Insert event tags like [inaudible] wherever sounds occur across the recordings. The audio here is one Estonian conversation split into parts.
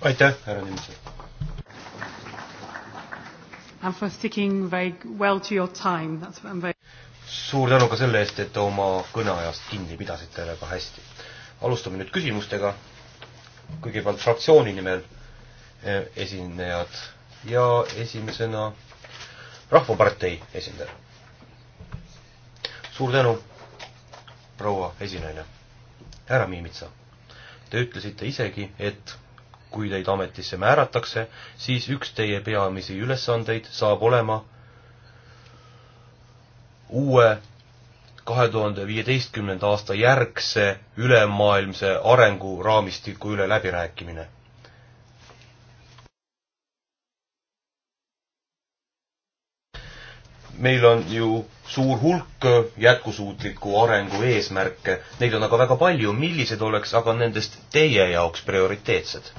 aitäh, härra Nimitsa. And for sticking very well to your time, that's what I am very suur tänu ka selle eest, et oma kõneajast kinni pidasite väga hästi. alustame nüüd küsimustega. kõigepealt fraktsiooni nimel eh, esinejad ja esimesena Rahvapartei esindaja. suur tänu, proua esinaine härra Miimitsa, te ütlesite isegi, et kui teid ametisse määratakse, siis üks teie peamisi ülesandeid saab olema uue kahe tuhande viieteistkümnenda aasta järgse ülemaailmse arenguraamistiku üle läbirääkimine meil on ju suur hulk jätkusuutliku arengu eesmärke, neid on aga väga palju, millised oleks aga nendest teie jaoks prioriteetsed?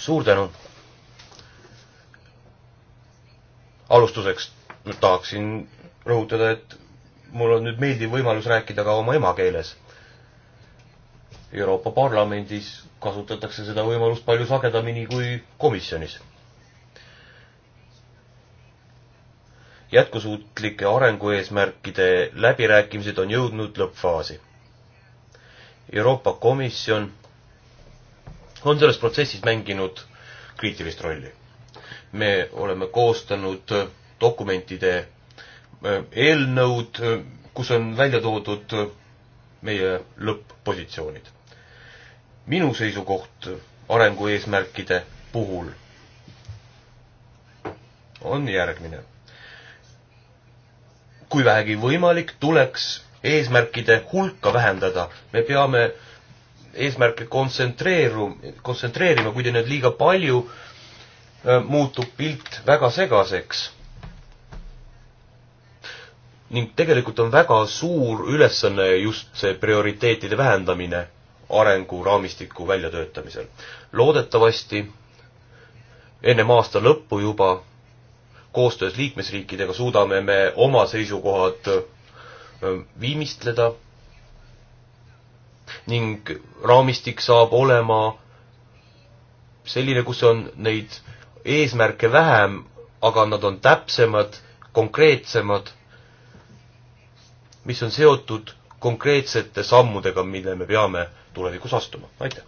suur tänu! alustuseks tahaksin rõhutada, et mul on nüüd meeldiv võimalus rääkida ka oma emakeeles. Euroopa Parlamendis kasutatakse seda võimalust palju sagedamini kui komisjonis jätkusuutlike arengueesmärkide läbirääkimised on jõudnud lõppfaasi. Euroopa Komisjon on selles protsessis mänginud kriitilist rolli. me oleme koostanud dokumentide äh, eelnõud, äh, kus on välja toodud äh, meie lõpp-positsioonid. minu seisukoht arengueesmärkide puhul on järgmine kui vähegi võimalik, tuleks eesmärkide hulka vähendada. me peame eesmärke kontsentreeru-, kontsentreerima, kui teil neid liiga palju äh, muutub pilt väga segaseks. ning tegelikult on väga suur ülesanne just see prioriteetide vähendamine arenguraamistiku väljatöötamisel. loodetavasti ennem aasta lõppu juba koostöös liikmesriikidega suudame me oma seisukohad äh, viimistleda ning raamistik saab olema selline, kus on neid eesmärke vähem, aga nad on täpsemad, konkreetsemad, mis on seotud konkreetsete sammudega, mille me peame tulevikus astuma. aitäh!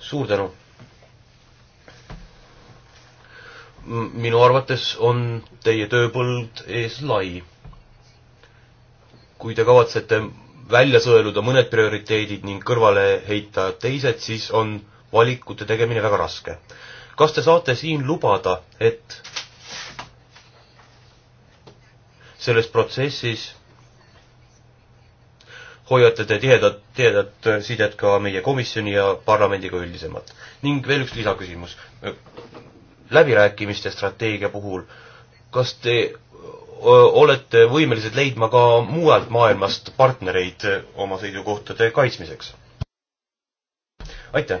suur tänu! minu arvates on teie tööpõld ees lai. kui te kavatsete välja sõeluda mõned prioriteedid ning kõrvale heita teised, siis on valikute tegemine väga raske. kas te saate siin lubada, et selles protsessis hoiate te tihedat, tihedat sidet ka meie komisjoni ja parlamendiga üldisemalt. ning veel üks lisaküsimus läbirääkimiste strateegia puhul, kas te olete võimelised leidma ka mujalt maailmast partnereid oma seisukohtade kaitsmiseks? aitäh!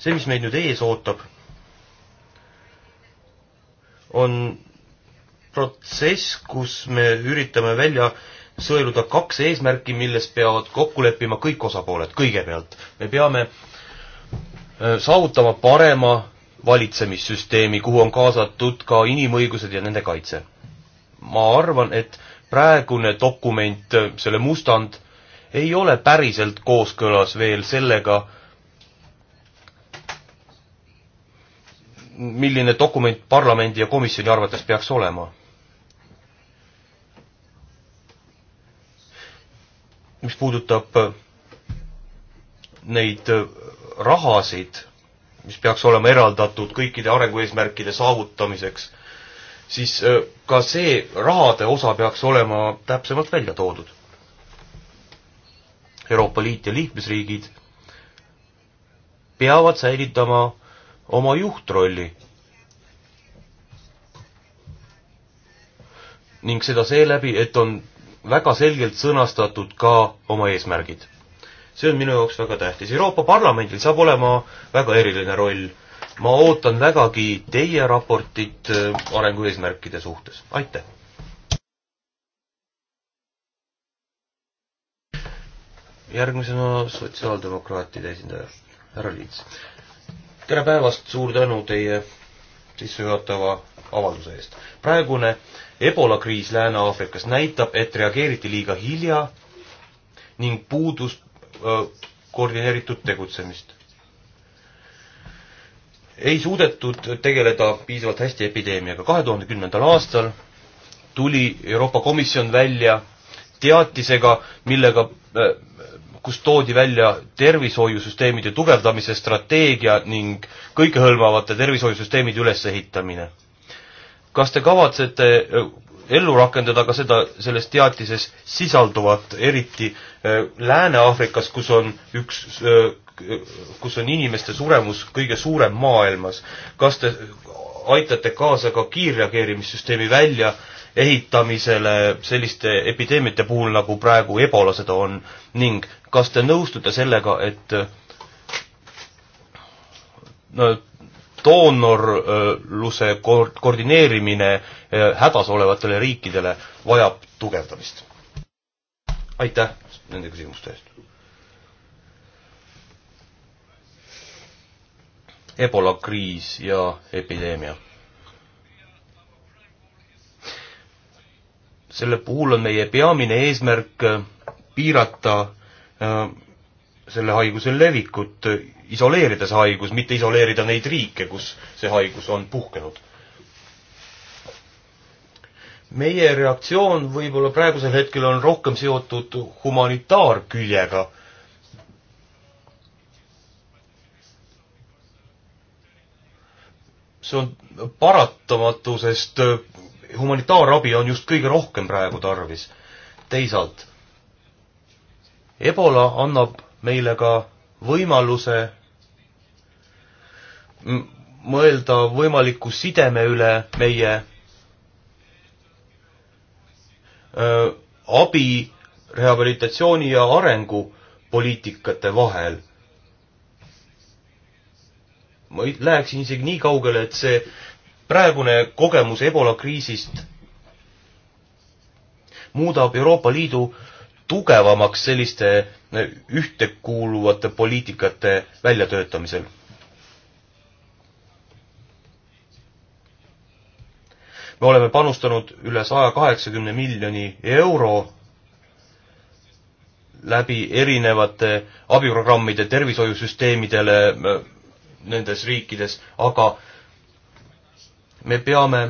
see, mis meid nüüd ees ootab, on protsess, kus me üritame välja sõeluda kaks eesmärki, milles peavad kokku leppima kõik osapooled kõigepealt. me peame äh, Äh, saavutama parema valitsemissüsteemi, kuhu on kaasatud ka inimõigused ja nende kaitse. ma arvan, et praegune dokument, äh, selle mustand, ei ole päriselt kooskõlas veel sellega, milline dokument parlamendi ja komisjoni arvates peaks olema? mis puudutab äh, neid rahasid, mis peaks olema eraldatud kõikide arengueesmärkide saavutamiseks, siis äh, ka see rahade osa peaks olema täpsemalt välja toodud. Euroopa Liit ja liikmesriigid peavad säilitama oma juhtrolli. ning seda seeläbi, et on väga selgelt sõnastatud ka oma eesmärgid see on minu jaoks väga tähtis. Euroopa Parlamendil saab olema väga eriline roll. ma ootan vägagi teie raportit äh, arengueesmärkide suhtes, aitäh! järgmisena sotsiaaldemokraatide esindaja, härra Liits. tere päevast, suur tänu teie sissejuhatava avalduse eest. praegune Ebola kriis Lääne-Aafrikas näitab, et reageeriti liiga hilja ning puudus koordineeritud tegutsemist. ei suudetud tegeleda piisavalt hästi epideemiaga. kahe tuhande kümnendal aastal tuli Euroopa Komisjon välja teatisega, millega, kus toodi välja tervishoiusüsteemide tugevdamise strateegia ning kõikehõlmavate tervishoiusüsteemide ülesehitamine kas te kavatsete ellu rakendada ka seda, selles teatises sisalduvat, eriti äh, Lääne-Aafrikas, kus on üks, äh, kus on inimeste suremus kõige suurem maailmas. kas te aitate kaasa ka kiirreageerimissüsteemi väljaehitamisele selliste epideemiate puhul, nagu praegu Ebola seda on ning kas te nõustute sellega, et no doonorluse koordineerimine eh, hädas olevatele riikidele vajab tugevdamist. aitäh nende küsimuste eest. Ebola kriis ja epideemia. selle puhul on meie peamine eesmärk eh, piirata eh, selle haiguse levikut, isoleerida see haigus, mitte isoleerida neid riike, kus see haigus on puhkenud. meie reaktsioon võib-olla praegusel hetkel on rohkem seotud humanitaarküljega. see on paratamatu, sest humanitaarabi on just kõige rohkem praegu tarvis. teisalt, Ebola annab meile ka võimaluse mõelda võimaliku sideme üle meie öö, abi, rehabilitatsiooni ja arengupoliitikate vahel. ma läheksin isegi nii kaugele, et see praegune kogemus Ebola kriisist muudab Euroopa Liidu tugevamaks selliste eh, ühtekuuluvate poliitikate väljatöötamisel. me oleme panustanud üle saja kaheksakümne miljoni euro läbi erinevate abiprogrammide tervishoiusüsteemidele eh, nendes riikides, aga me peame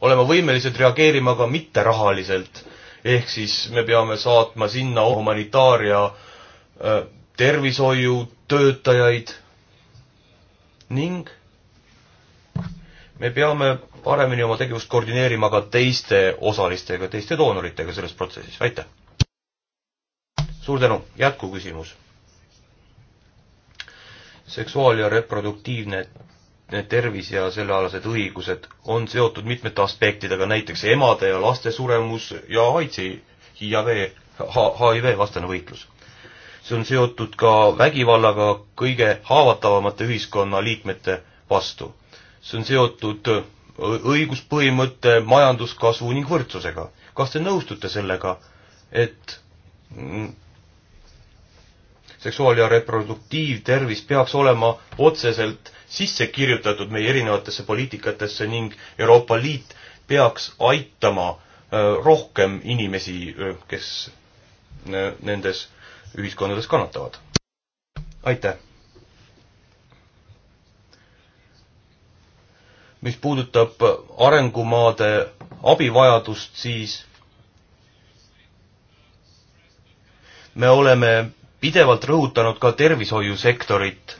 olema võimelised reageerima ka mitterahaliselt ehk siis me peame saatma sinna humanitaar- ja äh, tervishoiutöötajaid ning me peame paremini oma tegevust koordineerima ka teiste osalistega, teiste doonoritega selles protsessis, aitäh! suur tänu, jätkuküsimus. seksuaal- ja reproduktiivne need tervis- ja sellealased õigused on seotud mitmete aspektidega, näiteks emade ja laste suremus ja AIDSi, HIV, HIV vastane võitlus. see on seotud ka vägivallaga kõige haavatavamate ühiskonnaliikmete vastu. see on seotud õiguspõhimõtte, majanduskasvu ning võrdsusega. kas te nõustute sellega, et seksuaal- ja reproduktiivtervis peaks olema otseselt sisse kirjutatud meie erinevatesse poliitikatesse ning Euroopa Liit peaks aitama äh, rohkem inimesi, äh, kes äh, nendes ühiskondades kannatavad. aitäh! mis puudutab arengumaade abivajadust, siis me oleme pidevalt rõhutanud ka tervishoiusektorit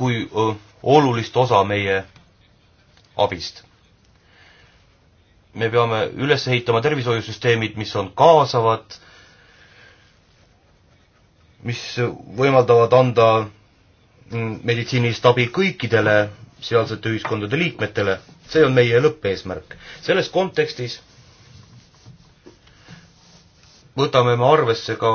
kui olulist osa meie abist. me peame üles ehitama tervishoiusüsteemid, mis on kaasavad, mis võimaldavad anda meditsiinilist abi kõikidele sealsete ühiskondade liikmetele, see on meie lõppeesmärk. selles kontekstis võtame me arvesse ka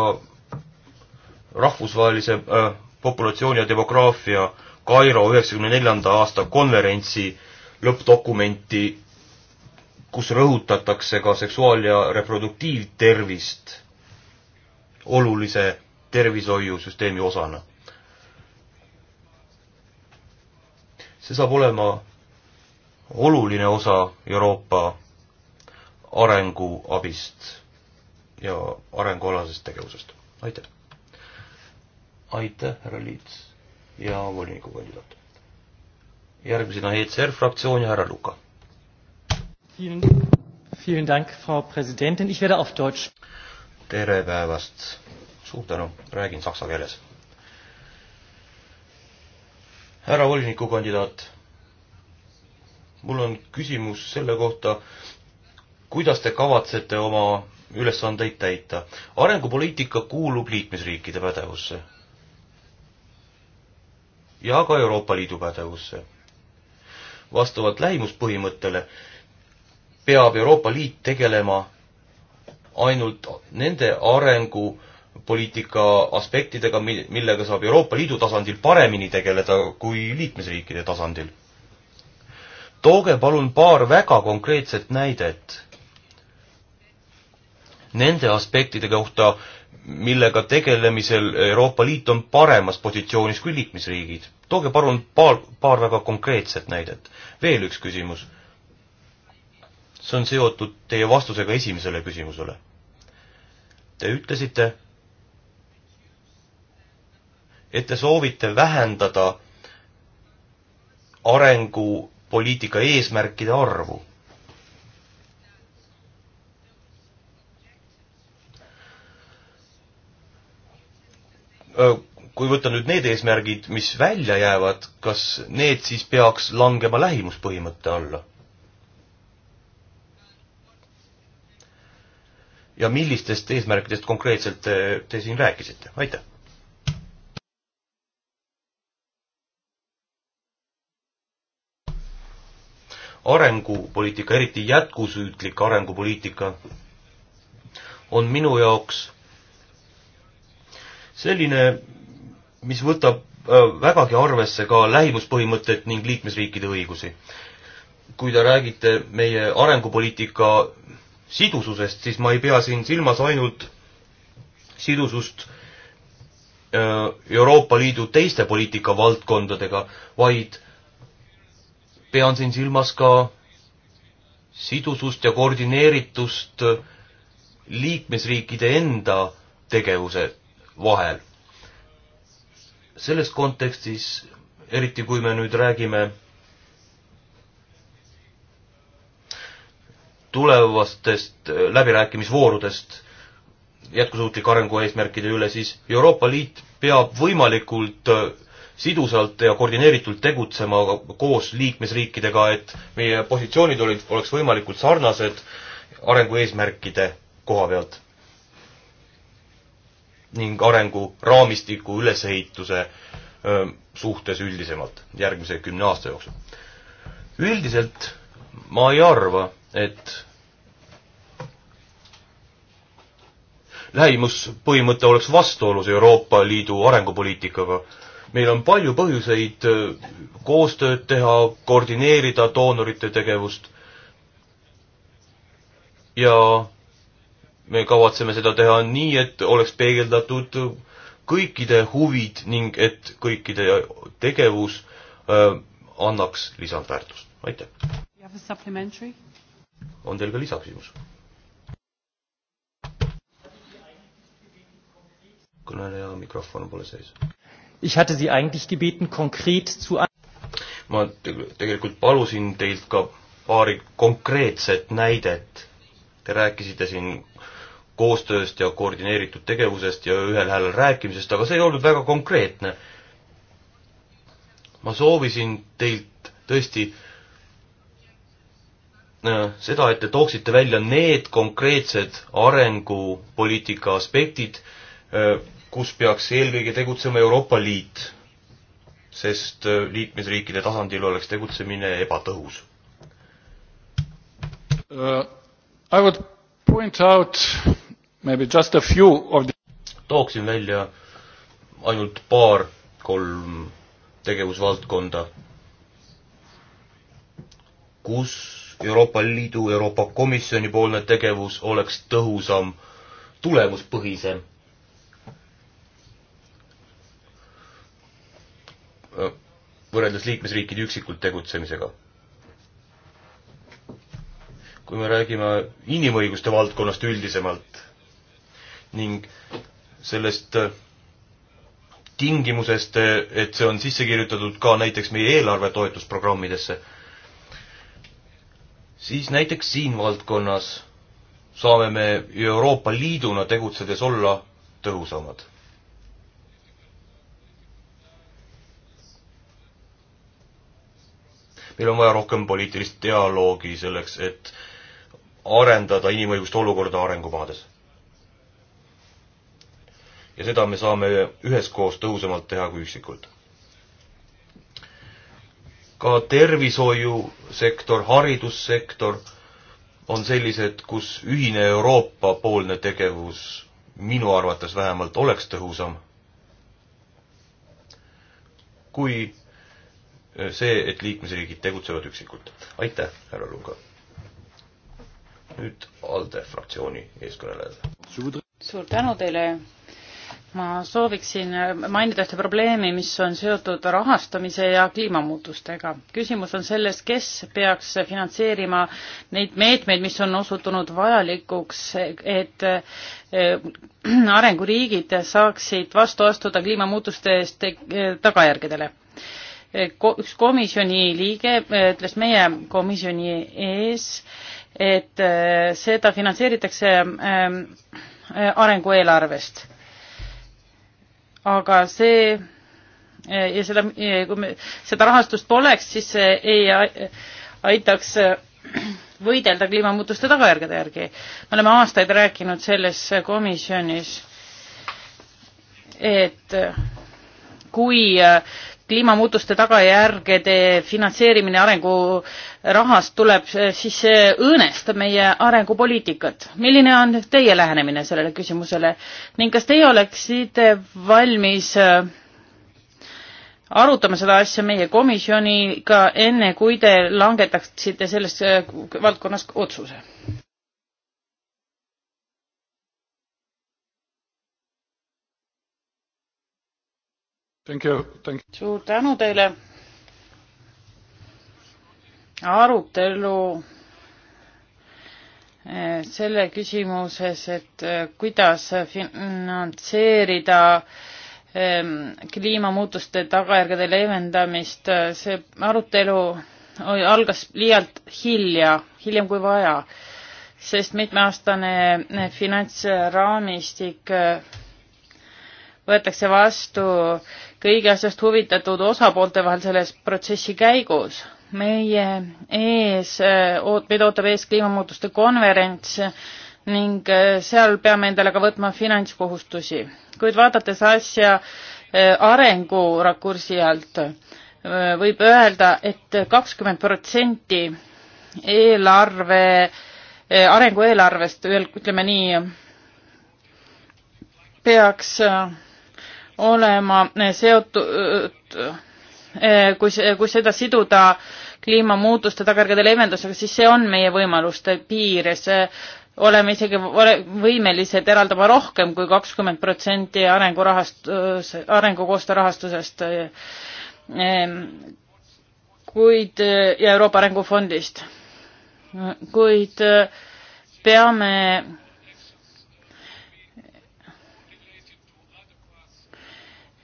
rahvusvahelise äh, populatsiooni ja demograafia Kairo üheksakümne neljanda aasta konverentsi lõppdokumenti, kus rõhutatakse ka seksuaal- ja reproduktiivtervist olulise tervishoiusüsteemi osana. see saab olema oluline osa Euroopa arenguabist ja arengualasest tegevusest. aitäh! aitäh, härra Liits ja volinikukandidaat. järgmisena ECR fraktsioon ja härra Luka. tere päevast, suur tänu, räägin saksa keeles. härra volinikukandidaat, mul on küsimus selle kohta, kuidas te kavatsete oma ülesandeid täita. arengupoliitika kuulub liikmesriikide pädevusse ja ka Euroopa Liidu pädevusse. vastavalt lähimuspõhimõttele peab Euroopa Liit tegelema ainult nende arengupoliitika aspektidega, millega saab Euroopa Liidu tasandil paremini tegeleda kui liikmesriikide tasandil. tooge palun paar väga konkreetset näidet nende aspektide kohta, millega tegelemisel Euroopa Liit on paremas positsioonis kui liikmesriigid. tooge palun paar, paar väga konkreetset näidet. veel üks küsimus. see on seotud teie vastusega esimesele küsimusele. Te ütlesite, et te soovite vähendada arengupoliitika eesmärkide arvu kui võtta nüüd need eesmärgid, mis välja jäävad, kas need siis peaks langema lähimuspõhimõtte alla? ja millistest eesmärkidest konkreetselt te, te siin rääkisite, aitäh! arengupoliitika, eriti jätkusüütlik arengupoliitika, on minu jaoks selline, mis võtab äh, vägagi arvesse ka lähimuspõhimõtet ning liikmesriikide õigusi. kui te räägite meie arengupoliitika sidususest, siis ma ei pea siin silmas ainult sidusust äh, Euroopa Liidu teiste poliitikavaldkondadega, vaid pean siin silmas ka sidusust ja koordineeritust liikmesriikide enda tegevuse vahel. selles kontekstis, eriti kui me nüüd räägime tulevastest äh, läbirääkimisvoorudest jätkusuutliku arengu eesmärkide üle, siis Euroopa Liit peab võimalikult äh, sidusalt ja koordineeritult tegutsema koos liikmesriikidega, et meie positsioonid olid, oleks võimalikult sarnased arengueesmärkide koha pealt ning arenguraamistiku ülesehituse suhtes üldisemalt järgmise kümne aasta jooksul. üldiselt ma ei arva, et lähimuspõhimõte oleks vastuolus Euroopa Liidu arengupoliitikaga. meil on palju põhjuseid koostööd teha, koordineerida doonorite tegevust ja me kavatseme seda teha nii, et oleks peegeldatud kõikide huvid ning et kõikide tegevus äh, annaks lisandväärtust. aitäh! on teil ka lisaküsimus? kõneleja mikrofon pole sees. Ich hatte Sie eigentlich gebeten, konkreet zu ma tegelikult palusin teilt ka paari konkreetset näidet. Te rääkisite siin äh, koostööst ja koordineeritud tegevusest ja ühel häälel rääkimisest, aga see ei olnud väga konkreetne. ma soovisin teilt tõesti äh, seda, et te tooksite välja need konkreetsed arengupoliitika aspektid, äh, kus peaks eelkõige tegutsema Euroopa Liit, sest äh, liikmesriikide tasandil oleks tegutsemine ebatõhus uh,. I would point out The... tooksin välja ainult paar-kolm tegevusvaldkonda, kus Euroopa Liidu, Euroopa Komisjoni poolne tegevus oleks tõhusam, tulemuspõhisem. võrreldes liikmesriikide üksikult tegutsemisega kui me räägime inimõiguste valdkonnast üldisemalt, ning sellest äh, tingimusest, äh, et see on sisse kirjutatud ka näiteks meie eelarve toetusprogrammidesse, siis näiteks siin valdkonnas saame me Euroopa Liiduna tegutsedes olla tõhusamad meil on vaja rohkem poliitilist dialoogi selleks, et arendada inimõiguste olukorda arengumaades ja seda me saame üheskoos tõhusamalt teha kui üksikult. ka tervishoiusektor, haridussektor on sellised, kus ühine Euroopa-poolne tegevus minu arvates vähemalt oleks tõhusam kui see, et liikmesriigid tegutsevad üksikult. aitäh, härra Lunga. nüüd ALDE fraktsiooni eeskõnelejale. suur tänu teile, ma sooviksin mainida ühte probleemi, mis on seotud rahastamise ja kliimamuutustega. küsimus on selles, kes peaks finantseerima neid meetmeid, mis on osutunud vajalikuks, et eh, arenguriigid saaksid vastu astuda kliimamuutuste eest eh, tagajärgedele. üks komisjoni liige eh, ütles meie komisjoni ees, et seda finantseeritakse arengueelarvest aga see ja seda, kui me seda rahastust poleks, siis see ei aitaks võidelda kliimamuutuste tagajärgede järgi. me oleme aastaid rääkinud selles komisjonis, et kui kliimamuutuste tagajärgede finantseerimine arengurahast tuleb, eh, siis see õõnestab meie arengupoliitikat. milline on teie lähenemine sellele küsimusele ning kas teie oleksite valmis eh, arutama seda asja meie komisjoniga, enne kui te langetaksite selles eh, valdkonnas otsuse? suur tänu teile. arutelu eh, selle küsimuses, et eh, kuidas finantseerida eh, kliimamuutuste tagajärgede leevendamist, see arutelu algas liialt hilja, hiljem kui vaja, sest mitmeaastane finantsraamistik võetakse vastu kõigi asjast huvitatud osapoolte vahel selles protsessi käigus. meie ees, meid ootab ees kliimamuutuste konverents ning seal peame endale ka võtma finantskohustusi. kuid vaadates asja arengurakursi alt, võib öelda et, et kakskümmend protsenti eelarve, arengueelarvest, ütleme nii, peaks olema eh, seotud, eh, eh, kui see, kui seda siduda kliimamuutuste tagajärgede leevendusega, siis see on meie võimaluste piires. oleme isegi võimelised eraldama rohkem kui kakskümmend protsenti arengurahast-, arengukoostöö rahastusest kuid, ja Euroopa Arengufondist. kuid peame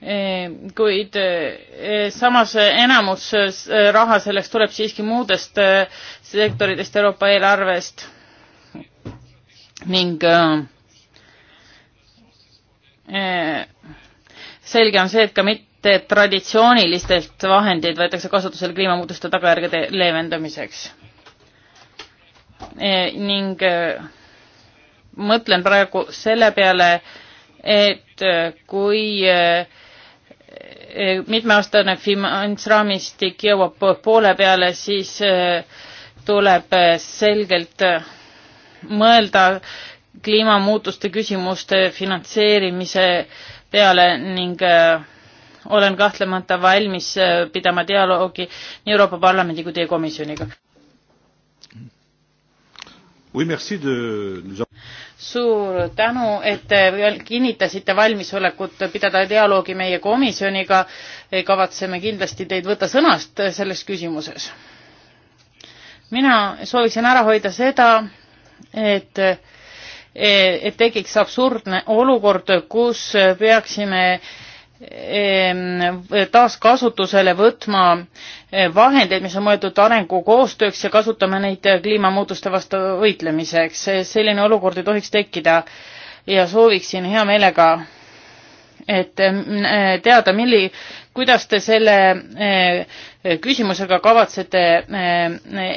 Eh, kuid eh, samas eh, enamus raha selleks tuleb siiski muudest sektoritest Euroopa eelarvest ning selge on see, et ka mitte traditsioonilistelt vahendeid võetakse kasutusele kliimamuutuste tagajärgede leevendamiseks. ning mõtlen praegu selle peale, et kui äh, mitmeaastane finantsraamistik jõuab poole peale, siis äh, tuleb äh, selgelt äh, mõelda kliimamuutuste küsimuste finantseerimise peale ning olen kahtlemata valmis pidama dialoogi nii Euroopa Parlamendi kui teie komisjoniga suur tänu, et te kinnitasite valmisolekut pidada dialoogi meie komisjoniga. kavatseme kindlasti teid võtta sõnast selles küsimuses. mina sooviksin ära hoida seda, et et tekiks absurdne olukord, kus peaksime äh, Ehm, taaskasutusele võtma eh, vahendeid, mis on mõeldud arengukoostööks ja kasutama neid eh, kliimamuutuste vastu võitlemiseks. Eh, selline olukord ei tohiks tekkida ja sooviksin hea meelega, et teada, milli, kuidas te selle küsimusega kavatsete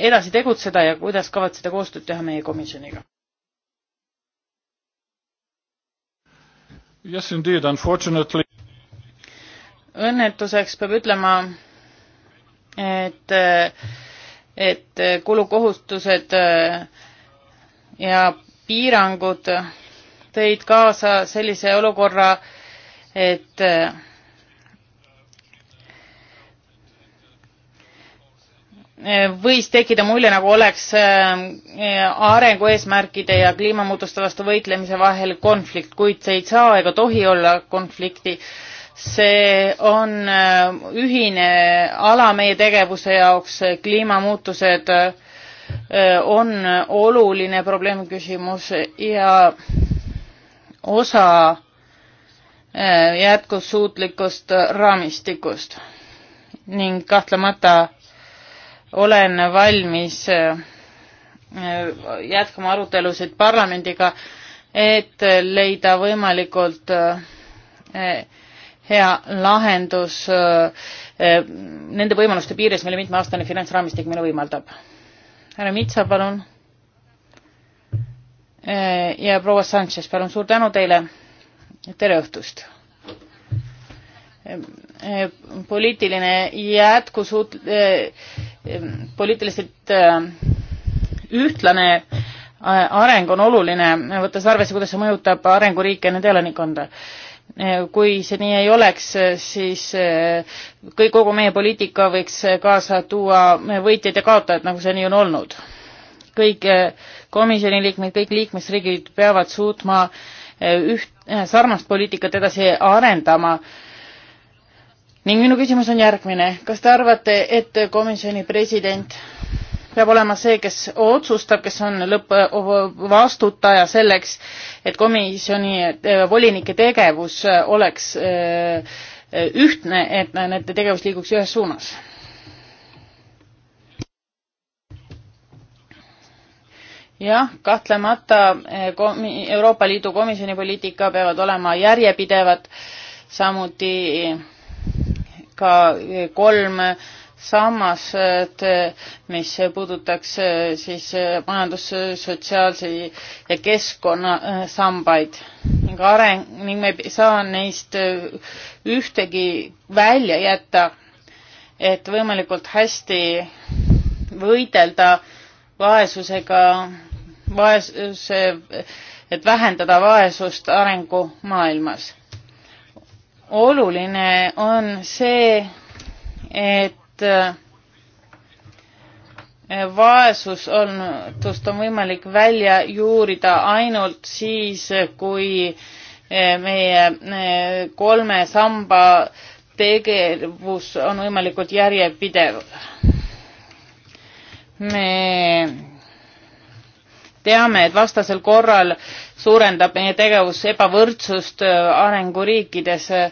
edasi tegutseda ja kuidas kavatsete koostööd teha meie komisjoniga? Yes, indeed, unfortunately õnnetuseks peab ütlema, et, et kulukohustused ja piirangud tõid kaasa sellise olukorra, et võis tekkida mulje, nagu oleks arengu eesmärkide ja kliimamuutuste vastu võitlemise vahel konflikt, kuid see ei saa ega tohi olla konflikti äh, see on äh, ühine ala meie tegevuse jaoks, kliimamuutused äh, on oluline probleemküsimus ja osa äh, jätkusuutlikust raamistikust ning kahtlemata olen valmis jätkama arutelusid parlamendiga, et leida võimalikult hea lahendus äh, äh, nende võimaluste piires, mille mitmeaastane finantsraamistik meile võimaldab. härra Mitsa, palun. Äh, ja proua Sanchez, palun, suur tänu teile. tere õhtust. poliitiline jätkusuut-, poliitiliselt ühtlane areng on oluline, võttes arvesse, kuidas see mõjutab arenguriike ja nende elanikkonda Eh, kui see nii ei oleks, eh, siis eh, kõik, kogu meie poliitika võiks kaasa tuua võitjad ja kaotajad, nagu see nii on olnud. kõik komisjoni liikmed, kõik liikmesriigid peavad suutma üht, sarnast poliitikat edasi arendama. ning minu küsimus on järgmine, kas te arvate, et komisjoni president peab olema see, kes otsustab, kes on lõppvastutaja selleks, et komisjoni äh, volinike tegevus äh, oleks äh, ühtne, et nende tegevus liiguks ühes suunas. jah, kahtlemata komi-, Euroopa Liidu komisjoni poliitika peavad olema järjepidevad, samuti ka kolm sammas, mis puudutaks siis majandus, sotsiaalse ja keskkonnasambaid ning areng ning me ei saa neist ühtegi välja jätta, et võimalikult hästi võidelda vaesusega, vaesuse, et vähendada vaesust arengumaailmas. oluline on see, et Äh, vaesus on, tust on võimalik välja juurida ainult siis, kui äh, meie äh, kolme samba tegevus on võimalikult järjepidev. me teame, et vastasel korral suurendab meie tegevus ebavõrdsust arenguriikides äh,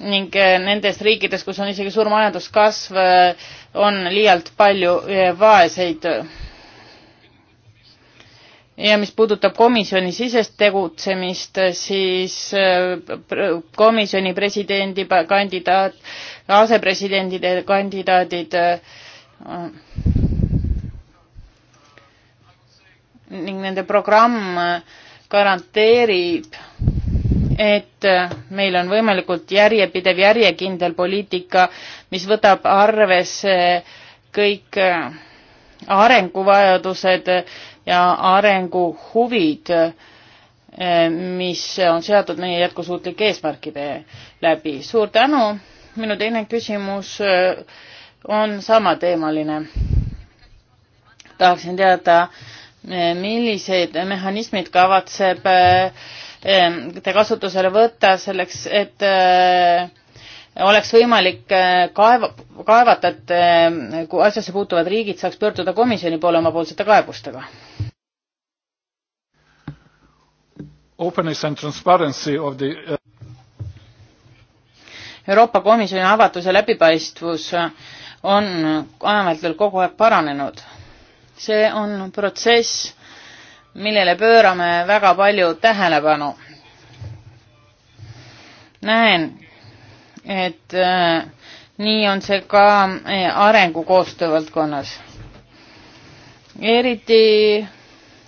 ning eh, nendes riikides, kus on isegi suur majanduskasv, eh, on liialt palju eh, vaeseid. ja mis puudutab komisjoni sisest tegutsemist, siis komisjoni presidendi kandidaat, asepresidendide kandidaadid ning nende programm garanteerib et meil on võimalikult järjepidev, järjekindel poliitika, mis võtab arvesse kõik äh, arenguvajadused ja arenguhuvid, äh, mis on seatud meie jätkusuutlike eesmärkide läbi. suur tänu, minu teine küsimus äh, on samateemaline. tahaksin teada, millised mehhanismid kavatseb Ehm, te kasutusele võtta selleks, et äh, oleks võimalik äh, kaeva, kaevata, et äh, kui asjasse puutuvad riigid saaks pöörduda komisjoni poole omapoolsete kaebustega? Openness and transparency of the uh, Euroopa Komisjoni avatus ja läbipaistvus on ajameeltel kogu aeg paranenud. see on protsess, millele pöörame väga palju tähelepanu. näen, et äh, nii on see ka äh, arengukoostöö valdkonnas. eriti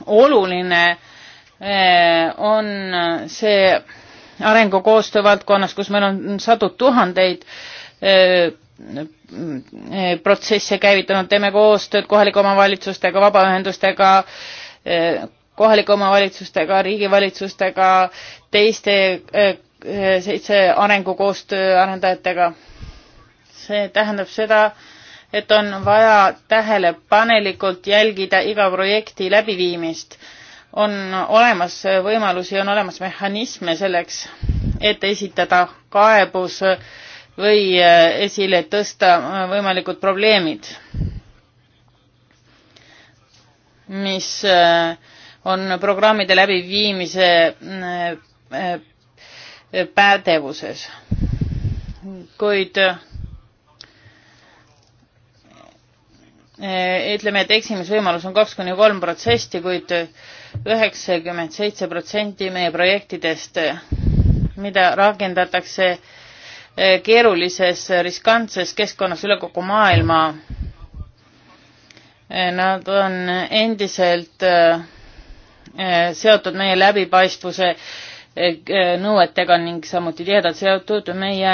oluline äh, on see arengukoostöö valdkonnas, kus meil on sadu tuhandeid äh, äh, protsesse käivitanud, teeme koostööd kohalike omavalitsustega, vabaühendustega äh,, kohalike omavalitsustega, riigivalitsustega, teiste eh, eh, seitse arengukoostöö arendajatega. see tähendab seda, et on vaja tähelepanelikult jälgida iga projekti läbiviimist. on olemas võimalusi, on olemas mehhanisme selleks, et esitada kaebus või eh, esile tõsta võimalikud probleemid mis eh, on programmide läbiviimise eh, eh, pädevuses. kuid ütleme, et eksimisvõimalus on kaks kuni kolm protsenti, kuid üheksakümmend seitse protsenti meie projektidest, mida rakendatakse keerulises riskantses keskkonnas üle kogu maailma Nad on endiselt äh, äh, seotud meie läbipaistvuse äh, nõuetega ning samuti tihedalt seotud meie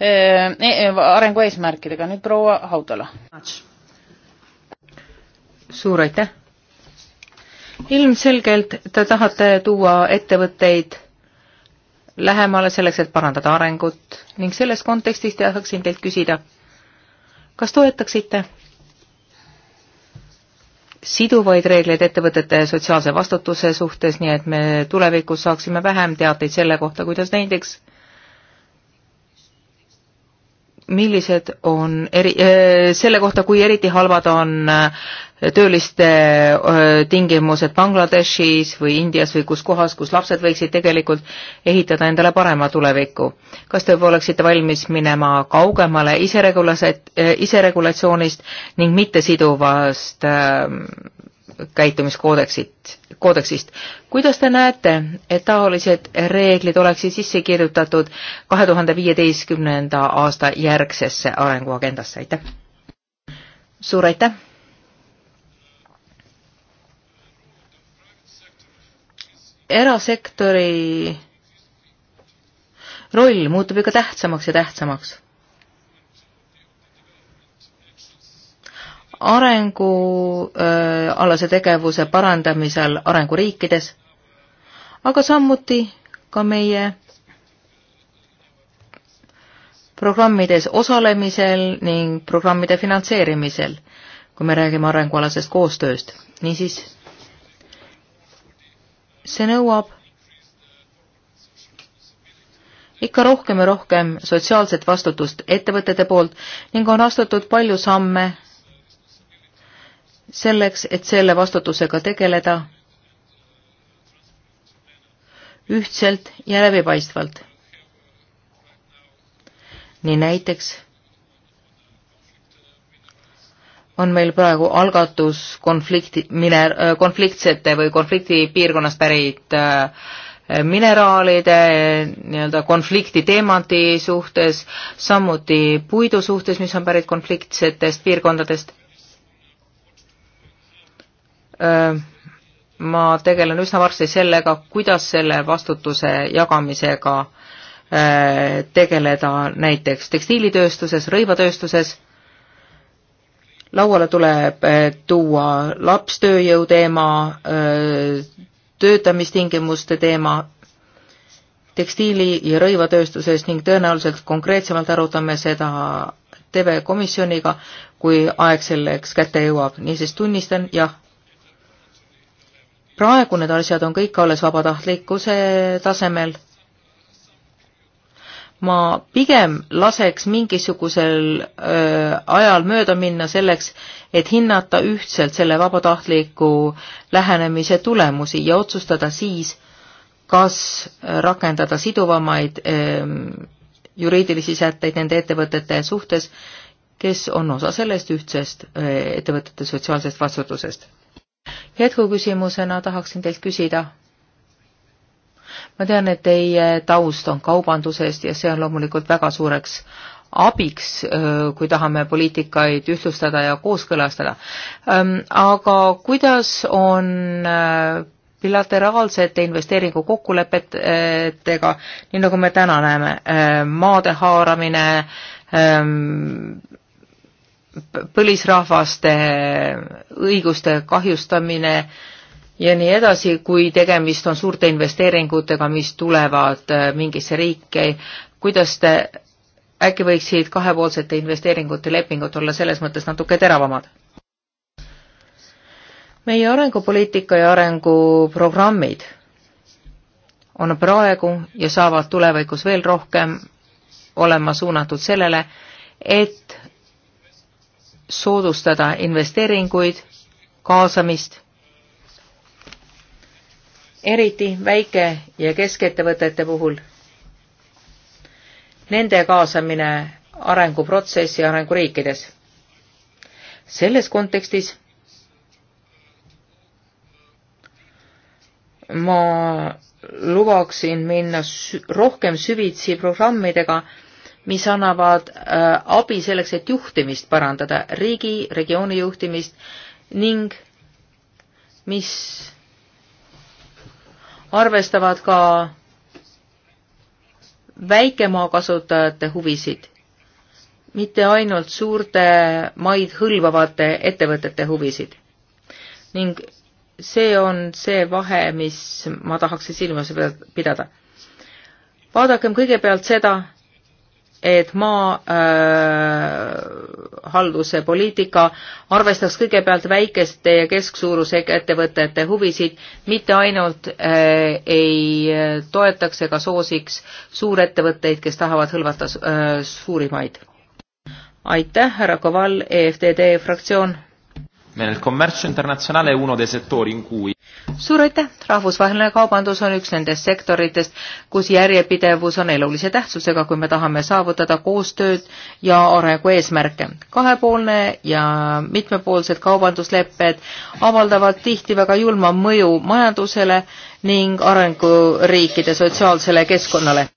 e-, arengu eesmärkidega. nüüd proua Haudala. suur aitäh! ilmselgelt te tahate tuua ettevõtteid lähemale selleks, et parandada arengut ning selles kontekstis tahaksin teilt küsida, kas toetaksite siduvaid reegleid ettevõtete sotsiaalse vastutuse suhtes, nii et me tulevikus saaksime vähem teateid selle kohta, kuidas näiteks millised on eri, selle kohta, kui eriti halvad on tööliste tingimused Bangladeshis või Indias või kus kohas, kus lapsed võiksid tegelikult ehitada endale parema tuleviku. kas te oleksite valmis minema kaugemale iseregulas-, iseregulatsioonist ning mittesiduvast käitumiskoodeksit, koodeksist. kuidas te näete, et taolised reeglid oleksid sisse kirjutatud kahe tuhande viieteistkümnenda aasta järgsesse arenguagendasse, aitäh! suur aitäh! erasektori roll muutub ikka tähtsamaks ja tähtsamaks arengualase äh, tegevuse parandamisel arenguriikides, aga samuti ka meie programmides osalemisel ning programmide finantseerimisel, kui me räägime arengualasest koostööst. niisiis, see nõuab ikka rohkem ja rohkem sotsiaalset vastutust ettevõtete poolt ning on astutud palju samme selleks, et selle vastutusega tegeleda ühtselt ja läbipaistvalt. nii näiteks on meil praegu algatus konflikti, mine-, äh, konfliktsete või konfliktipiirkonnast pärit äh, mineraalide nii-öelda konflikti teemandi suhtes, samuti puidu suhtes, mis on pärit konfliktsetest piirkondadest ma tegelen üsna varsti sellega, kuidas selle vastutuse jagamisega tegeleda näiteks tekstiilitööstuses, rõivatööstuses, lauale tuleb tuua lapstööjõu teema, töötamistingimuste teema, tekstiili- ja rõivatööstuses ning tõenäoliselt konkreetsemalt arutame seda TV Komisjoniga, kui aeg selleks kätte jõuab. niisiis tunnistan, jah, praegu need asjad on kõik alles vabatahtlikkuse tasemel. ma pigem laseks mingisugusel öö, äh, ajal mööda minna selleks, et hinnata ühtselt selle vabatahtliku lähenemise tulemusi ja otsustada siis, kas rakendada siduvamaid öö, ähm, juriidilisi sätteid nende ettevõtete suhtes, kes on osa sellest ühtsest äh, ettevõtete sotsiaalsest vastutusest jätkuküsimusena tahaksin teilt küsida. ma tean, et teie taust on kaubandusest ja see on loomulikult väga suureks abiks, kui tahame poliitikaid ühtlustada ja kooskõlastada. aga kuidas on bilateraalsete investeeringukokkulepetega, nii nagu me täna näeme, maade haaramine, põlisrahvaste õiguste kahjustamine ja nii edasi, kui tegemist on suurte investeeringutega, mis tulevad äh, mingisse riiki, kuidas te äkki võiksid kahepoolsete investeeringute lepingud olla selles mõttes natuke teravamad? meie arengupoliitika ja arenguprogrammid on praegu ja saavad tulevikus veel rohkem olema suunatud sellele, et soodustada investeeringuid, kaasamist, eriti väike- ja keskettevõtete puhul. Nende kaasamine arenguprotsessi arenguriikides. selles kontekstis ma lubaksin minna rohkem süvitsi programmidega, mis annavad äh, abi selleks, et juhtimist parandada, riigi, regiooni juhtimist ning mis arvestavad ka väikemaa kasutajate huvisid, mitte ainult suurte maid hõlvavate ettevõtete huvisid. ning see on see vahe, mis ma tahaksin silmas pidada. vaadakem kõigepealt seda, et maahalduse äh, poliitika arvestaks kõigepealt väikeste ja kesksuurusega ettevõtete huvisid, mitte ainult äh, ei äh, toetaks ega soosiks suurettevõtteid, kes tahavad hõlvata äh, suurimaid. aitäh, härra Koval, EFTD fraktsioon il commercio internazionale è uno dei settori in cui suur aitäh, rahvusvaheline kaubandus on üks nendest sektoritest, kus järjepidevus on elulise tähtsusega, kui me tahame saavutada koostööd ja arengu eesmärke. kahepoolne ja mitmepoolsed kaubanduslepped avaldavad tihti väga julma mõju majandusele ning arenguriikide sotsiaalsele keskkonnale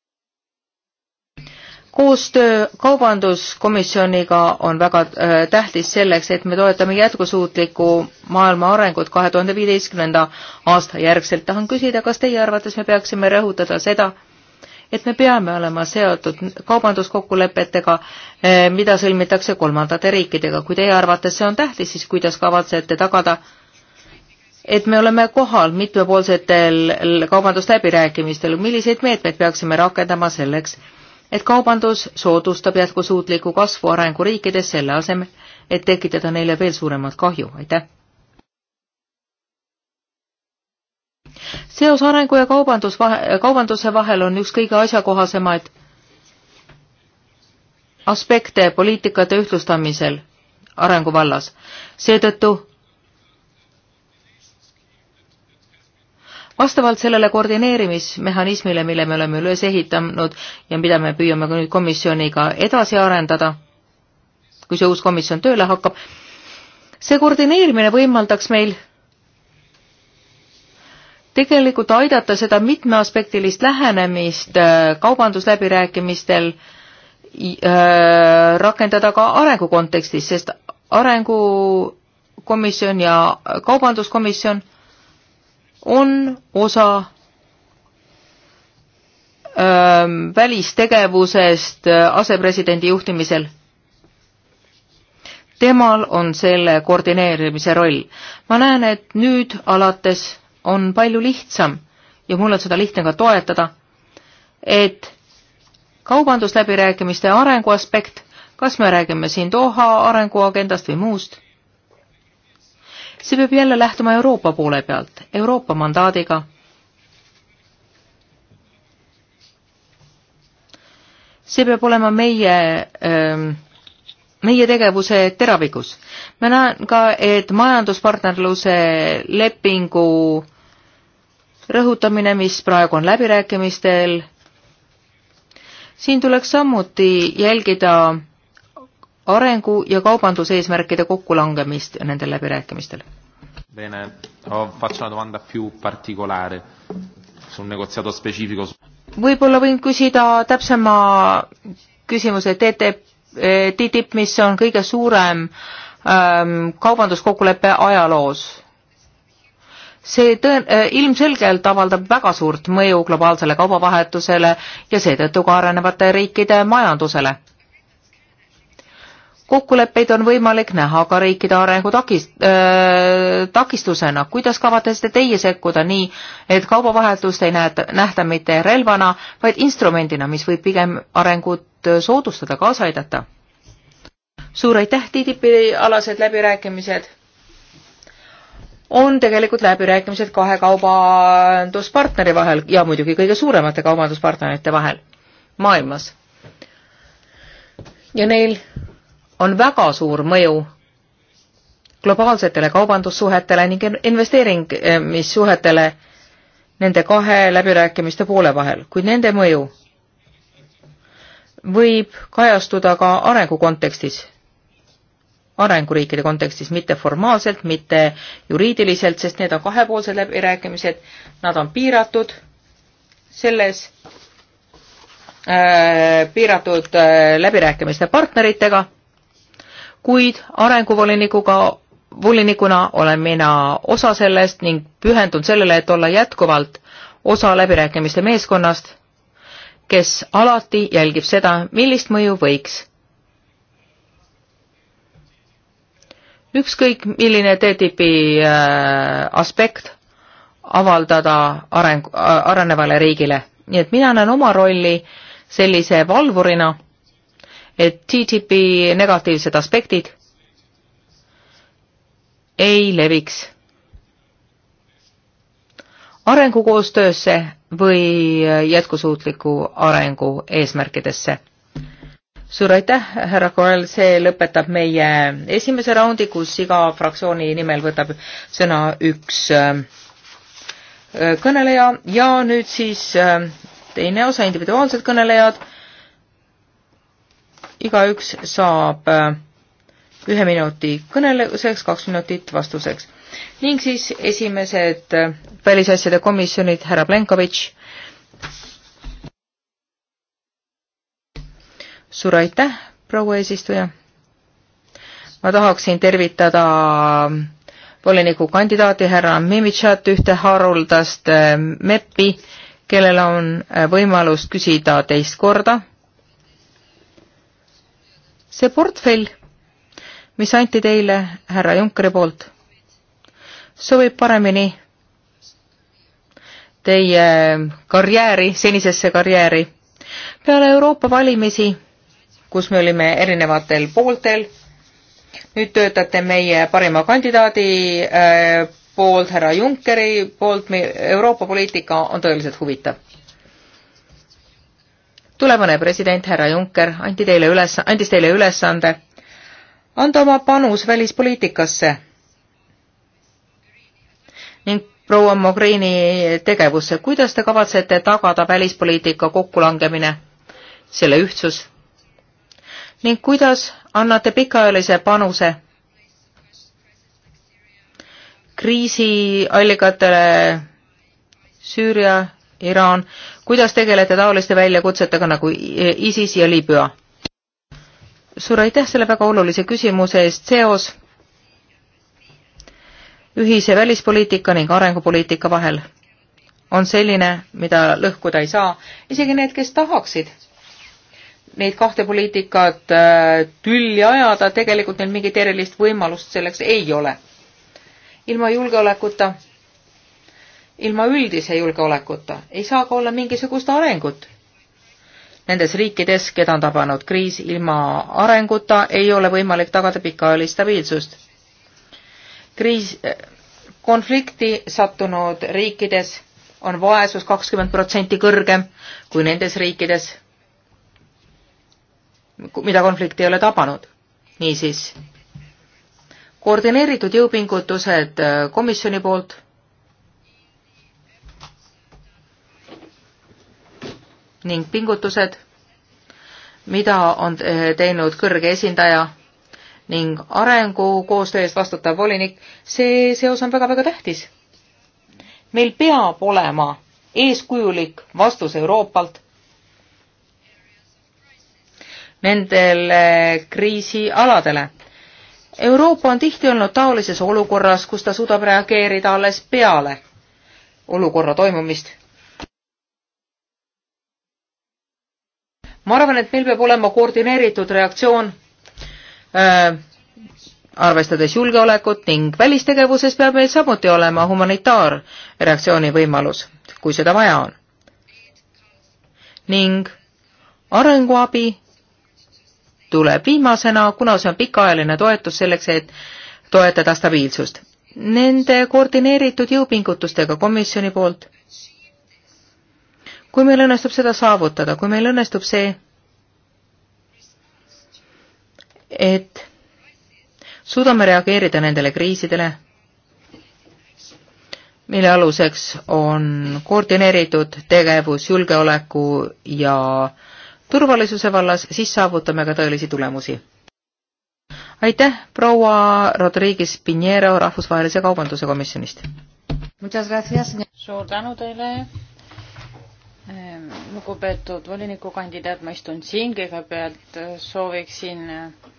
koostöö Kaubanduskomisjoniga on väga äh, tähtis selleks, et me toetame jätkusuutlikku maailma arengut kahe tuhande viieteistkümnenda aasta järgselt. tahan küsida, kas teie arvates me peaksime rõhutada seda, et me peame olema seotud kaubanduskokkulepetega, äh, mida sõlmitakse kolmandate riikidega. kui teie arvates see on tähtis, siis kuidas kavatsete tagada, et me oleme kohal mitmepoolsetel kaubandusläbirääkimistel, milliseid meetmeid peaksime rakendama selleks, et kaubandus soodustab jätkusuutliku kasvu arenguriikides selle asemel, et tekitada neile veel suuremat kahju, aitäh! seos arengu ja kaubandus vahe, kaubanduse vahel on üks kõige asjakohasemaid aspekte poliitikate ühtlustamisel arenguvallas. seetõttu vastavalt sellele koordineerimismehhanismile, mille me oleme üles ehitanud ja mida me püüame nüüd komisjoniga edasi arendada, kui see uus komisjon tööle hakkab, see koordineerimine võimaldaks meil tegelikult aidata seda mitmeaspektilist lähenemist äh, kaubandusläbirääkimistel äh, rakendada ka arengu kontekstis, sest arengukomisjon ja kaubanduskomisjon on osa öö, ähm, välistegevusest äh, asepresidendi juhtimisel. temal on selle koordineerimise roll. ma näen, et nüüd alates on palju lihtsam ja mul on seda lihtne ka toetada, et kaubandusläbirääkimiste arengu aspekt, kas me räägime siin Doha arenguagendast või muust see peab jälle lähtuma Euroopa poole pealt, Euroopa mandaadiga. see peab olema meie öö, ähm, meie tegevuse teravikus. ma näen ka, et majanduspartnerluse lepingu rõhutamine, mis praegu on läbirääkimistel, siin tuleks samuti jälgida arengu- ja kaubanduseesmärkide kokkulangemist nendel läbirääkimistel. Bene, faccio una domanda più particolare su un negoziato specifico. võib-olla võin küsida täpsema küsimuse TTIP, eh, TTIP, mis on kõige suurem ähm, kaubanduskokkulepe ajaloos. see tõen- äh,, ilmselgelt avaldab väga suurt mõju globaalsele kaubavahetusele ja seetõttu ka arenevate riikide majandusele kokkuleppeid on võimalik näha ka riikide arengu takist, äh, takistusena. kuidas kavatsete teie sekkuda nii, et kaubavahetust ei näeta, nähta mitte relvana, vaid instrumendina, mis võib pigem arengut soodustada, kaasa aidata? suur aitäh, TTIP-i alased läbirääkimised on tegelikult läbirääkimised kahe kaubanduspartneri vahel ja muidugi kõige suuremate kaubanduspartnerite vahel maailmas. ja neil on väga suur mõju globaalsetele kaubandussuhetele ning investeerimissuhetele nende kahe läbirääkimiste poole vahel, kuid nende mõju võib kajastuda ka arengu kontekstis, arenguriikide kontekstis, mitte formaalselt, mitte juriidiliselt, sest need on kahepoolsed läbirääkimised, nad on piiratud selles äh, piiratud äh, läbirääkimiste partneritega kuid arenguvolinikuga, volinikuna olen mina osa sellest ning pühendun sellele, et olla jätkuvalt osa läbirääkimiste meeskonnast, kes alati jälgib seda, millist mõju võiks ükskõik milline TTIP-i äh, aspekt avaldada areng, äh, arenevale riigile. nii et mina näen oma rolli sellise valvurina et TTIP negatiivsed aspektid ei leviks arengukoostöösse või jätkusuutliku arengu eesmärkidesse. suur aitäh, härra Koel, see lõpetab meie esimese raundi, kus iga fraktsiooni nimel võtab sõna üks äh, kõneleja ja nüüd siis äh, teine osa, individuaalsed kõnelejad igaüks saab äh, ühe minuti kõneluseks, kaks minutit vastuseks. ning siis esimesed äh, välisasjade komisjonid, härra Plenkovitš. suur aitäh, proua eesistuja. ma tahaksin tervitada äh, volinikukandidaati härra Mimitšat, ühte haruldast MEP-i, kellel on võimalus küsida teist korda see portfell, mis anti teile härra Junckeri poolt, sobib paremini teie karjääri, senisesse karjääri. peale Euroopa valimisi, kus me olime erinevatel pooltel, nüüd töötate meie parima kandidaadi äh, poolt, härra Junckeri poolt, Euroopa poliitika on tõeliselt huvitav tulevane president härra Juncker anti teile üles, andis teile ülesande anda oma panus välispoliitikasse ning proua Mogherini tegevusse. kuidas te kavatsete tagada välispoliitika kokkulangemine, selle ühtsus ning kuidas annate pikaajalise panuse kriisiallikatele Süüria Iraan, kuidas tegelete taoliste väljakutsetega nagu ISIS ja Liibüa? suur aitäh selle väga olulise küsimuse eest, seos ühise välispoliitika ning arengupoliitika vahel on selline, mida lõhkuda ei saa, isegi need, kes tahaksid neid kahte poliitikat äh, tülli ajada, tegelikult neil mingit erilist võimalust selleks ei ole. ilma julgeolekuta ilma üldise julgeolekuta ei saa ka olla mingisugust arengut. Nendes riikides, keda on tabanud kriis ilma arenguta, ei ole võimalik tagada pikaajalist stabiilsust. kriis, konflikti sattunud riikides on vaesus kakskümmend protsenti kõrgem kui nendes riikides, mida konflikt ei ole tabanud. niisiis, koordineeritud jõupingutused komisjoni poolt ning pingutused, mida on eh, teinud kõrge esindaja ning arengukoostöö eest vastutav volinik, see seos on väga-väga tähtis. meil peab olema eeskujulik vastus Euroopalt nendele kriisialadele. Euroopa on tihti olnud taolises olukorras, kus ta suudab reageerida alles peale olukorra toimumist ma arvan, et meil peab olema koordineeritud reaktsioon äh, arvestades julgeolekut ning välistegevuses peab meil samuti olema humanitaarreaktsiooni võimalus, kui seda vaja on. ning arenguabi tuleb viimasena, kuna see on pikaajaline toetus selleks, et toetada stabiilsust. Nende koordineeritud jõupingutustega komisjoni poolt kui meil õnnestub seda saavutada, kui meil õnnestub see, et suudame reageerida nendele kriisidele, mille aluseks on koordineeritud tegevus julgeoleku ja turvalisuse vallas, siis saavutame ka tõelisi tulemusi. aitäh, proua Rodriguez Pinheiro Rahvusvahelise Kaubanduse Komisjonist! suur tänu teile! Ehm, lugupeetud volinikukandidaat, ma istun siin, kõigepealt eh, sooviksin eh,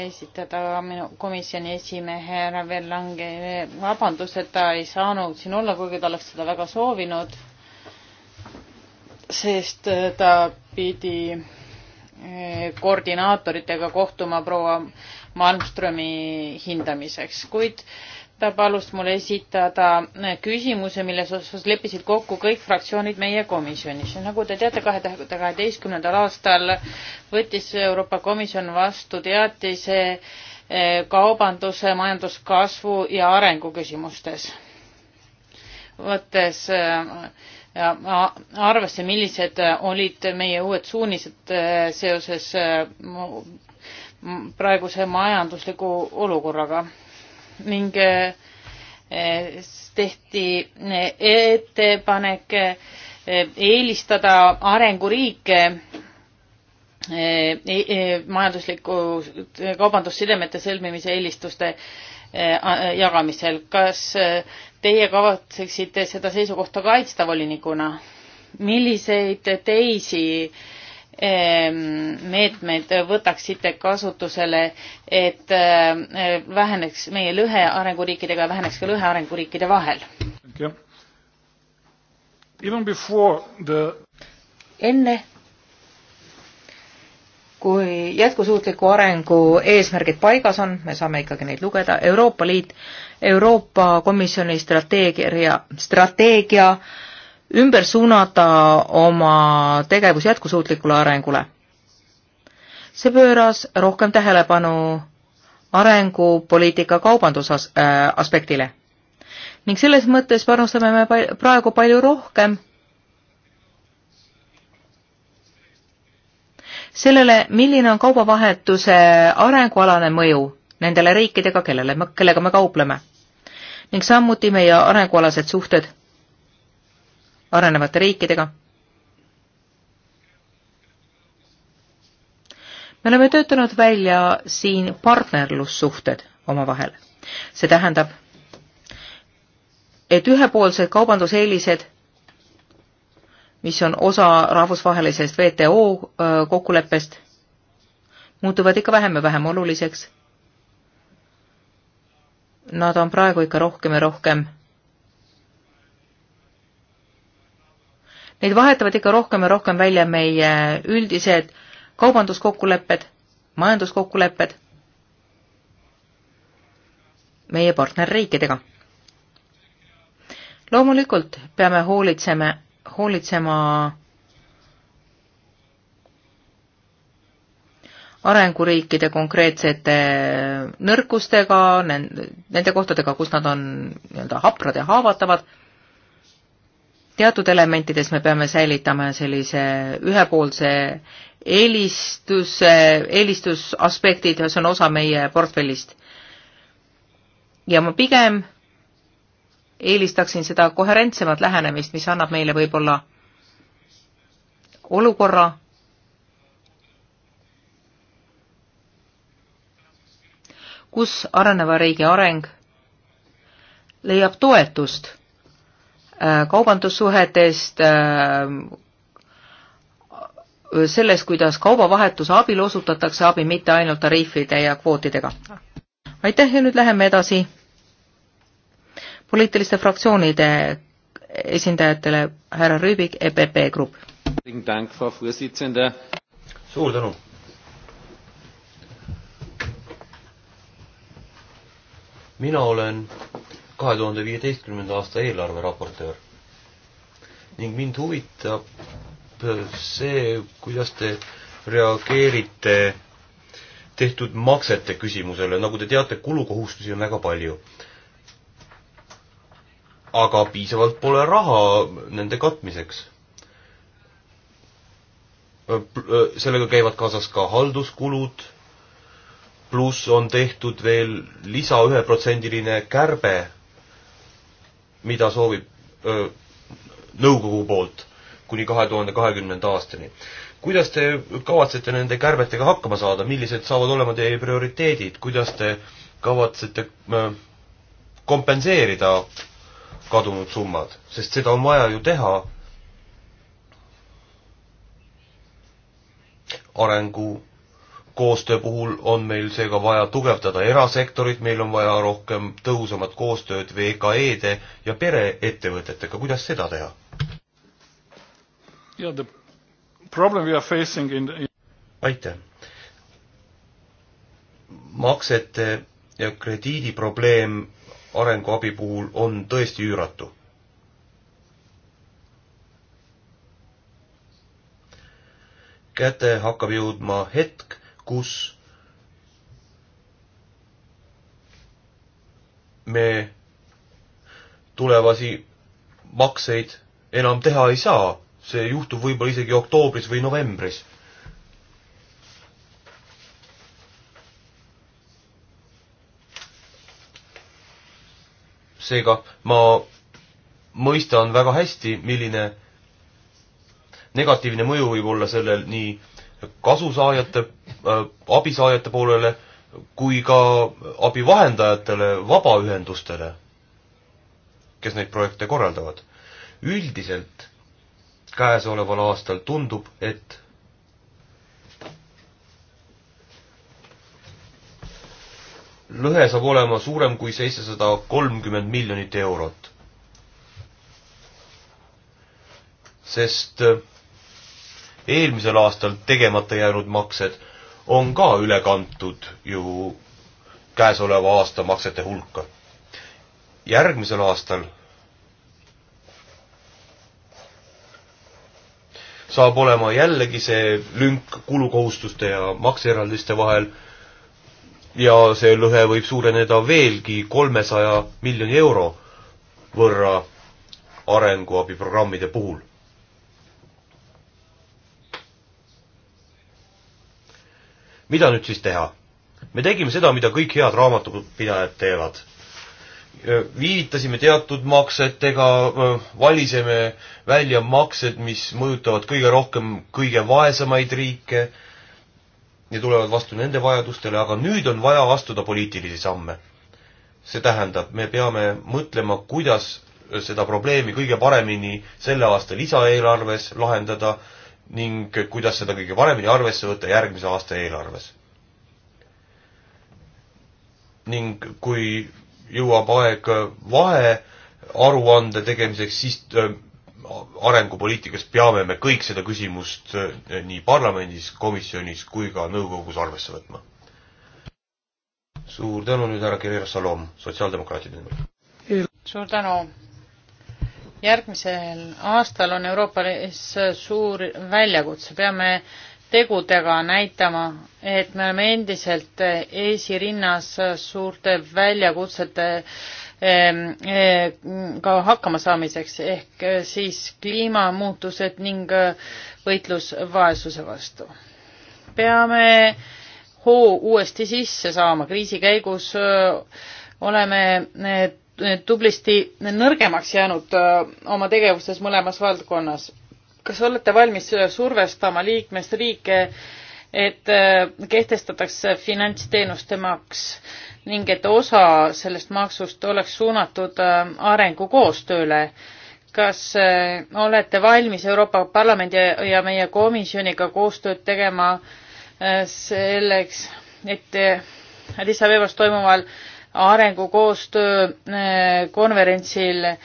esitada minu komisjoni esimehe härra Verlange eh, vabandust, et ta ei saanud siin olla, kuigi ta oleks seda väga soovinud, sest ta pidi koordinaatoritega kohtuma proua Malmströmi hindamiseks, kuid äh, ta palus mul esitada äh, küsimuse, milles osas leppisid kokku kõik fraktsioonid meie komisjonis. nagu te teate, kahe tuhande kaheteistkümnendal aastal võttis Euroopa Komisjon vastu teatise äh, kaubanduse, majanduskasvu ja arengu küsimustes, võttes äh, arvesse, millised olid meie uued suunised seoses praeguse majandusliku olukorraga ning eh, tehti eh, ettepanek eh, eelistada arenguriike e-, e-, majandusliku kaubandussidemete sõlmimise eelistuste jagamisel. kas teie kavatseksite seda seisukohta kaitsta volinikuna? milliseid teisi äh, Ehm, meetmeid võtaksite kasutusele, et ehm, väheneks meie lõhe arenguriikidega ja väheneks ka lõhe arenguriikide vahel? The... enne kui jätkusuutliku arengu eesmärgid paigas on, me saame ikkagi neid lugeda, Euroopa Liit, Euroopa Komisjoni strateegia, strateegia äh, ümber suunata oma tegevus jätkusuutlikule arengule. see pööras rohkem tähelepanu arengupoliitika kaubandusas- äh,, aspektile. ning selles mõttes panustame me pal praegu palju rohkem sellele, milline on kaubavahetuse arengualane mõju nendele riikidega, kellele, kellega me kaupleme. ning samuti meie arengualased suhted arenevate riikidega. me oleme töötanud välja siin partnerlussuhted omavahel. see tähendab, et ühepoolsed kaubanduseelised, mis on osa rahvusvahelisest WTO kokkuleppest, muutuvad ikka vähem ja vähem oluliseks. Nad on praegu ikka rohkem ja rohkem Neid vahetavad ikka rohkem ja rohkem välja meie üldised kaubanduskokkulepped, majanduskokkulepped meie partnerriikidega. loomulikult peame hoolitseme, hoolitsema arenguriikide konkreetsete nõrkustega, nende kohtadega, kus nad on nii-öelda haprad ja haavatavad teatud elementides me peame säilitama sellise ühepoolse eelistuse, eelistusaspektid ja see on osa meie portfellist. ja ma pigem eelistaksin seda koherentsemat lähenemist, mis annab meile võib-olla olukorra, kus areneva riigi areng leiab toetust Äh, kaubandussuhetest, äh, sellest, kuidas kaubavahetuse abil osutatakse abi mitte ainult tariifide ja kvootidega. aitäh ja nüüd läheme edasi poliitiliste fraktsioonide esindajatele, härra Rüübik, EPP Grupp. suur tänu. mina olen kahe tuhande viieteistkümnenda aasta eelarve raportöör. ning mind huvitab äh, see, kuidas te reageerite tehtud maksete küsimusele, nagu te teate, kulukohustusi on väga palju. aga piisavalt pole raha nende katmiseks. Äh, äh, sellega käivad kaasas ka halduskulud, pluss on tehtud veel lisa üheprotsendiline kärbe mida soovib öö, nõukogu poolt kuni kahe tuhande kahekümnenda aastani. kuidas te kavatsete nende kärbetega hakkama saada, millised saavad olema teie prioriteedid, kuidas te kavatsete öö, kompenseerida kadunud summad, sest seda on vaja ju teha arengu koostöö puhul on meil seega vaja tugevdada erasektorit, meil on vaja rohkem tõhusamat koostööd VKE-de ja pereettevõtetega, kuidas seda teha? aitäh. maksete ja krediidi probleem arenguabi puhul on tõesti üüratu. kätte hakkab jõudma hetk, kus me tulevasi makseid enam teha ei saa. see juhtub võib-olla isegi oktoobris või novembris. seega ma mõistan väga hästi, milline negatiivne mõju võib olla sellel nii kasusaajate Äh, abisaajate poolele kui ka abivahendajatele, vabaühendustele, kes neid projekte korraldavad. üldiselt käesoleval aastal tundub, et lõhe saab olema suurem kui seitsesada kolmkümmend miljonit eurot. sest äh, eelmisel aastal tegemata jäänud maksed on ka üle kantud ju käesoleva aasta maksete hulka. järgmisel aastal saab olema jällegi see lünk kulukohustuste ja makseeraldiste vahel ja see lõhe võib suureneda veelgi kolmesaja miljoni euro võrra arenguabiprogrammide puhul. mida nüüd siis teha? me tegime seda, mida kõik head raamatupidajad teevad. viivitasime teatud maksetega, valisime välja maksed, mis mõjutavad kõige rohkem kõige vaesemaid riike ja tulevad vastu nende vajadustele, aga nüüd on vaja astuda poliitilisi samme. see tähendab, me peame mõtlema, kuidas seda probleemi kõige paremini selle aasta lisaeelarves lahendada ning kuidas seda kõige paremini arvesse võtta järgmise aasta eelarves. ning kui jõuab aeg vahearuande tegemiseks, siis äh, arengupoliitikas peame me kõik seda küsimust äh, nii parlamendis, komisjonis kui ka nõukogus arvesse võtma. suur tänu nüüd härra Kirjas Salom, sotsiaaldemokraatide nimel. suur tänu järgmisel aastal on Euroopa ees suur väljakutse, peame tegudega näitama, et me oleme endiselt esirinnas suurte väljakutsete ka hakkama saamiseks ehk siis kliimamuutused ning võitlus vaesuse vastu. peame hoo uuesti sisse saama, kriisi käigus oleme tublisti nõrgemaks jäänud äh, oma tegevustes mõlemas valdkonnas. kas olete valmis survestama liikmesriike, et äh, kehtestatakse finantsteenuste maks ning et osa sellest maksust oleks suunatud äh, arengukoostööle? kas olete valmis Euroopa Parlamendi ja meie komisjoniga koostööd tegema selleks, et Addis Abebas toimuval äh, arengukoostöö äh, konverentsil äh,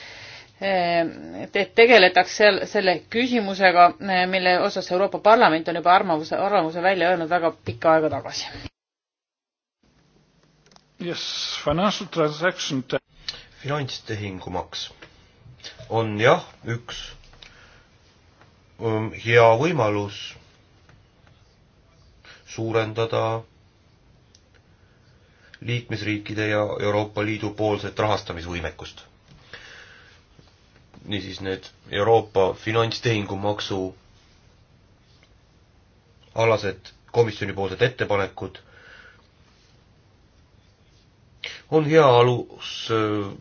tegeletaks seal selle küsimusega, äh, mille osas Euroopa Parlament on juba arvamuse, arvamuse välja öelnud väga pikka aega tagasi. Yes, financial transaction finantstehingumaks on jah, üks ähm, hea võimalus suurendada liikmesriikide ja Euroopa Liidu poolset rahastamisvõimekust. niisiis need Euroopa finantstehingumaksu alased komisjonipoolsed ettepanekud on hea alus äh,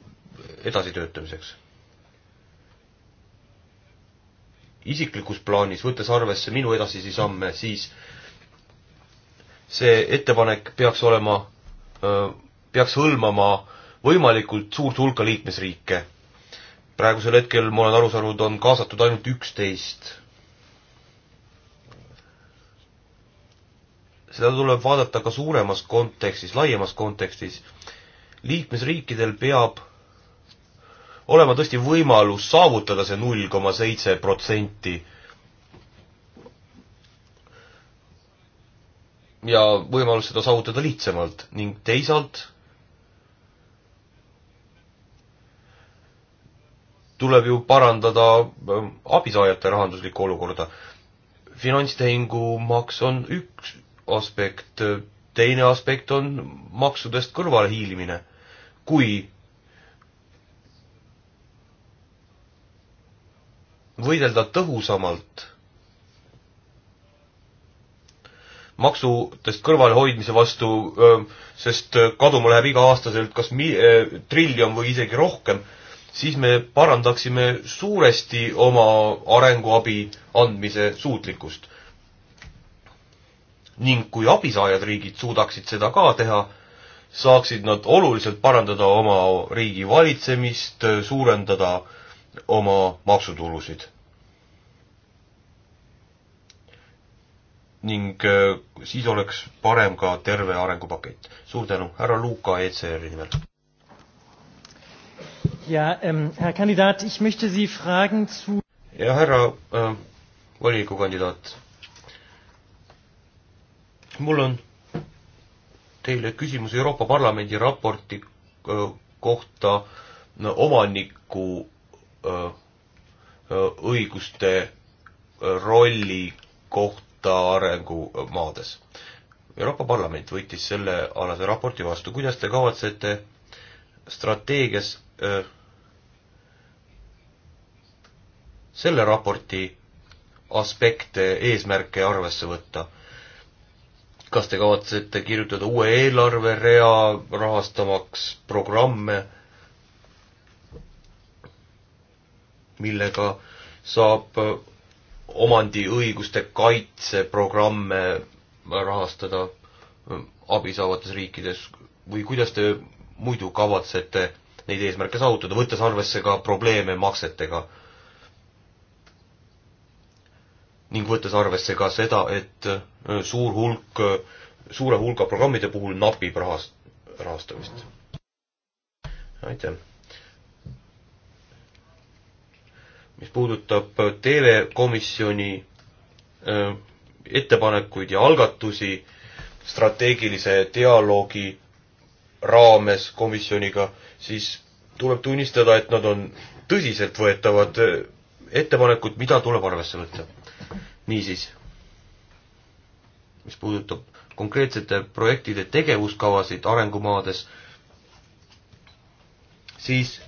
edasitöötamiseks. isiklikus plaanis, võttes arvesse minu edasisi samme, siis see ettepanek peaks olema peaks hõlmama võimalikult suurt hulka liikmesriike. praegusel hetkel, ma olen aru saanud, on kaasatud ainult üksteist. seda tuleb vaadata ka suuremas kontekstis, laiemas kontekstis. liikmesriikidel peab olema tõesti võimalus saavutada see null koma seitse protsenti ja võimalus seda saavutada lihtsamalt ning teisalt tuleb ju parandada ähm, abisaajate rahanduslikku olukorda. finantstehingumaks on üks aspekt, teine aspekt on maksudest kõrvalehiilimine. kui võidelda tõhusamalt maksudest kõrvalehoidmise vastu, sest kaduma läheb iga-aastaselt kas mi-, triljon või isegi rohkem, siis me parandaksime suuresti oma arenguabi andmise suutlikkust. ning kui abisaajad riigid suudaksid seda ka teha, saaksid nad oluliselt parandada oma riigi valitsemist, suurendada oma maksutulusid ning äh, siis oleks parem ka terve arengupakett. suur tänu, härra Luka ECR-i nimel. ja ähm,, härra kandidaat, ich möchte Sie fragen zu ja härra äh, volikogu kandidaat, mul on teile küsimus Euroopa Parlamendi raporti äh, kohta no, omaniku äh, äh õiguste äh, rolli kohta kohta arengumaades. Euroopa Parlament võttis sellealase raporti vastu, kuidas te kavatsete strateegias öö, selle raporti aspekte, eesmärke arvesse võtta? kas te kavatsete kirjutada uue eelarverea rahastamaks programme, millega saab omandiõiguste kaitseprogramme rahastada ähm, abi saavates riikides või kuidas te muidu kavatsete neid eesmärke saavutada, võttes arvesse ka probleeme maksetega? ning võttes arvesse ka seda, et äh, suur hulk, äh, suure hulga programmide puhul napib rahast-, rahastamist. aitäh! mis puudutab telekomisjoni äh, ettepanekuid ja algatusi strateegilise dialoogi raames komisjoniga, siis tuleb tunnistada, et nad on tõsiseltvõetavad äh, ettepanekud, mida tuleb arvesse võtta. niisiis, mis puudutab konkreetsete projektide tegevuskavasid arengumaades, siis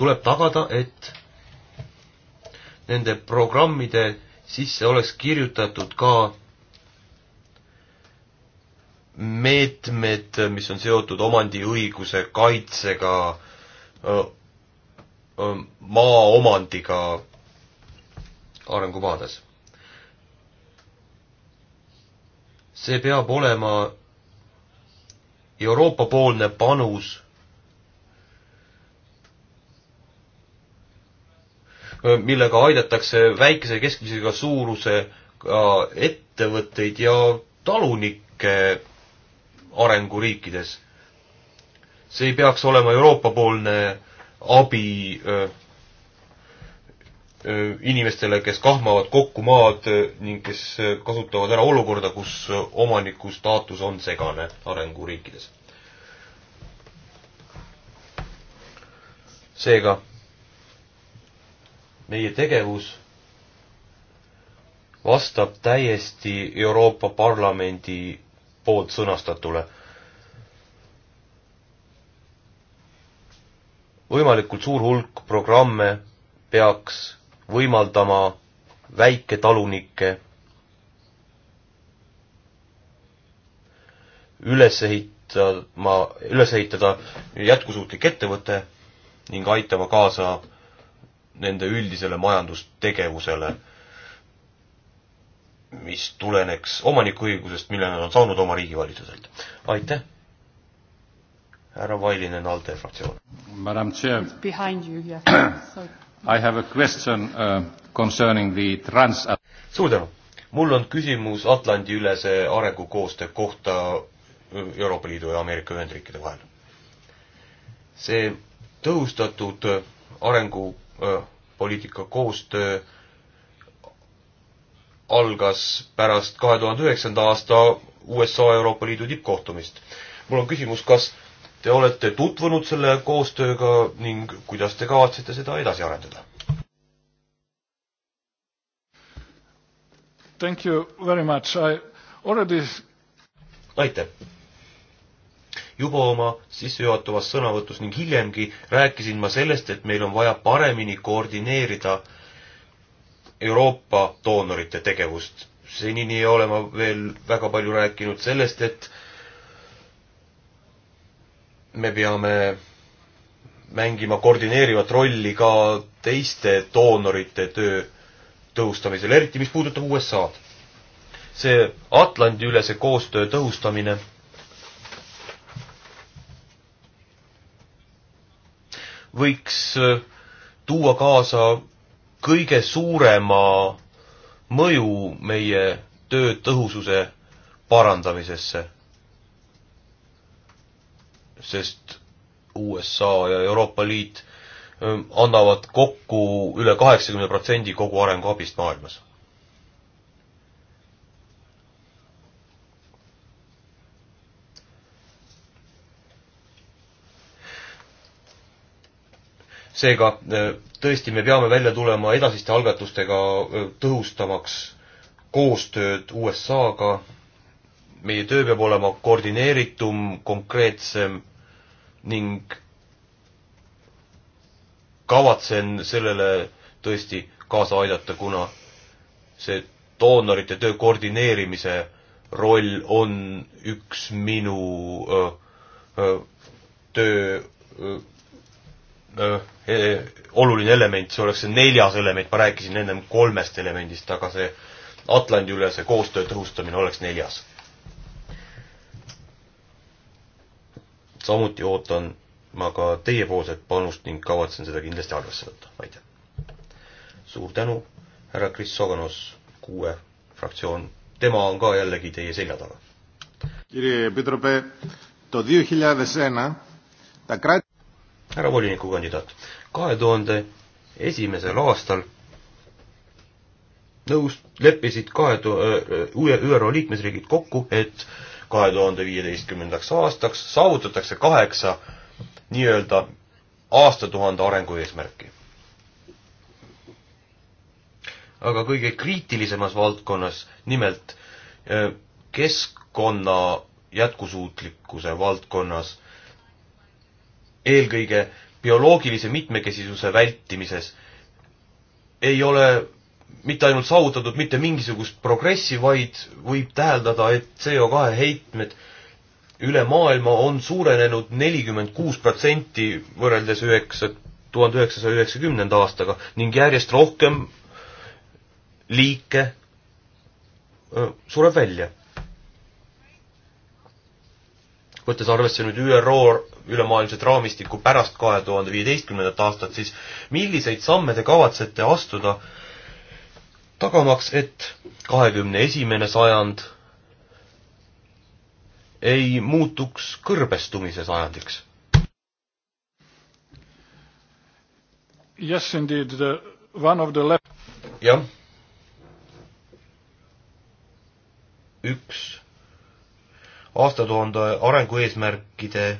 tuleb tagada, et nende programmide sisse oleks kirjutatud ka meetmed, mis on seotud omandiõiguse kaitsega, maaomandiga arengumaades. see peab olema Euroopa-poolne panus millega aidatakse väikese keskmisega suurusega ettevõtteid ja talunikke arenguriikides. see ei peaks olema Euroopa-poolne abi öö, inimestele, kes kahmavad kokku maad ning kes kasutavad ära olukorda, kus omaniku staatus on segane arenguriikides. seega meie tegevus vastab täiesti Euroopa Parlamendi poolt sõnastatule. võimalikult suur hulk programme peaks võimaldama väiketalunikke üles ehitama, üles ehitada jätkusuutlik ettevõte ning aitama kaasa nende üldisele majandustegevusele, mis tuleneks omanikuõigusest, mille nad on saanud oma riigivalitsuselt. aitäh! härra Vailinen, ALDE fraktsioon. Madam Chair. Behind you, yes. I have a question uh, concerning the trans-. suur tänu! mul on küsimus Atlandi-ülese arengukoostöö kohta uh, Euroopa Liidu ja Ameerika Ühendriikide vahel. see tõhustatud uh, arengu poliitika koostöö algas pärast kahe tuhande üheksanda aasta USA Euroopa Liidu tippkohtumist. mul on küsimus, kas te olete tutvunud selle koostööga ning kuidas te kavatsete seda edasi arendada? Thank you very much, I already aitäh! juba oma sissejuhatavas sõnavõtus ning hiljemgi rääkisin ma sellest, et meil on vaja paremini koordineerida Euroopa doonorite tegevust. senini ei ole ma veel väga palju rääkinud sellest, et me peame mängima koordineerivat rolli ka teiste doonorite töö tõhustamisel, eriti mis puudutab USA-d. see Atlandi-ülese koostöö tõhustamine võiks äh, tuua kaasa kõige suurema mõju meie töö tõhususe parandamisesse. sest USA ja Euroopa Liit äh, annavad kokku üle kaheksakümne protsendi kogu arenguabist maailmas seega äh, tõesti, me peame välja tulema edasiste algatustega, äh, tõhustamaks koostööd USA-ga, meie töö peab olema koordineeritum, konkreetsem ning kavatsen sellele tõesti kaasa aidata, kuna see doonorite töö koordineerimise roll on üks minu öö, äh, öö, töö öö, E, oluline element, see oleks see neljas element, ma rääkisin ennem kolmest elemendist, aga see Atlandi-ülese koostöö tõhustamine oleks neljas. samuti ootan ma ka teiepoolset panust ning kavatsen seda kindlasti arvesse võtta, aitäh. suur tänu, härra Kris Soganos, kuue fraktsioon, tema on ka jällegi teie selja taga. Kirje Pitrope, tuhat üheksasada üks, ta krat- härra volinikukandidaat, kahe tuhande esimesel aastal nõus, leppisid kahe tuhande, ÜRO liikmesriigid kokku, et kahe tuhande viieteistkümnendaks aastaks saavutatakse kaheksa nii-öelda aastatuhande arengu eesmärki. aga kõige kriitilisemas valdkonnas, nimelt eh, keskkonna jätkusuutlikkuse valdkonnas eelkõige bioloogilise mitmekesisuse vältimises ei ole mitte ainult saavutatud mitte mingisugust progressi, vaid võib täheldada, et CO2 heitmed üle maailma on suurenenud nelikümmend kuus protsenti võrreldes üheksa, tuhande üheksasaja üheksakümnenda aastaga ning järjest rohkem liike sureb välja võttes arvesse nüüd ÜRO ülemaailmset raamistikku pärast kahe tuhande viieteistkümnendat aastat, siis milliseid samme te kavatsete astuda, tagamaks, et kahekümne esimene sajand ei muutuks kõrbestumise sajandiks? Yes indeed, the one of the left. jah. üks aastatuhande arengueesmärkide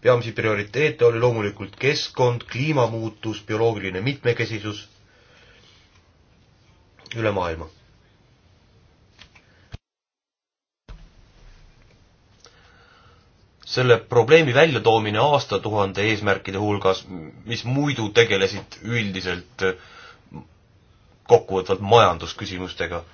peamisi prioriteete oli loomulikult keskkond, kliimamuutus, bioloogiline mitmekesisus üle maailma. selle probleemi väljatoomine aastatuhande eesmärkide hulgas, mis muidu tegelesid üldiselt äh, kokkuvõtvalt majandusküsimustega.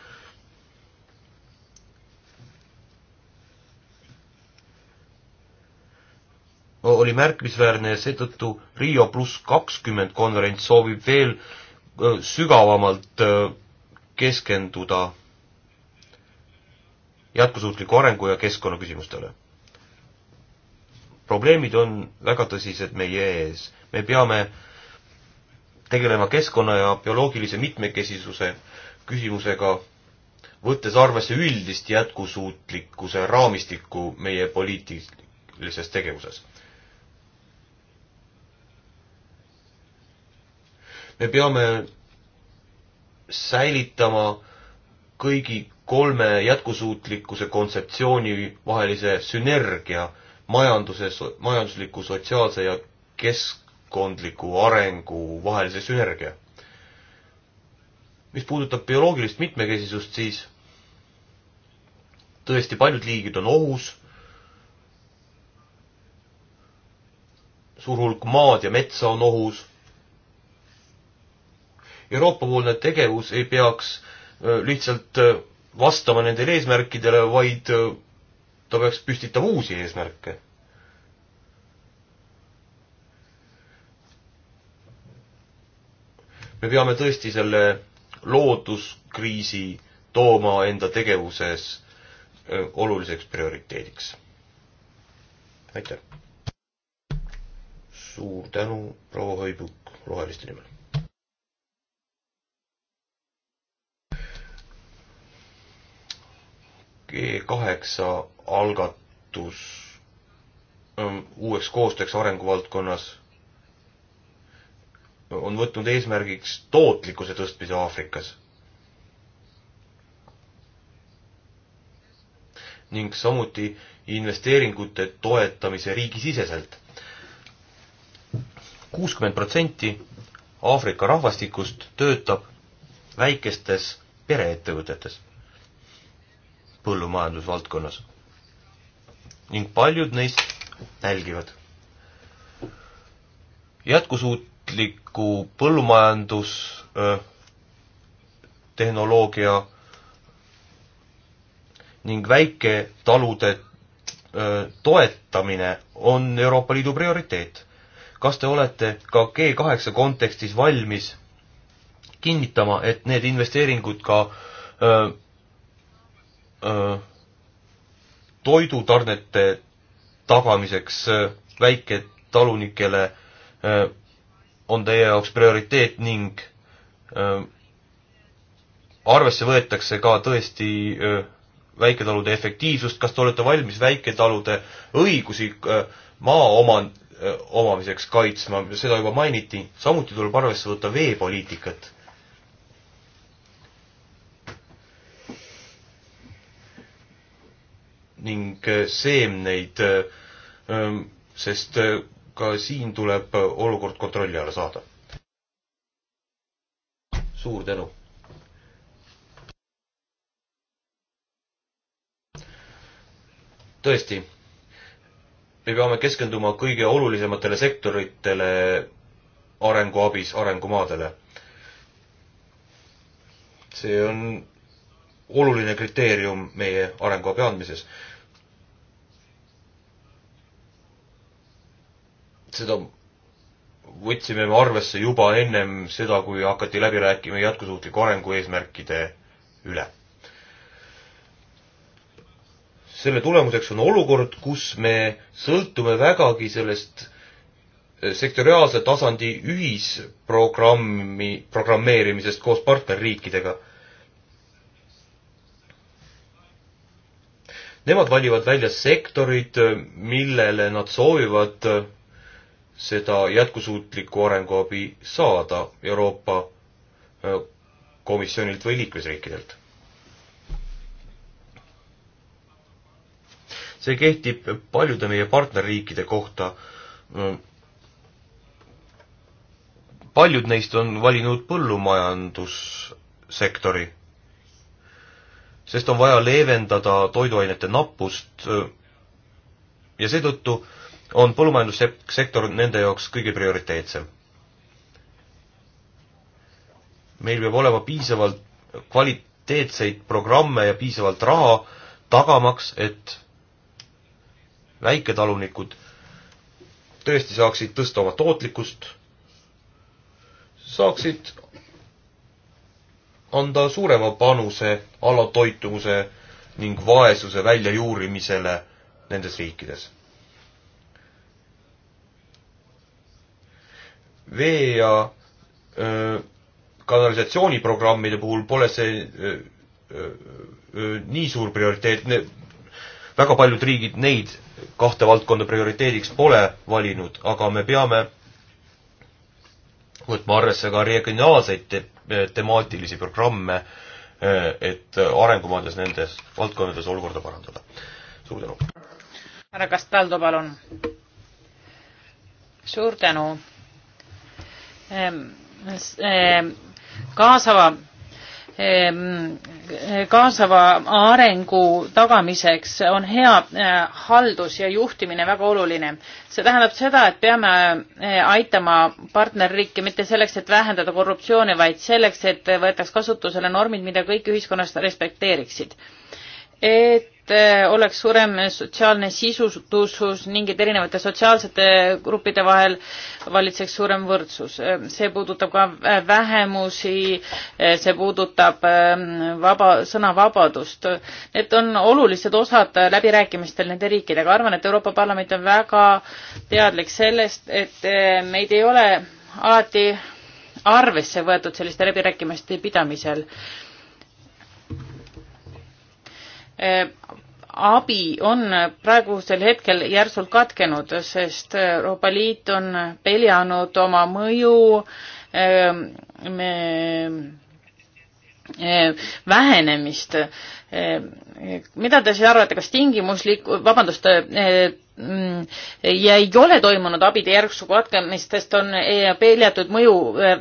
oli märkimisväärne ja seetõttu Rio pluss kakskümmend konverents soovib veel sügavamalt keskenduda jätkusuutliku arengu ja keskkonna küsimustele. probleemid on väga tõsised meie ees, me peame äh, tegelema keskkonna ja bioloogilise mitmekesisuse küsimusega, võttes arvesse üldist jätkusuutlikkuse raamistikku meie poliitilises tegevuses. me peame säilitama kõigi kolme jätkusuutlikkuse kontseptsiooni vahelise sünergia majanduse, majandusliku, sotsiaalse ja kesk-, valdkondliku arengu vahelise sünergia. mis puudutab bioloogilist mitmekesisust, siis tõesti paljud liigid on ohus. suur hulk maad ja metsa on ohus. Euroopa-poolne tegevus ei peaks äh, lihtsalt äh, vastama nendele eesmärkidele, vaid äh, ta peaks püstitama uusi eesmärke me peame tõesti selle looduskriisi tooma enda tegevuses oluliseks prioriteediks. aitäh! suur tänu, proua Hoibuk, roheliste nimel! G kaheksa algatus uueks koostööks arenguvaldkonnas on võtnud eesmärgiks tootlikkuse tõstmise Aafrikas. ning samuti investeeringute toetamise riigisiseselt. kuuskümmend protsenti Aafrika rahvastikust töötab väikestes pereettevõtetes põllumajandusvaldkonnas ning paljud neist nälgivad jätkusuut-, mõistliku põllumajandustehnoloogia ning väiketalude toetamine on Euroopa Liidu prioriteet. kas te olete ka G kaheksa kontekstis valmis kinnitama, et need investeeringud ka öö, öö, toidutarnete tagamiseks väiketalunikele on teie jaoks prioriteet ning öö, arvesse võetakse ka tõesti öö, väiketalude efektiivsust, kas te olete valmis väiketalude õigusi öö, maa oma, omamiseks kaitsma, seda juba mainiti, samuti tuleb arvesse võtta veepoliitikat ning seemneid, sest ka siin tuleb olukord kontrolli alla saada. suur tänu. tõesti, me peame keskenduma kõige olulisematele sektoritele arenguabis arengumaadele. see on oluline kriteerium meie arenguabi andmises seda võtsime me arvesse juba ennem seda, kui hakati läbi rääkima jätkusuutliku arengu eesmärkide üle. selle tulemuseks on olukord, kus me sõltume vägagi sellest eh, sektoriaalse tasandi ühisprogrammi, programmeerimisest koos partnerriikidega. Nemad valivad välja sektorid, millele nad soovivad seda jätkusuutlikku arenguabi saada Euroopa Komisjonilt või liikmesriikidelt. see kehtib paljude meie partnerriikide kohta. paljud neist on valinud põllumajandussektori, sest on vaja leevendada toiduainete nappust ja seetõttu äh, on põllumajandussektor nende jaoks kõige prioriteetsem. meil peab olema piisavalt kvaliteetseid programme ja piisavalt raha, tagamaks, et väiketalunikud tõesti saaksid tõsta oma tootlikkust, saaksid anda suurema panuse alatoitumuse ning vaesuse väljajuurimisele nendes riikides vee ja öö, kanalisatsiooniprogrammide puhul pole see öö, öö, nii suur prioriteet, väga paljud riigid neid kahte valdkonda prioriteediks pole valinud, aga me peame võtma arvesse ka regionaalseid te temaatilisi programme, et arengumaades nendes valdkondades olukorda parandada. suur tänu! härra Castaldo, palun! suur tänu! Ehm, ehm, kaasava ehm, kaasava arengu tagamiseks on hea eh, haldus ja juhtimine väga oluline. see tähendab seda, et peame eh, aitama partnerriike mitte selleks, et vähendada korruptsiooni, vaid selleks, et võetaks kasutusele normid, mida kõik ühiskonnas respekteeriksid et äh, oleks suurem sotsiaalne sisustusus ning et erinevate sotsiaalsete gruppide vahel valitseks suurem võrdsus. Äh, see puudutab ka äh, vähemusi, see puudutab ähm, vaba, sõnavabadust. Need on olulised osad läbirääkimistel nende riikidega. arvan, et Euroopa Parlament on väga teadlik sellest, et meid ei ole alati arvesse võetud selliste läbirääkimiste pidamisel Eh, abi on praegusel hetkel järsult katkenud, sest Euroopa Liit on peljanud oma mõju eh, me, eh, vähenemist. mida te siis arvate, kas tingimuslik, vabandust, ja mm, ei ole toimunud abide järgsu katkemistest, on peljatud mõju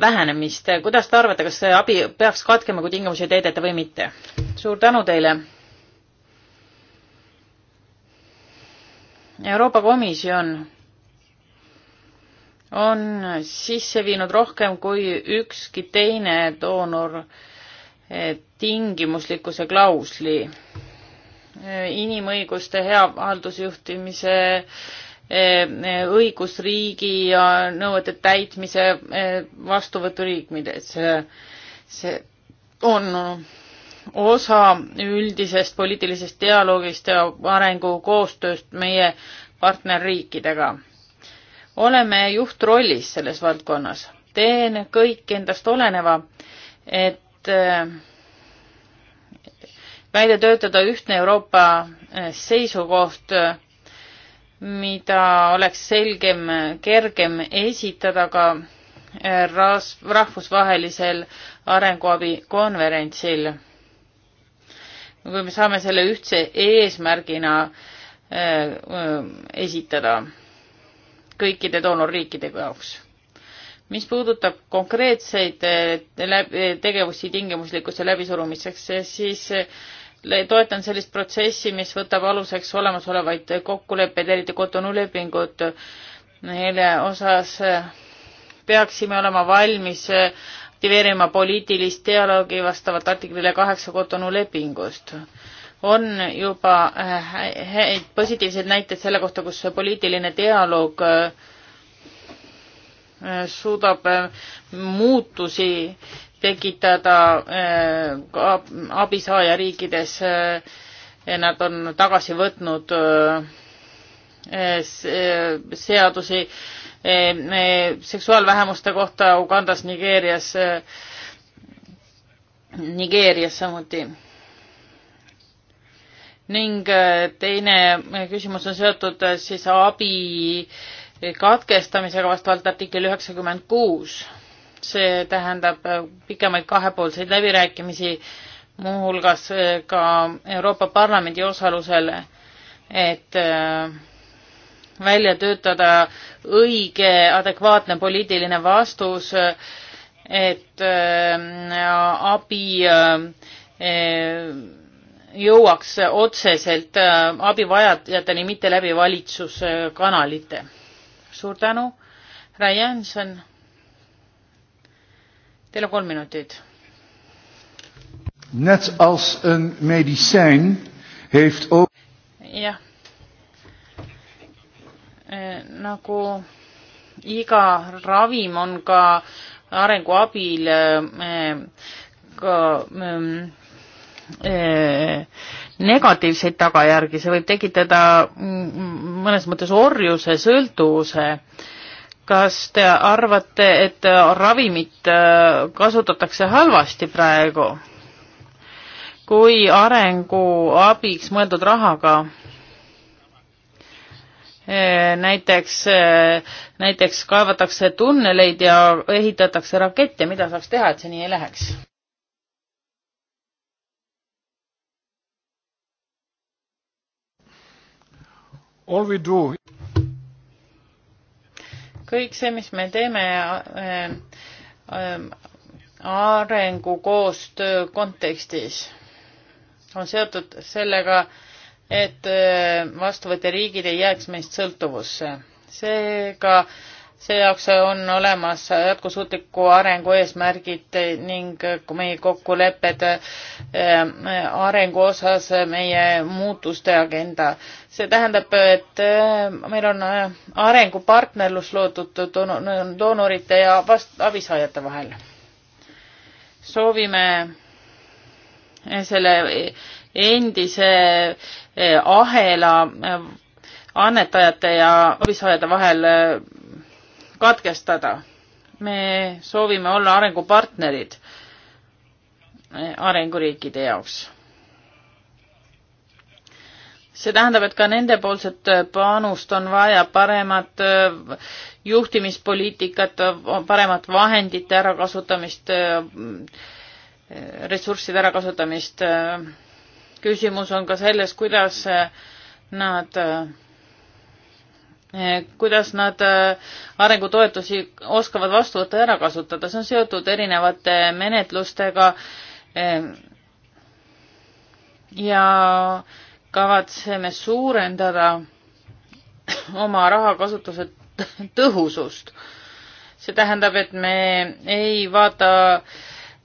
vähenemist. kuidas te arvate, kas see abi peaks katkema, kui tingimusi ei täideta või mitte? suur tänu teile Euroopa Komisjon on sisse viinud rohkem kui ükski teine doonor eh, tingimuslikkuse klausli eh, inimõiguste hea haldusjuhtimise eh, õigusriigi ja nõuete täitmise vastuvõturiikmides. see on osa üldisest poliitilisest dialoogist ja arengukoostööst meie partnerriikidega. oleme juhtrollis selles valdkonnas. teen kõik endast oleneva, et äh, välja töötada ühtne Euroopa äh, seisukoht, mida oleks selgem, kergem esitada ka äh, rahvusvahelisel arenguabi konverentsil või me saame selle ühtse eesmärgina äh, äh, esitada kõikide doonorriikide jaoks. mis puudutab konkreetseid äh, äh, tegevusi tingimuslikkuse läbisurumiseks, äh, siis toetan sellist protsessi, mis võtab aluseks olemasolevaid kokkuleppeid, eriti Cotonou lepingut, mille osas peaksime olema valmis aktiveerima poliitilist dialoogi vastavalt artiklile kaheksa Kotonu lepingust. on juba äh, häid positiivseid näiteid selle kohta, kus poliitiline dialoog äh, suudab äh, muutusi tekitada abisaaja riikides. Nad on tagasi võtnud Eh, eh, seadusi eh, seksuaalvähemuste kohta Ugandas, Nigeerias, Nigeerias samuti. ning teine küsimus on seotud siis abi katkestamisega vastavalt artikkel üheksakümmend kuus. see tähendab pikemaid kahepoolseid läbirääkimisi, muuhulgas ka Euroopa Parlamendi osalusel, et äh, välja töötada õige adekvaatne poliitiline vastus, et äh, abi äh, jõuaks otseselt äh, abivajajateni, mitte läbi valitsuskanalite. suur tänu, härra Jänson. Teil on kolm minutit. Net als een medicijn heeft ook. jah nagu iga ravim on ka arengu abil äh, äh, ka ähm, äh, negatiivseid tagajärgi, see võib tekitada mõnes mõttes orjuse, sõltuvuse. kas te arvate, et ravimit kasutatakse halvasti praegu? kui arenguabiks mõeldud rahaga Eh, näiteks, eh, näiteks kaevatakse tunneleid ja ehitatakse rakette, mida saaks teha, et see nii ei läheks? All we do kõik see, mis me teeme äh, eh, äh, arengukoostöö kontekstis, on seotud sellega äh,, et äh, vastuvõtjariigid ei jääks meist sõltuvusse. seega see jaoks on olemas jätkusuutliku arengu eesmärgid ning äh, meie kokkulepped äh, arengu osas meie muutuste agenda. see tähendab, et meil on arengupartnerlus loodud doonorite ja vast-, abisaajate vahel. soovime selle endise eh, ahela eh, annetajate ja abisaajade vahel eh, katkestada. me soovime olla arengupartnerid arenguriikide jaoks. see tähendab, et ka nendepoolset panust on vaja paremat juhtimispoliitikat, paremat vahendite ärakasutamist, mm, ressursside ärakasutamist küsimus on ka selles, kuidas äh, nad, äh, kuidas nad äh, arengutoetusi oskavad vastu võtta ja ära kasutada, see on seotud erinevate menetlustega ähm, ja kavatseme suurendada oma rahakasutuse tõhusust. see tähendab, et me ei vaata äh,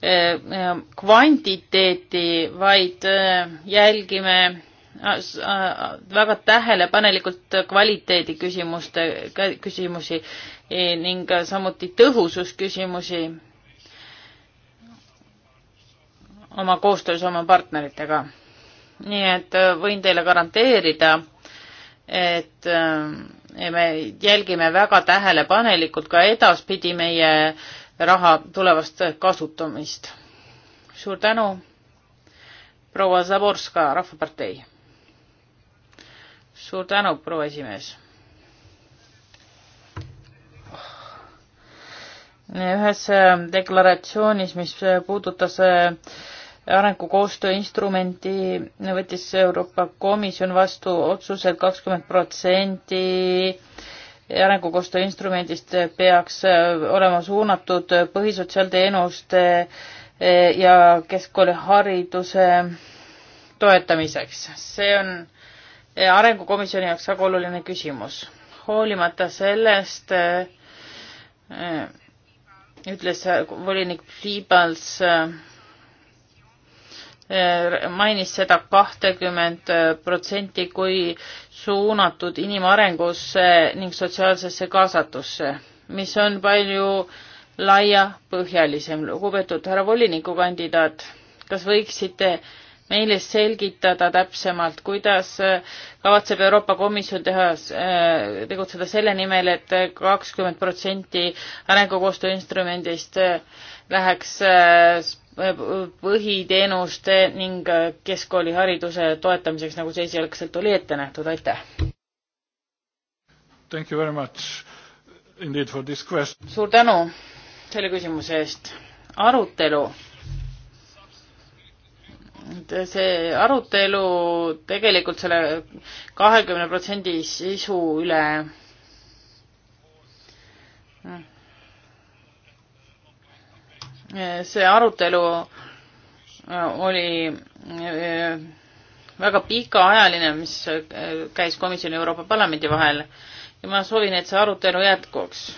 Äh, äh, kvantiteeti, vaid äh, jälgime väga tähelepanelikult kvaliteedi küsimuste, küsimusi e, ning samuti tõhususküsimusi oma koostöös oma partneritega. nii et võin teile garanteerida, et me jälgime väga tähelepanelikult ka edaspidi meie raha tulevast kasutamist. suur tänu, proua Zaborska, Rahvapartei. suur tänu, proua esimees. ühes äh, deklaratsioonis, mis puudutas äh, arengukoostöö instrumenti, võttis Euroopa Komisjon vastu otsused kakskümmend protsenti arengukoostöö instrumendist peaks äh, olema suunatud põhisotsiaalteenuste äh, ja keskkoolihariduse toetamiseks. see on äh, arengukomisjoni jaoks väga oluline küsimus. hoolimata sellest ütles volinik Piibals mainis seda kahtekümmend protsenti kui suunatud inimarengusse ning sotsiaalsesse kaasatusse, mis on palju laiapõhjalisem. lugupeetud härra volinikukandidaat, kas võiksite meile selgitada täpsemalt, kuidas kavatseb Euroopa Komisjon teha, äh, tegutseda selle nimel et, et kakskümmend protsenti arengukoostöö instrumendist äh, läheks äh, põhiteenuste ning keskkoolihariduse toetamiseks, nagu see esialgselt oli ette nähtud, aitäh! suur tänu selle küsimuse eest. arutelu, see arutelu tegelikult selle kahekümne protsendi sisu üle see arutelu äh, oli äh, väga pikaajaline, mis äh, käis komisjoni ja Euroopa Parlamendi vahel ja ma soovin, et see arutelu jätkuks.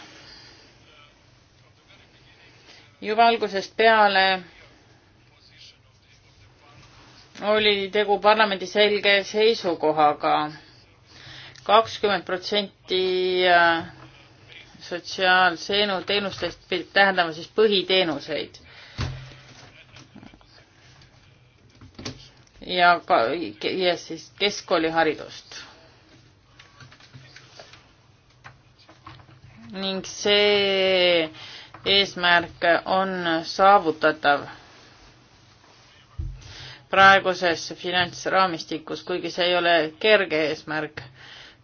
juba algusest peale oli tegu parlamendi selge seisukohaga. kakskümmend protsenti sotsiaalseenu teenustest tähendama siis põhiteenuseid. ja ka ja siis keskkooliharidust. ning see eesmärk on saavutatav praeguses finantsraamistikus, kuigi see ei ole kerge eesmärk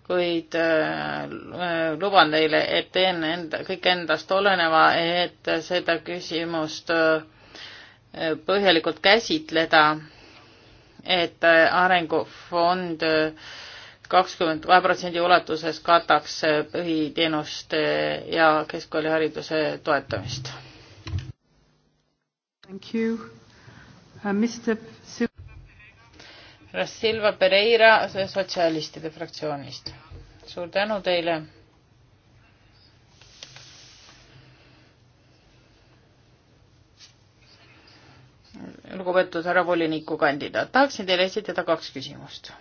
kuid äh, äh, luban teile, et teen enda, kõik endast oleneva, et seda küsimust äh, põhjalikult käsitleda, et äh, arengufond äh, kakskümmend kahe protsendi ulatuses kataks äh, põhiteenuste ja keskkoolihariduse toetamist. Thank you uh,. Mr Silva Pereira sotsialistide fraktsioonist. suur tänu teile. lugupeetud härra volinikukandidaat, tahaksin teile esitada kaks küsimust.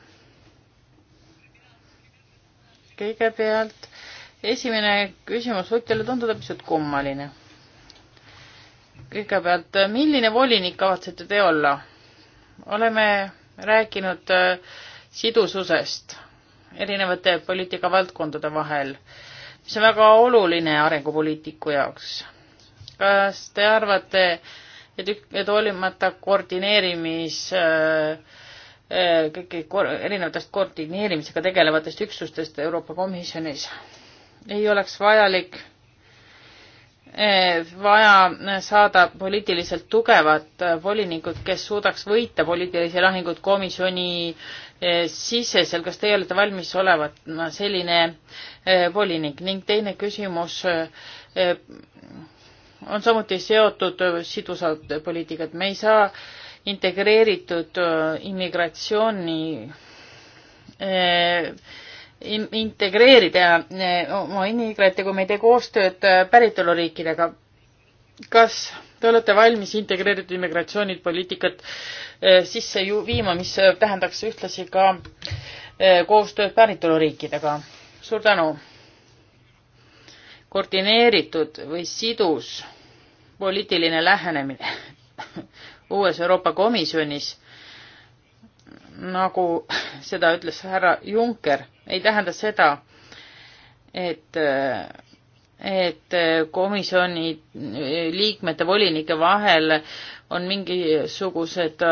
kõigepealt esimene küsimus võib teile tunduda pisut kummaline. kõigepealt, milline volinik kavatsete te olla? oleme rääkinud äh, sidususest erinevate poliitikavaldkondade vahel, mis on väga oluline arengupoliitiku jaoks. kas te arvate, et, et hoolimata koordineerimis äh, äh, kõiki erinevatest koordineerimisega tegelevatest üksustest Euroopa Komisjonis ei oleks vajalik Eh, vaja saada poliitiliselt tugevat eh, volinikud, kes suudaks võita poliitilisi lahinguid komisjoni eh, sisesel, kas teie olete valmis olema selline volinik ning teine küsimus on samuti seotud sidusa poliitikaga, et me ei saa integreeritud immigratsiooni integreerida eh, oma immigrante, kui me ei tee koostööd eh, päritoluriikidega. kas te olete valmis integreeritud immigratsioonipoliitikat eh, sisse ju viima, mis tähendaks ühtlasi ka koostööd päritoluriikidega? suur tänu. koordineeritud või sidus poliitiline lähenemine [laughs] uues Euroopa Komisjonis, nagu seda ütles härra Juncker ei tähenda seda, et, et komisjoni liikmete, volinike vahel on mingisugused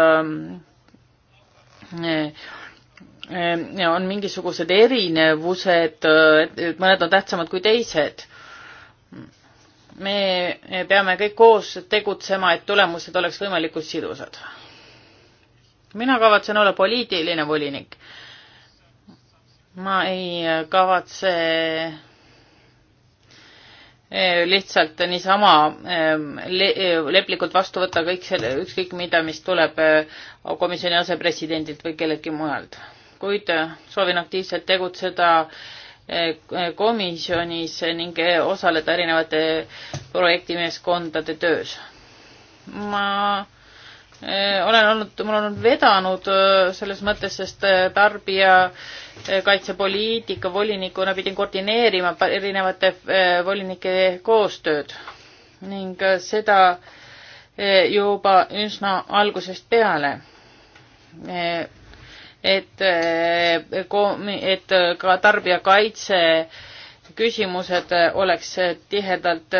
on mingisugused erinevused, et mõned on tähtsamad kui teised. me peame kõik koos tegutsema, et tulemused oleks võimalikult sidusad. mina kavatsen olla poliitiline volinik ma ei kavatse eh, lihtsalt niisama eh, le eh, leplikult vastu võtta kõik selle, ükskõik mida, mis tuleb komisjoni asepresidendilt või kelleltki mujalt. kuid soovin aktiivselt tegutseda komisjonis ning osaleda erinevate projektimeeskondade töös. ma Äh, olen olnud, mul on vedanud äh, selles mõttes, sest äh, tarbijakaitsepoliitika volinikuna pidin koordineerima erinevate volinike koostööd ning seda juba üsna algusest peale. et, et ka tarbijakaitse küsimused oleks tihedalt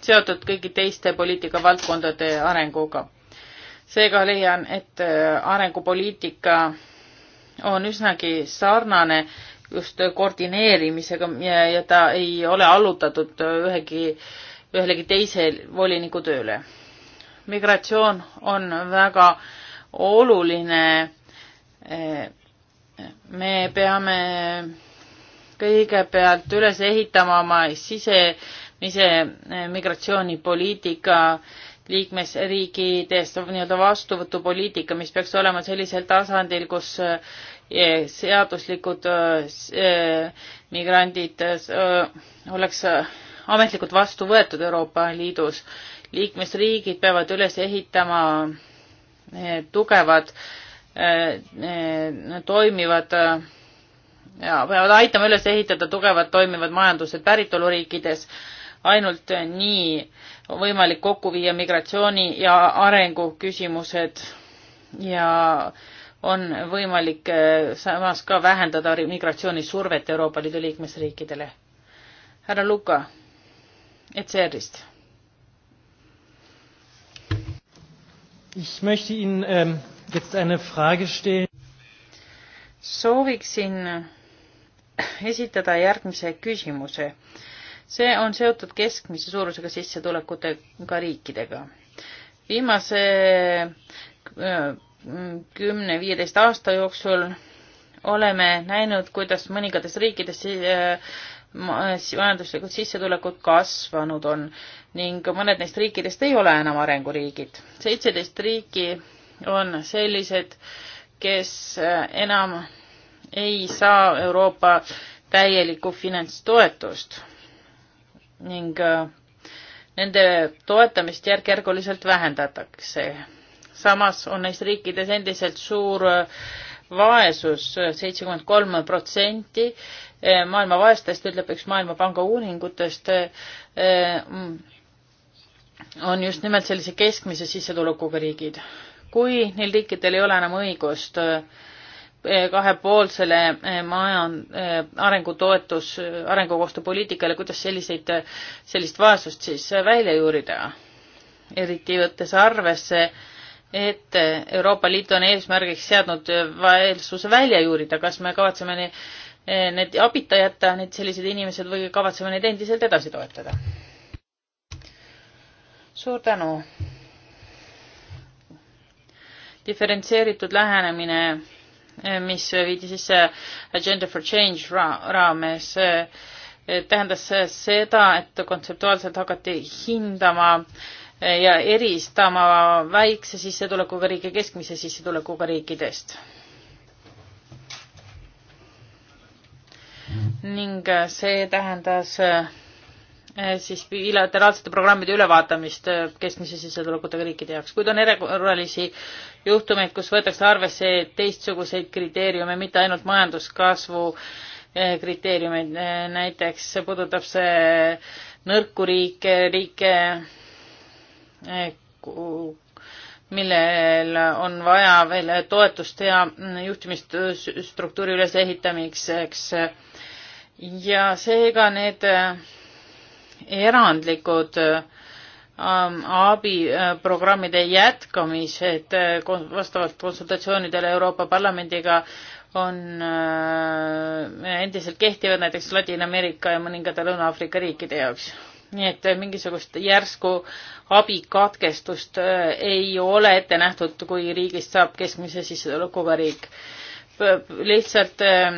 seotud kõigi teiste poliitikavaldkondade arenguga seega leian, et äh, arengupoliitika on üsnagi sarnane just koordineerimisega ja, ja ta ei ole allutatud äh, ühegi, ühelegi teise voliniku tööle. migratsioon on väga oluline. Äh, me peame kõigepealt üles ehitama oma sisemise migratsioonipoliitika liikmesriigidest nii-öelda vastuvõtupoliitika, mis peaks olema sellisel tasandil, kus eh, seaduslikud eh, eh, migrandid oleks ametlikult vastu võetud Euroopa Liidus. liikmesriigid peavad üles ehitama tugevad, toimivad ja peavad aitama üles ehitada tugevad toimivad majandused päritoluriikides ainult nii on võimalik kokku viia migratsiooni ja arengu küsimused ja on võimalik eh, samas ka vähendada migratsioonisurvet Euroopa Liidu liikmesriikidele. härra Luka, ECR-ist. Ich möchte Ihnen ähm, jetzt eine Frage stellen. sooviksin esitada järgmise küsimuse see on seotud keskmise suurusega sissetulekutega riikidega. viimase äh, kümne-viieteist aasta jooksul oleme näinud, kuidas mõningates riikides äh, majanduslikud sissetulekud kasvanud on ning mõned neist riikidest ei ole enam arenguriigid. seitseteist riiki on sellised, kes äh, enam ei saa Euroopa täielikku finantstoetust ning äh, nende toetamist järk-järguliselt vähendatakse. samas on neis riikides endiselt suur äh, vaesus, äh, seitsekümmend kolm protsenti maailma vaestest, ütleb üks Maailmapanga uuringutest, mm, on just nimelt sellise keskmise sissetulekuga riigid. kui neil riikidel ei ole enam õigust äh, Eh, kahepoolsele eh, maja eh, arengutoetus, arengukoostööpoliitikale, kuidas selliseid, sellist vaesust siis välja juurida? eriti võttes arvesse, et Euroopa Liit on eesmärgiks seadnud vaesuse välja juurida, kas me kavatseme need, need abita jätta, need sellised inimesed, või kavatseme neid endiselt edasi toetada? suur tänu! diferentseeritud lähenemine mis viidi sisse äh, Agenda for Change ra raames, äh, tähendas seda, et kontseptuaalselt hakati hindama äh, ja eristama väikse sissetulekuga riike keskmise sissetulekuga riikidest. ning see tähendas Eh, siis bilateraalsete programmide ülevaatamist eh, keskmise sissetulekutega riikide jaoks. kuid on erakorralisi juhtumeid, kus võetakse arvesse teistsuguseid kriteeriume, mitte ainult majanduskasvu eh, kriteeriumeid. näiteks puudutab see nõrku riike, riike, millel on vaja veel toetust ja juhtimisstruktuuri ülesehitamiseks. ja seega need erandlikud ähm, abiprogrammide äh, jätkamised äh, vastavalt konsultatsioonidele Euroopa Parlamendiga on äh, endiselt kehtivad näiteks Ladina-Ameerika ja mõningate Lõuna-Aafrika riikide jaoks. nii et mingisugust järsku abikatkestust ei ole ette nähtud, kui riigist saab keskmise sissetulekuga riik lihtsalt ähm,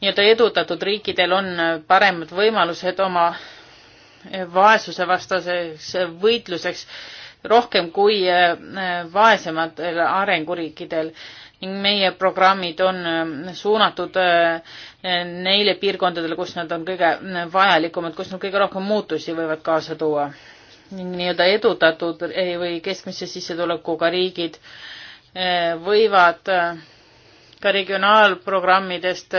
nii-öelda edutatud riikidel on paremad võimalused oma vaesusevastaseks võitluseks rohkem kui äh, vaesematel arenguriikidel ning meie programmid on äh, suunatud äh, neile piirkondadele, kus nad on kõige vajalikumad, kus nad kõige rohkem muutusi võivad kaasa tuua. nii-öelda edutatud või keskmise sissetulekuga riigid võivad ka regionaalprogrammidest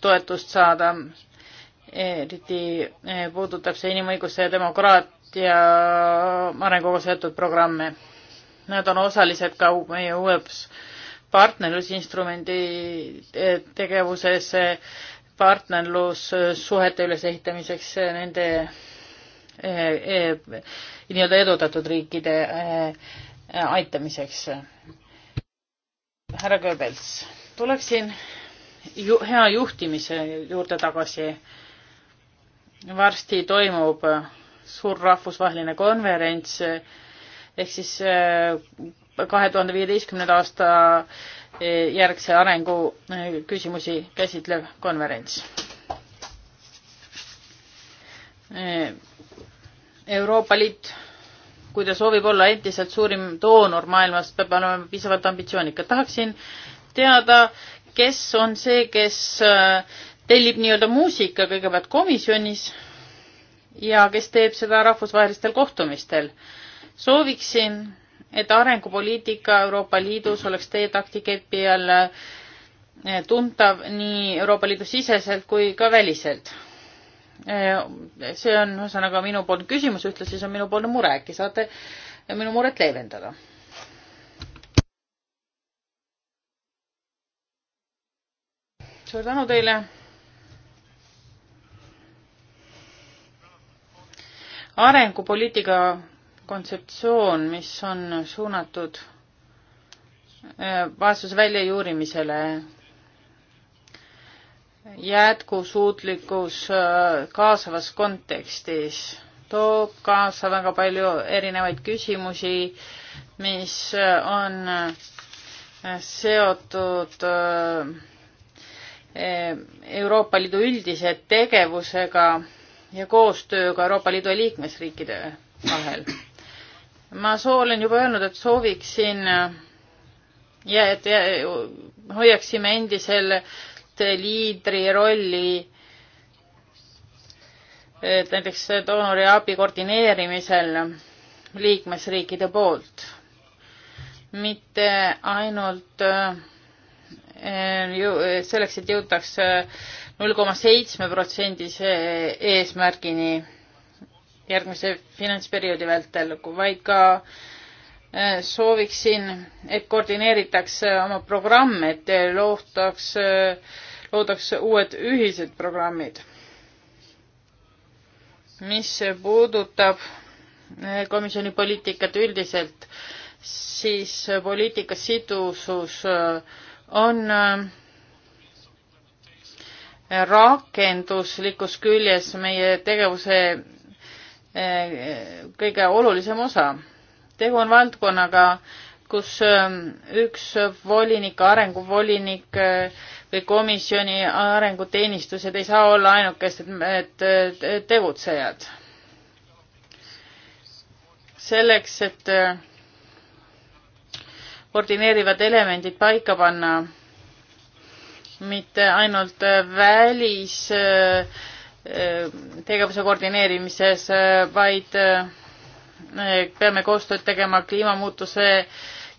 toetust saada eriti eh, puudutab see inimõiguse ja demokraatia arenguga seotud programme. Nad on osalised ka meie uues partnerlusinstrumendi eh, tegevuses eh, partnerlussuhete ülesehitamiseks nende nii-öelda edutatud riikide aitamiseks. härra Goebbels, tuleksin ju, hea juhtimise juurde tagasi varsti toimub äh, suur rahvusvaheline konverents äh, ehk siis äh, kahe tuhande viieteistkümnenda aasta järgse arengu küsimusi käsitlev konverents. Euroopa Liit, kui ta soovib olla endiselt suurim doonor maailmas, peab olema piisavalt ambitsioonikad. tahaksin teada, kes on see, kes tellib nii-öelda muusika kõigepealt komisjonis ja kes teeb seda rahvusvahelistel kohtumistel. sooviksin, et arengupoliitika Euroopa Liidus oleks teie taktikepi all eh, tuntav nii Euroopa Liidu siseselt kui ka väliselt. Eh, see on ühesõnaga minu poolne küsimus, ühtlasi see on minu poolne mure, äkki saate minu muret leevendada? suur tänu teile arengupoliitika kontseptsioon, mis on suunatud äh, vaesuse väljajuurimisele, jätkusuutlikkus äh, kaasavas kontekstis toob kaasa väga palju erinevaid küsimusi, mis äh, on seotud Euroopa Liidu üldise tegevusega ja koostööga Euroopa Liidu liikmesriikide vahel. ma soo-, olen juba öelnud, et sooviksin ja et ja, hoiaksime endiselt liidri rolli et näiteks doonoriabi koordineerimisel liikmesriikide poolt, mitte ainult eh, selleks, et jõutaks null koma seitsme protsendise eesmärgini järgmise finantsperioodi vältel, vaid ka äh, sooviksin, et koordineeritaks äh, oma programme, et loodaks, äh, loodaks uued ühised programmid. mis puudutab komisjoni poliitikat üldiselt, siis poliitika sidusus on rakenduslikus küljes meie tegevuse eh, kõige olulisem osa. tegu on valdkonnaga, kus eh, üks volinik, arenguvolinik eh, või komisjoni arenguteenistused ei saa olla ainukesed tegutsejad. selleks, et koordineerivad elemendid paika panna mitte ainult äh, välis äh, äh, tegevuse koordineerimises, vaid peame koostööd tegema kliimamuutuse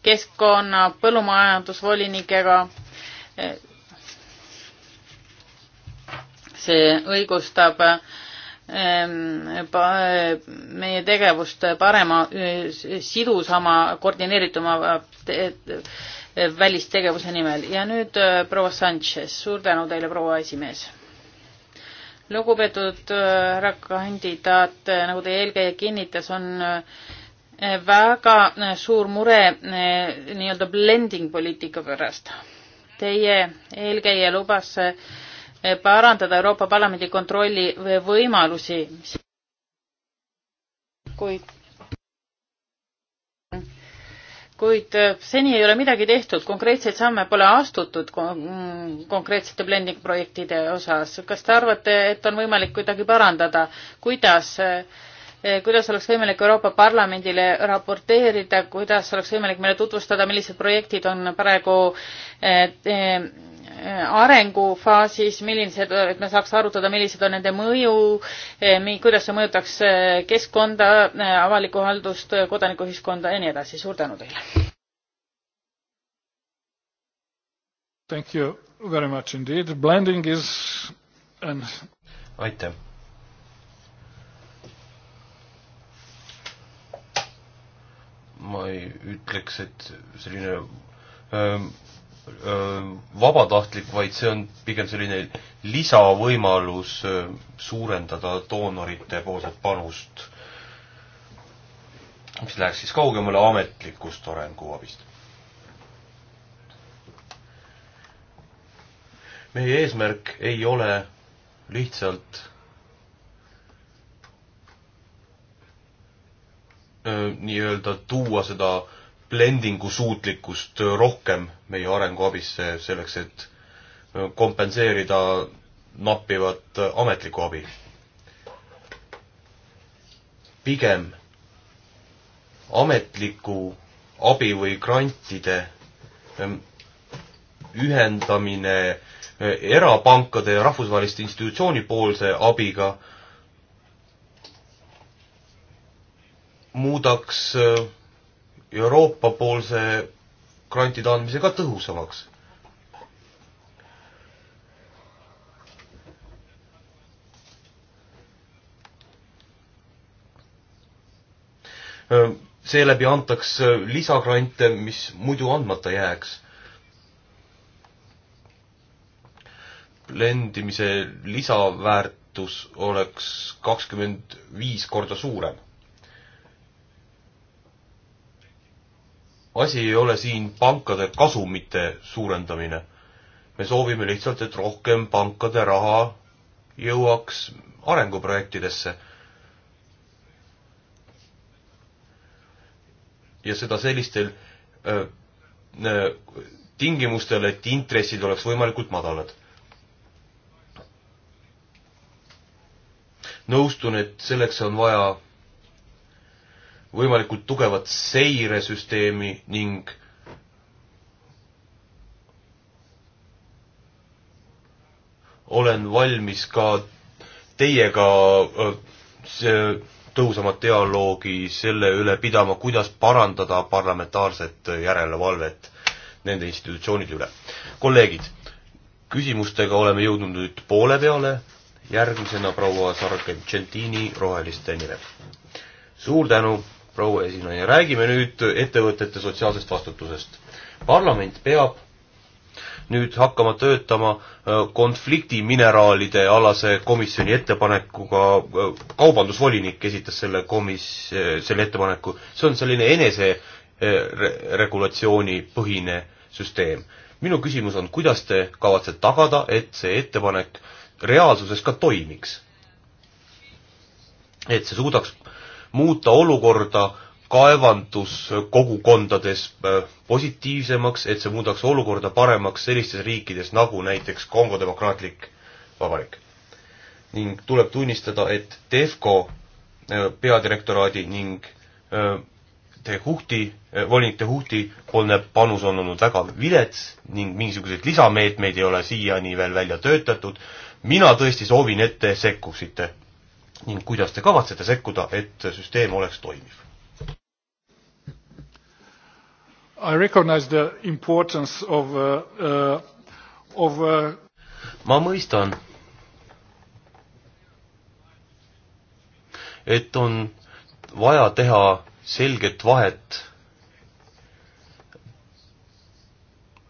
keskkonna põllumajandusvolinikega. see õigustab ähm, meie tegevust parema, sidusama, koordineerituma välistegevuse nimel ja nüüd äh, proua Sanchez, suur tänu teile, proua esimees. lugupeetud äh, härra kandidaat, äh, nagu teie eelkäija kinnitas, on väga suur mure nii-öelda blending poliitika pärast. Teie eelkäija lubas parandada Euroopa Parlamendi kontrolli võimalusi, kuid kuid äh, seni ei ole midagi tehtud, konkreetseid samme pole astutud mm, konkreetsete blending projektide osas. kas te arvate, et on võimalik kuidagi parandada, kuidas, äh, äh, kuidas oleks võimalik Euroopa Parlamendile raporteerida, kuidas oleks võimalik meile tutvustada, millised projektid on praegu Äh, arengufaasis, millised, et me saaks arutada, millised on nende mõju, äh, kuidas see mõjutaks äh, keskkonda, avalikku haldust, kodanikuühiskonda ja nii edasi. suur tänu teile! Thank you very much indeed. Blending is an aitäh! ma ei ütleks, et selline öö, ähm, vabatahtlik, vaid see on pigem selline lisavõimalus suurendada doonorite poolset panust, mis läheks siis kaugemale ametlikust arenguabist. meie eesmärk ei ole lihtsalt nii-öelda tuua seda öö, blendingu suutlikkust rohkem meie arenguabisse, selleks et äh, kompenseerida nappivat äh, ametlikku abi. pigem ametliku abi või grantide ähm, ühendamine äh, erapankade ja rahvusvaheliste institutsiooni poolse abiga muudaks äh, Euroopa-poolse grantide andmisega tõhusamaks. seeläbi antaks lisagrante, mis muidu andmata jääks. lendimise lisaväärtus oleks kakskümmend viis korda suurem asi ei ole siin pankade kasumite suurendamine. me soovime lihtsalt, et rohkem pankade raha jõuaks arenguprojektidesse. ja seda sellistel öö, öö, tingimustel, et intressid oleks võimalikult madalad. nõustun, et selleks on vaja võimalikult tugevat seiresüsteemi ning olen valmis ka teiega tõhusamat dialoogi selle üle pidama, kuidas parandada parlamentaarset järelevalvet nende institutsioonide üle. kolleegid, küsimustega oleme jõudnud nüüd poole peale, järgmisena proua Sargentini roheliste nimel. suur tänu! proua esinaine, räägime nüüd ettevõtete sotsiaalsest vastutusest. parlament peab nüüd hakkama töötama äh, konfliktimineraalide alase komisjoni ettepanekuga, äh, kaubandusvolinik esitas selle komis-, äh, selle ettepaneku, see on selline eneseregulatsiooni põhine süsteem. minu küsimus on, kuidas te kavatsete tagada, et see ettepanek reaalsuses ka toimiks? et see suudaks äh, muuta olukorda kaevanduskogukondades äh, positiivsemaks, et see muudaks olukorda paremaks sellistes riikides nagu näiteks Kongo Demokraatlik Vabariik. ning tuleb tunnistada, et Defco äh, peadirektoraadi ning äh, Tehuhti, volinik Tehuhti poolne panus on olnud väga vilets ning mingisuguseid lisameetmeid ei ole siiani veel välja töötatud. mina tõesti soovin, et te sekkusite ning kuidas te kavatsete sekkuda, et süsteem oleks toimiv? I recognize the importance of uh, uh of uh... ma mõistan, et on vaja teha selget vahet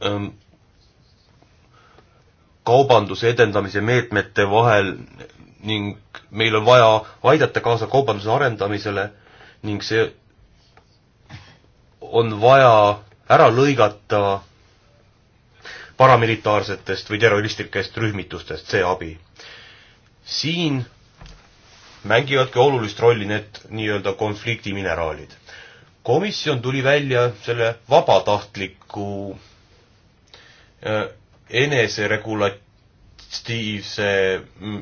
ähm, kaubanduse edendamise meetmete vahel ning meil on vaja aidata kaasa kaubanduse arendamisele ning see on vaja ära lõigata paramilitaarsetest või terroristlikest rühmitustest see abi. siin mängivadki olulist rolli need nii-öelda konfliktimineraalid. komisjon tuli välja selle vabatahtliku äh, eneseregulatiivse mm,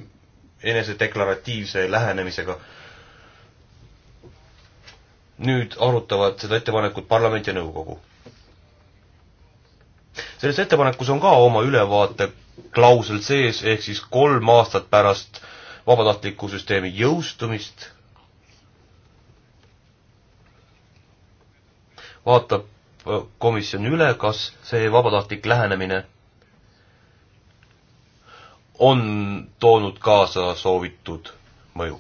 enesedeklaratiivse lähenemisega. nüüd arutavad seda ettepanekut parlament ja nõukogu. selles ettepanekus on ka oma ülevaate klausel sees, ehk siis kolm aastat pärast vabatahtliku süsteemi jõustumist vaatab äh, komisjon üle, kas see vabatahtlik lähenemine on toonud kaasa soovitud mõju.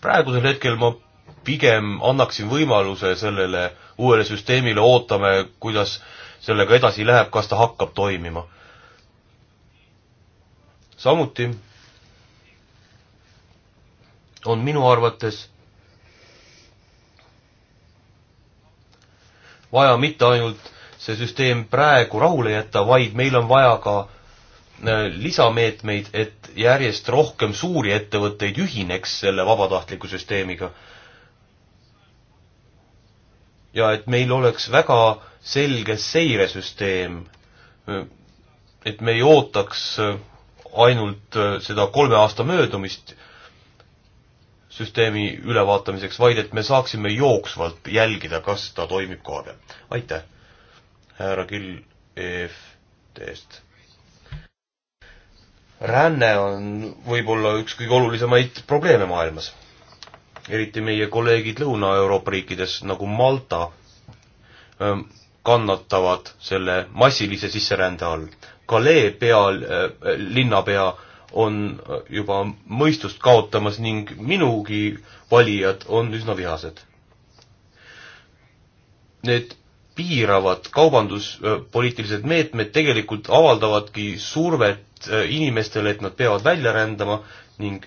praegusel hetkel ma pigem annaksin võimaluse sellele uuele süsteemile, ootame, kuidas sellega edasi läheb, kas ta hakkab toimima. samuti on minu arvates vaja mitte ainult see süsteem praegu rahule jätta, vaid meil on vaja ka äh, lisameetmeid, et järjest rohkem suuri ettevõtteid ühineks selle vabatahtliku süsteemiga. ja et meil oleks väga selge seiresüsteem, äh, et me ei ootaks äh, ainult seda kolme aasta möödumist süsteemi ülevaatamiseks, vaid et me saaksime jooksvalt jälgida, kas ta toimib koha peal. aitäh, härra Kill EFT-st. ränne on võib-olla üks kõige olulisemaid probleeme maailmas. eriti meie kolleegid Lõuna-Euroopa riikides nagu Malta kannatavad selle massilise sisserände all. Kalee peal, linnapea on juba mõistust kaotamas ning minugi valijad on üsna vihased. Need piiravad kaubanduspoliitilised meetmed tegelikult avaldavadki survet äh, inimestele, et nad peavad välja rändama ning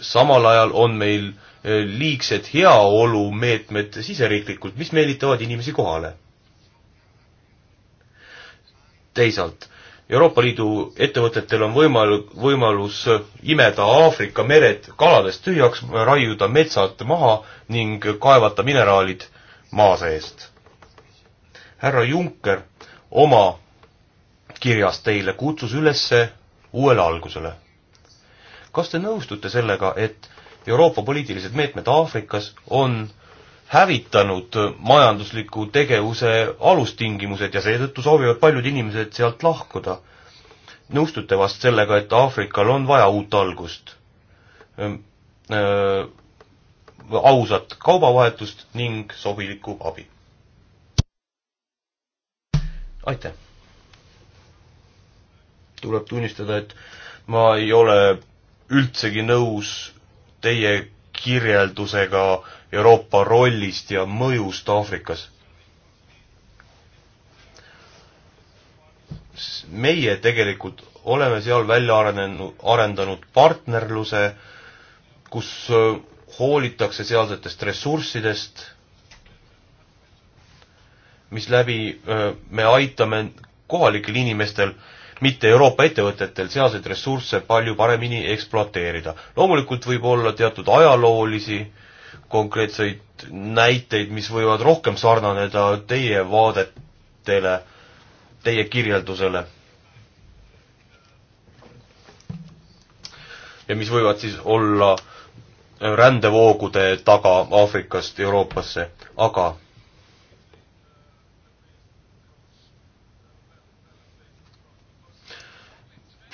samal ajal on meil äh, liigsed heaolumeetmed siseriiklikult, mis meelitavad inimesi kohale. teisalt Euroopa Liidu ettevõtetel on võimal-, võimalus imeda Aafrika mered kaladest tühjaks, raiuda metsad maha ning kaevata mineraalid maa seest. härra Juncker oma kirjas teile kutsus üles uuele algusele. kas te nõustute sellega, et Euroopa poliitilised meetmed Aafrikas on hävitanud majandusliku tegevuse alustingimused ja seetõttu soovivad paljud inimesed sealt lahkuda. nõustute vast sellega, et Aafrikal on vaja uut algust? Ehm, äh, ausat kaubavahetust ning sobilikku abi. aitäh! tuleb tunnistada, et ma ei ole üldsegi nõus teie kirjeldusega Euroopa rollist ja mõjust Aafrikas. meie tegelikult oleme seal välja arenenud, arendanud partnerluse, kus äh, hoolitakse sealsetest ressurssidest, mis läbi äh, me aitame kohalikel inimestel äh, mitte Euroopa ettevõtetel sealseid ressursse palju paremini ekspluateerida. loomulikult võib olla teatud ajaloolisi konkreetseid näiteid, mis võivad rohkem sarnaneda teie vaadetele, teie kirjeldusele. ja mis võivad siis olla rändevoogude taga Aafrikast Euroopasse, aga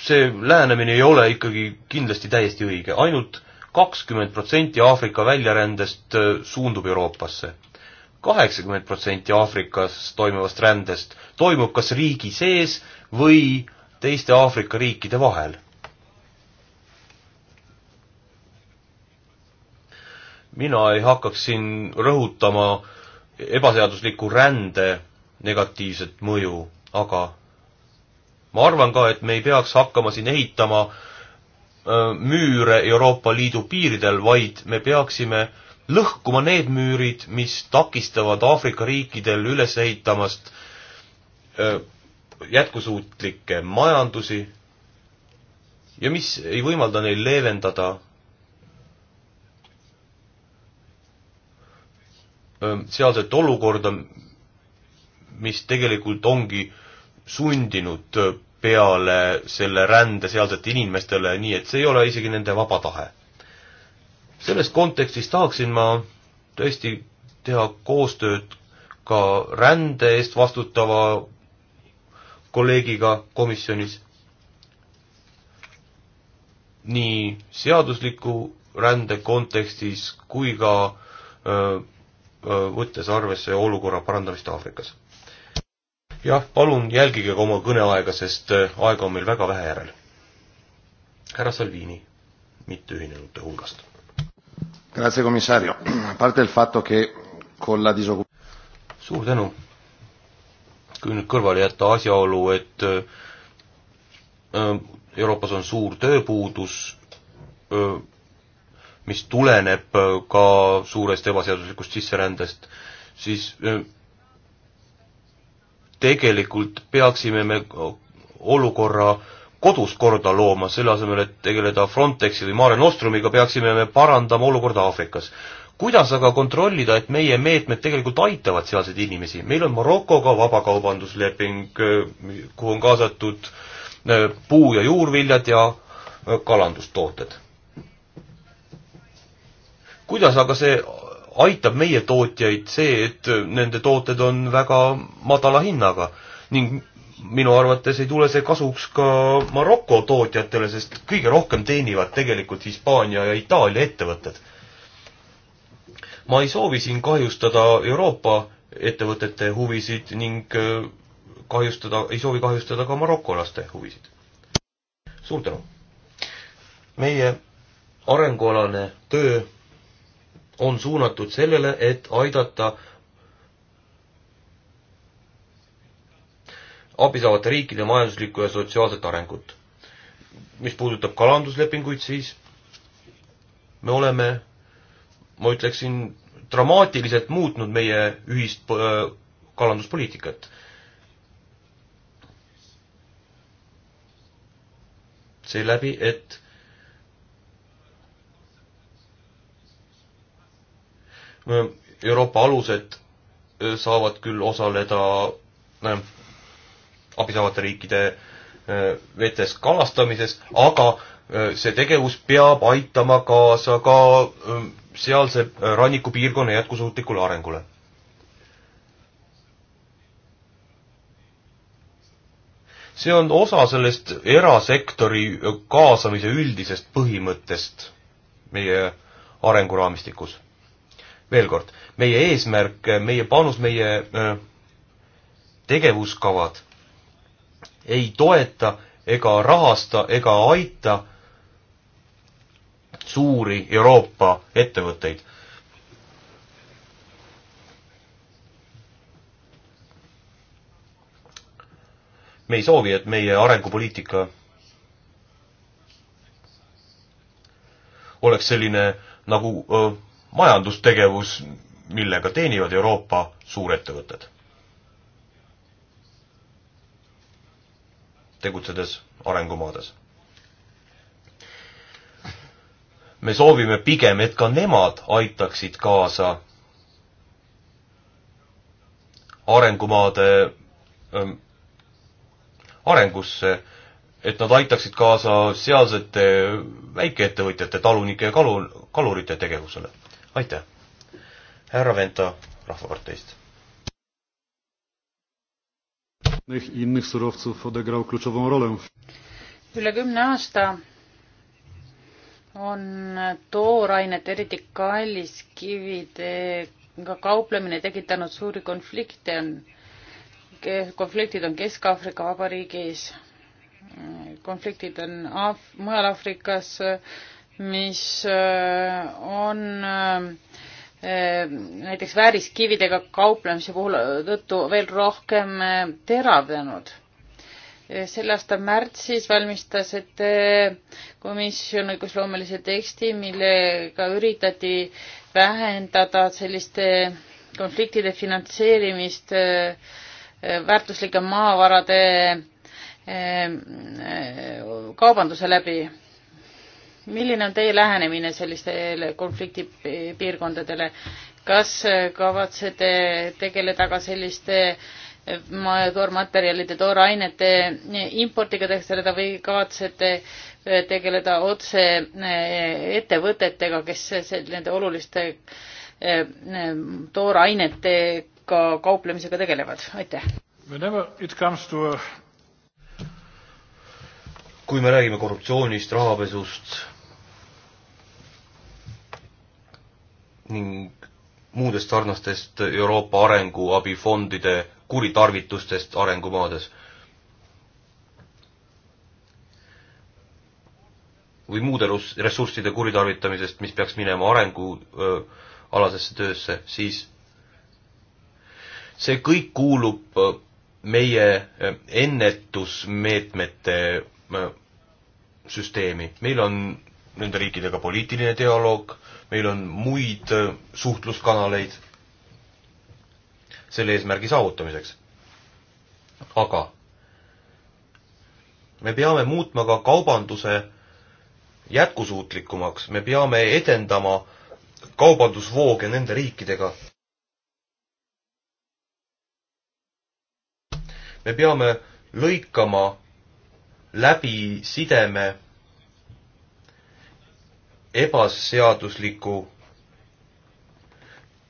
see lähenemine ei ole ikkagi kindlasti täiesti õige ainult, ainult kakskümmend protsenti Aafrika väljarändest äh, suundub Euroopasse. kaheksakümmend protsenti Aafrikas toimuvast rändest toimub kas riigi sees või teiste Aafrika riikide vahel. mina ei hakkaks siin rõhutama ebaseadusliku rände negatiivset mõju, aga ma arvan ka, et me ei peaks hakkama siin ehitama müüre Euroopa Liidu piiridel, vaid me peaksime lõhkuma need müürid, mis takistavad Aafrika riikidel üles ehitamast jätkusuutlikke majandusi ja mis ei võimalda neil leevendada sealset olukorda, mis tegelikult ongi sundinud peale selle rände sealsete inimestele, nii et see ei ole isegi nende vaba tahe. selles kontekstis tahaksin ma tõesti teha koostööd ka rände eest vastutava kolleegiga komisjonis, nii seadusliku rände kontekstis kui ka öö, öö, võttes arvesse olukorra parandamist Aafrikas jah, palun jälgige ka oma kõneaega, sest äh, aega on meil väga vähe järel. härra Salvini, mitteühinenute hulgast. Grazie commissario, a parte il fatto che con la disokup-. suur tänu. kui nüüd kõrvale jätta asjaolu, et äh, äh, Euroopas on suur tööpuudus, mis tuleneb ka suurest ebaseaduslikust sisserändest, siis tegelikult peaksime me olukorra kodus korda looma, selle asemel, et tegeleda Frontexi või Mare Nostrumiga, peaksime me parandama olukorda Aafrikas. kuidas aga kontrollida, et meie meetmed tegelikult aitavad sealseid inimesi? meil on Marokoga vabakaubandusleping, kuhu on kaasatud äh, puu- ja juurviljad ja äh, kalandustooted. kuidas aga see aitab meie tootjaid see, et nende tooted on väga madala hinnaga ning minu arvates ei tule see kasuks ka Maroko tootjatele, sest kõige rohkem teenivad tegelikult Hispaania ja Itaalia ettevõtted. ma ei soovi siin kahjustada Euroopa ettevõtete huvisid ning äh, kahjustada, ei soovi kahjustada ka marokolaste huvisid. suur tänu! meie arengualane töö on suunatud sellele, et aidata abi saavate riikide majanduslikku ja sotsiaalset arengut. mis puudutab kalanduslepinguid, siis me oleme, ma ütleksin, dramaatiliselt muutnud meie ühist äh, kalanduspoliitikat. seeläbi, et Euroopa alused saavad küll osaleda abi saavate riikide vetes kalastamises, aga see tegevus peab aitama kaasa ka sealse rannikupiirkonna jätkusuutlikule arengule. see on osa sellest erasektori kaasamise üldisest põhimõttest meie arenguraamistikus veel kord, meie eesmärk, meie panus, meie äh, tegevuskavad ei toeta ega rahasta ega aita suuri Euroopa ettevõtteid. me ei soovi, et meie arengupoliitika oleks selline nagu öö, äh, majandustegevus, millega teenivad Euroopa suurettevõtted. tegutsedes arengumaades. me soovime pigem, et ka nemad aitaksid kaasa arengumaade ähm, arengusse, et nad aitaksid kaasa sealsete väikeettevõtjate, talunike ja kalu, kalurite tegevusele aitäh! härra Vento Rahvaparteist. üle kümne aasta on toorainet, eriti kalliskividega kauplemine tekitanud suuri konflikte, on, konfliktid on Kesk-Aafrika Vabariigis, konfliktid on Af-, mujal Aafrikas, mis äh, on äh, näiteks vääriskividega kauplemise puhul tõttu veel rohkem äh, teravdanud. selle aasta märtsis valmistas ette komisjon õigusloomelise teksti, millega üritati vähendada selliste konfliktide finantseerimist väärtuslike maavarade kaubanduse läbi milline on teie lähenemine sellistele konfliktipiirkondadele? kas kavatsete tegeleda ka selliste toormaterjalide, toorainete importiga tegeleda või kavatsete tegeleda otse eh, ettevõtetega, kes nende oluliste eh, toorainetega kauplemisega tegelevad? aitäh! kui me räägime korruptsioonist, rahapesust, ning muudest sarnastest Euroopa arenguabifondide kuritarvitustest arengumaades. või muude ressursside kuritarvitamisest, mis peaks minema arengualasesse töösse, siis see kõik kuulub meie ennetusmeetmete süsteemi. meil on nende riikidega poliitiline dialoog, meil on muid äh, suhtluskanaleid selle eesmärgi saavutamiseks. aga me peame muutma ka kaubanduse jätkusuutlikumaks, me peame edendama kaubandusvooge nende riikidega. me peame lõikama läbi sideme ebaseadusliku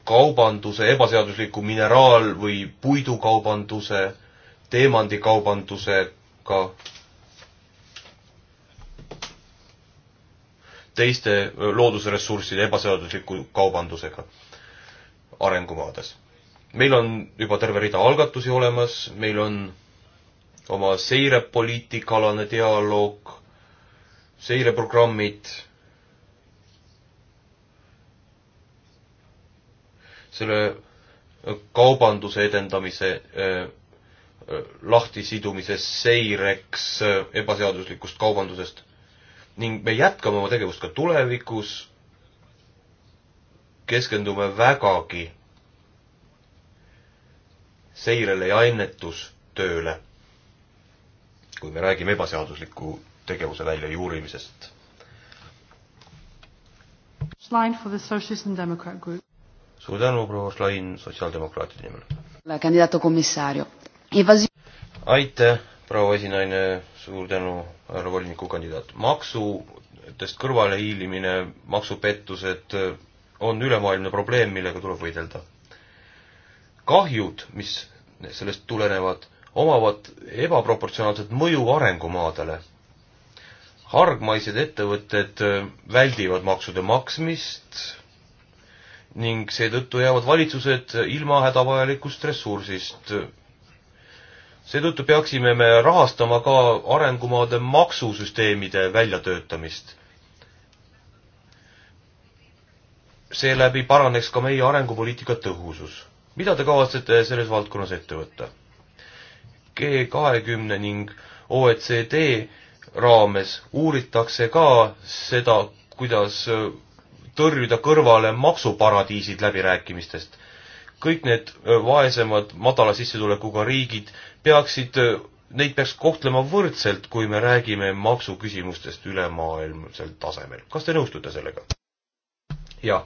kaubanduse, ebaseadusliku mineraal- või puidukaubanduse, teemandikaubandusega, teiste loodusressursside ebaseadusliku kaubandusega arengumaades. meil on juba terve rida algatusi olemas, meil on oma seirepoliitikaalane dialoog, seireprogrammid selle äh, kaubanduse edendamise äh, äh, lahtisidumises seireks ebaseaduslikust kaubandusest ning me jätkame oma tegevust ka tulevikus, keskendume vägagi seirele ja ennetustööle, kui me räägime ebaseadusliku tegevuse väljajuurimisest. Line for the Socialist and Democrat Group suur tänu, proua Šlain, sotsiaaldemokraatide nimel. aitäh, proua esinaine, suur tänu, härra volinikukandidaat. maksudest kõrvalehiilimine, maksupettused on ülemaailmne probleem, millega tuleb võidelda. kahjud, mis sellest tulenevad, omavad ebaproportsionaalset mõju arengumaadele. hargmaised ettevõtted väldivad maksude maksmist, ning seetõttu jäävad valitsused ilma hädavajalikust ressursist. seetõttu peaksime me rahastama ka arengumaade maksusüsteemide väljatöötamist. seeläbi paraneks ka meie arengupoliitika tõhusus. mida te kavatsete selles valdkonnas ette võtta? G kahekümne ning OECD raames uuritakse ka seda, kuidas tõrjuda kõrvale maksuparadiisid läbirääkimistest. kõik need vaesemad, madala sissetulekuga riigid peaksid, neid peaks kohtlema võrdselt, kui me räägime maksuküsimustest ülemaailmsel tasemel. kas te nõustute sellega? jah.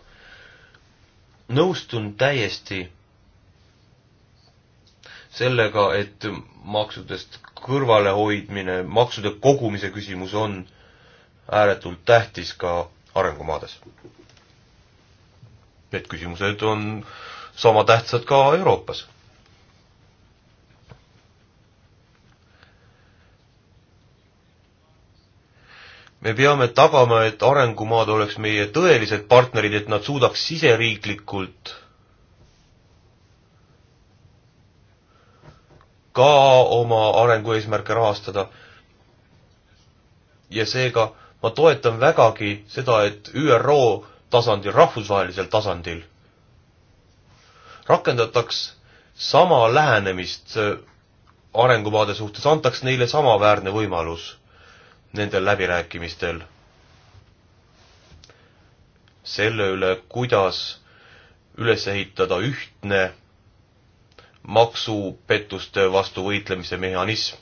nõustun täiesti sellega, et maksudest kõrvalehoidmine, maksude kogumise küsimus on ääretult tähtis ka arengumaades. Need küsimused on sama tähtsad ka Euroopas. me peame tagama, et arengumaad oleks meie tõelised partnerid, et nad suudaks siseriiklikult ka oma arengueesmärke rahastada. ja seega ma toetan vägagi seda, et ÜRO tasandil, rahvusvahelisel tasandil rakendataks sama lähenemist äh, arengumaade suhtes, antaks neile samaväärne võimalus nendel läbirääkimistel selle üle, kuidas üles ehitada ühtne maksupettuste vastu võitlemise mehhanism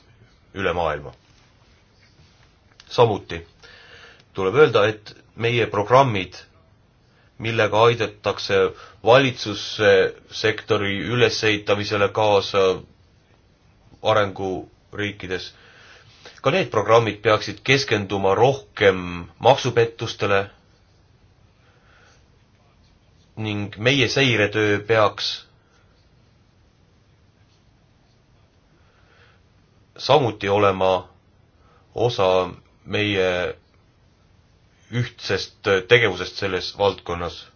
üle maailma. samuti tuleb öelda, et meie programmid millega aidatakse valitsussektori ülesehitamisele kaasa arenguriikides. ka need programmid peaksid keskenduma rohkem maksupettustele ning meie seiretöö peaks samuti olema osa meie ühtsest äh, tegevusest selles valdkonnas.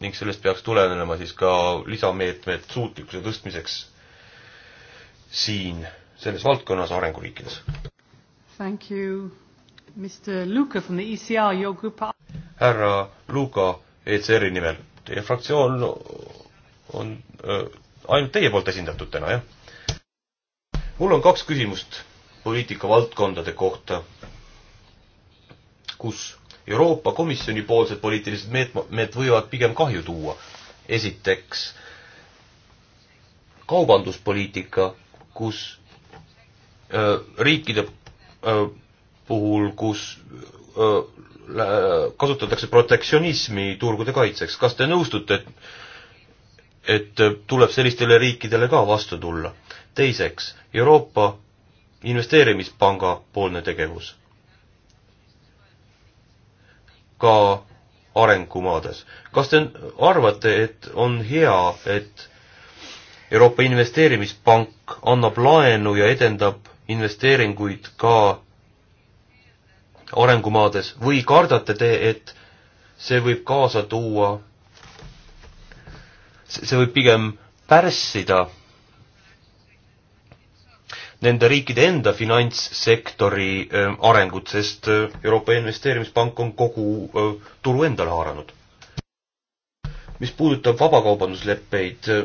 ning sellest peaks tulenema siis ka lisameetmed suutlikkuse tõstmiseks siin selles valdkonnas arenguriikides. Thank you, Mr Luka from the ECR, your group. härra Luka ECR-i nimel, teie fraktsioon on öö, äh, ainult teie poolt esindatud täna, jah? mul on kaks küsimust poliitikavaldkondade kohta kus Euroopa Komisjoni poolsed poliitilised meetmed võivad pigem kahju tuua. esiteks kaubanduspoliitika, kus öö, riikide öö, puhul, kus öö, kasutatakse protektsionismi turgude kaitseks, kas te nõustute, et, et tuleb sellistele riikidele ka vastu tulla? teiseks, Euroopa Investeerimispanga poolne tegevus ka arengumaades. kas te arvate, et on hea, et Euroopa Investeerimispank annab laenu ja edendab investeeringuid ka arengumaades või kardate te, et see võib kaasa tuua, see võib pigem pärssida nende riikide enda finantssektori ähm, arengut, sest äh, Euroopa Investeerimispank on kogu äh, turu endale haaranud. mis puudutab vabakaubandusleppeid äh,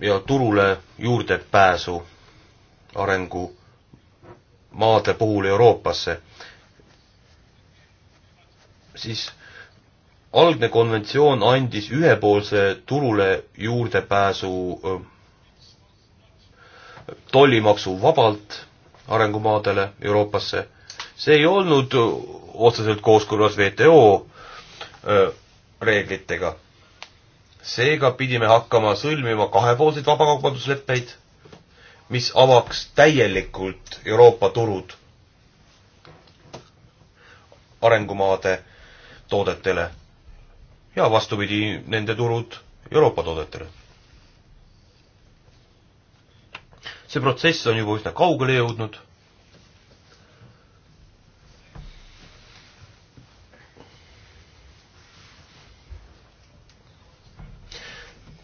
ja turule juurdepääsu arengumaade puhul Euroopasse, siis algne konventsioon andis ühepoolse turule juurdepääsu tollimaksu vabalt arengumaadele Euroopasse. see ei olnud otseselt kooskõlas WTO reeglitega. seega pidime hakkama sõlmima kahepoolseid vabakaubandusleppeid, mis avaks täielikult Euroopa turud arengumaade toodetele ja vastupidi, nende turud Euroopa toodetele see protsess on juba üsna kaugele jõudnud.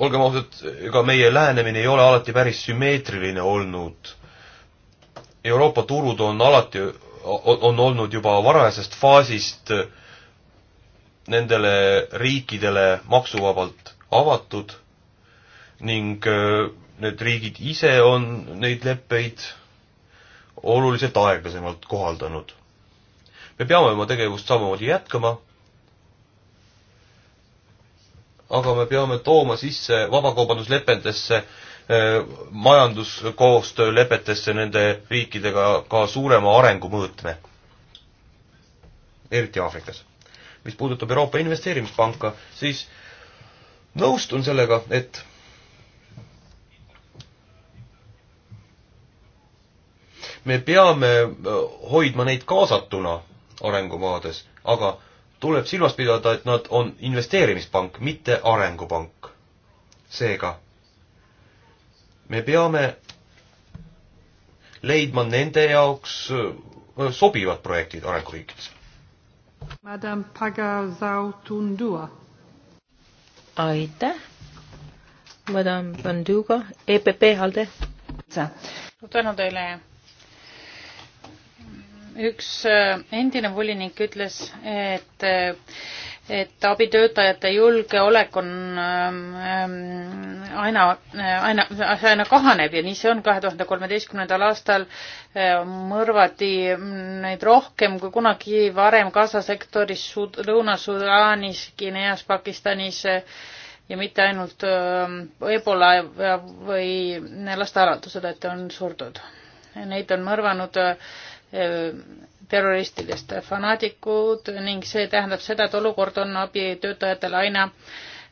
olgem ausad, ega meie lähenemine ei ole alati päris sümmeetriline olnud. Euroopa turud on alati, on olnud juba varajasest faasist nendele riikidele maksuvabalt avatud ning äh, need riigid ise on neid leppeid oluliselt aeglasemalt kohaldanud. me peame oma tegevust samamoodi jätkama, aga me peame tooma sisse vabakaubanduslepetesse, eh, majanduskoostöölepetesse nende riikidega ka suurema arengumõõtme, eriti Aafrikas. mis puudutab Euroopa Investeerimispanka, siis nõustun sellega, et me peame äh, hoidma neid kaasatuna arengumaades, aga tuleb silmas pidada, et nad on investeerimispank, mitte arengupank. seega me peame leidma nende jaoks äh, sobivad projektid arenguriikides. Madam Pagazautundua. aitäh, madam Panduga, EPP halde. tänu teile üks äh, endine volinik ütles, et, äh, et abitöötajate julgeolek on ähm, ähm, aina, äh, aina, aina kahaneb ja nii see on. kahe tuhande kolmeteistkümnendal aastal mõrvati neid rohkem kui kunagi varem Gaza sektoris, Lõuna-Sudaanis, Guineas, Pakistanis ja mitte ainult Ebola või lastealadused, et on surdud. Neid on mõrvanud äh, terroristidest fanaatikud ning see tähendab seda, et olukord on abitöötajatele aina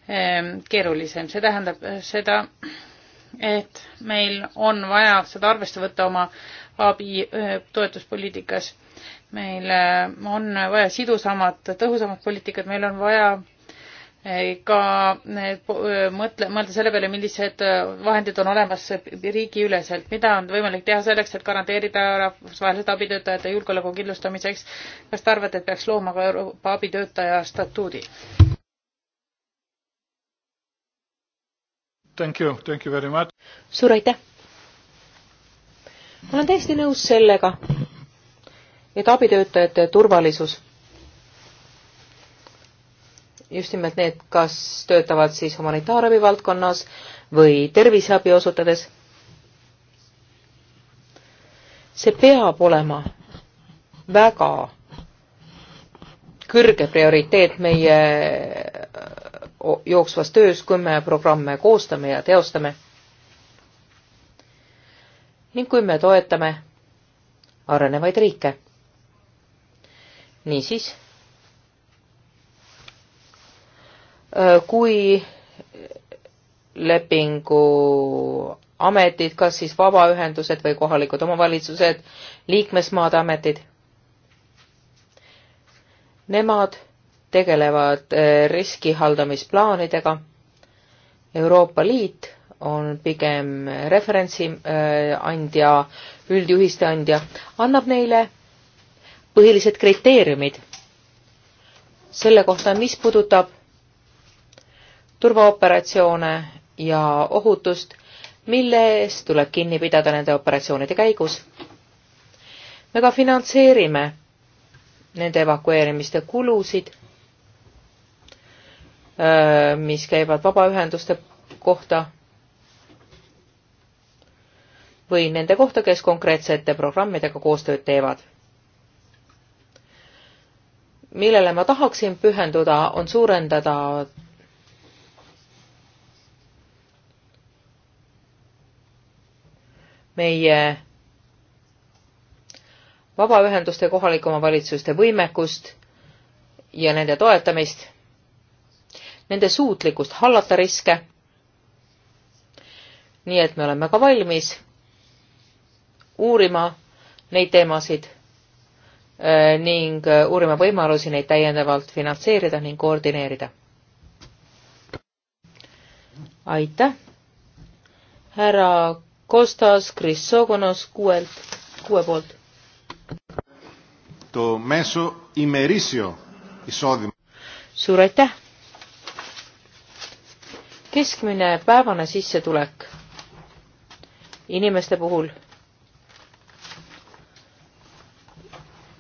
ehm, keerulisem. see tähendab seda, et meil on vaja seda arvesse võtta oma abi ehm, toetuspoliitikas. meil ehm, on vaja sidusamat, tõhusamat poliitikat, meil on vaja ka mõtle, mõelda selle peale, millised vahendid on olemas riigiüleselt, mida on võimalik teha selleks, et garanteerida rahvusvaheliste abitöötajate julgeoleku kindlustamiseks. kas te arvate, et peaks looma ka Euroopa abitöötaja statuudi? Thank you, thank you very much. suur aitäh! ma olen täiesti nõus sellega, et abitöötajate turvalisus just nimelt need, kas töötavad siis humanitaarabi valdkonnas või terviseabi osutades. see peab olema väga kõrge prioriteet meie jooksvas töös, kui me programme koostame ja teostame. ning kui me toetame arenevaid riike. niisiis kui lepingu ametid, kas siis vabaühendused või kohalikud omavalitsused, liikmesmaade ametid, nemad tegelevad riski haldamisplaanidega. Euroopa Liit on pigem referentsi andja, üldjuhiste andja, annab neile põhilised kriteeriumid selle kohta, mis puudutab turvaoperatsioone ja ohutust, mille eest tuleb kinni pidada nende operatsioonide käigus. me ka finantseerime nende evakueerimiste kulusid, mis käivad vabaühenduste kohta või nende kohta, kes konkreetsete programmidega koostööd teevad. millele ma tahaksin pühenduda, on suurendada meie vabaühenduste kohalike omavalitsuste võimekust ja nende toetamist, nende suutlikkust hallata riske. nii et me oleme ka valmis uurima neid teemasid äh, ning äh, uurima võimalusi neid täiendavalt finantseerida ning koordineerida. aitäh, härra Kostas Krissogonos kuuelt, kuue poolt. To meso imerisio isoodima. suur aitäh. keskmine päevane sissetulek inimeste puhul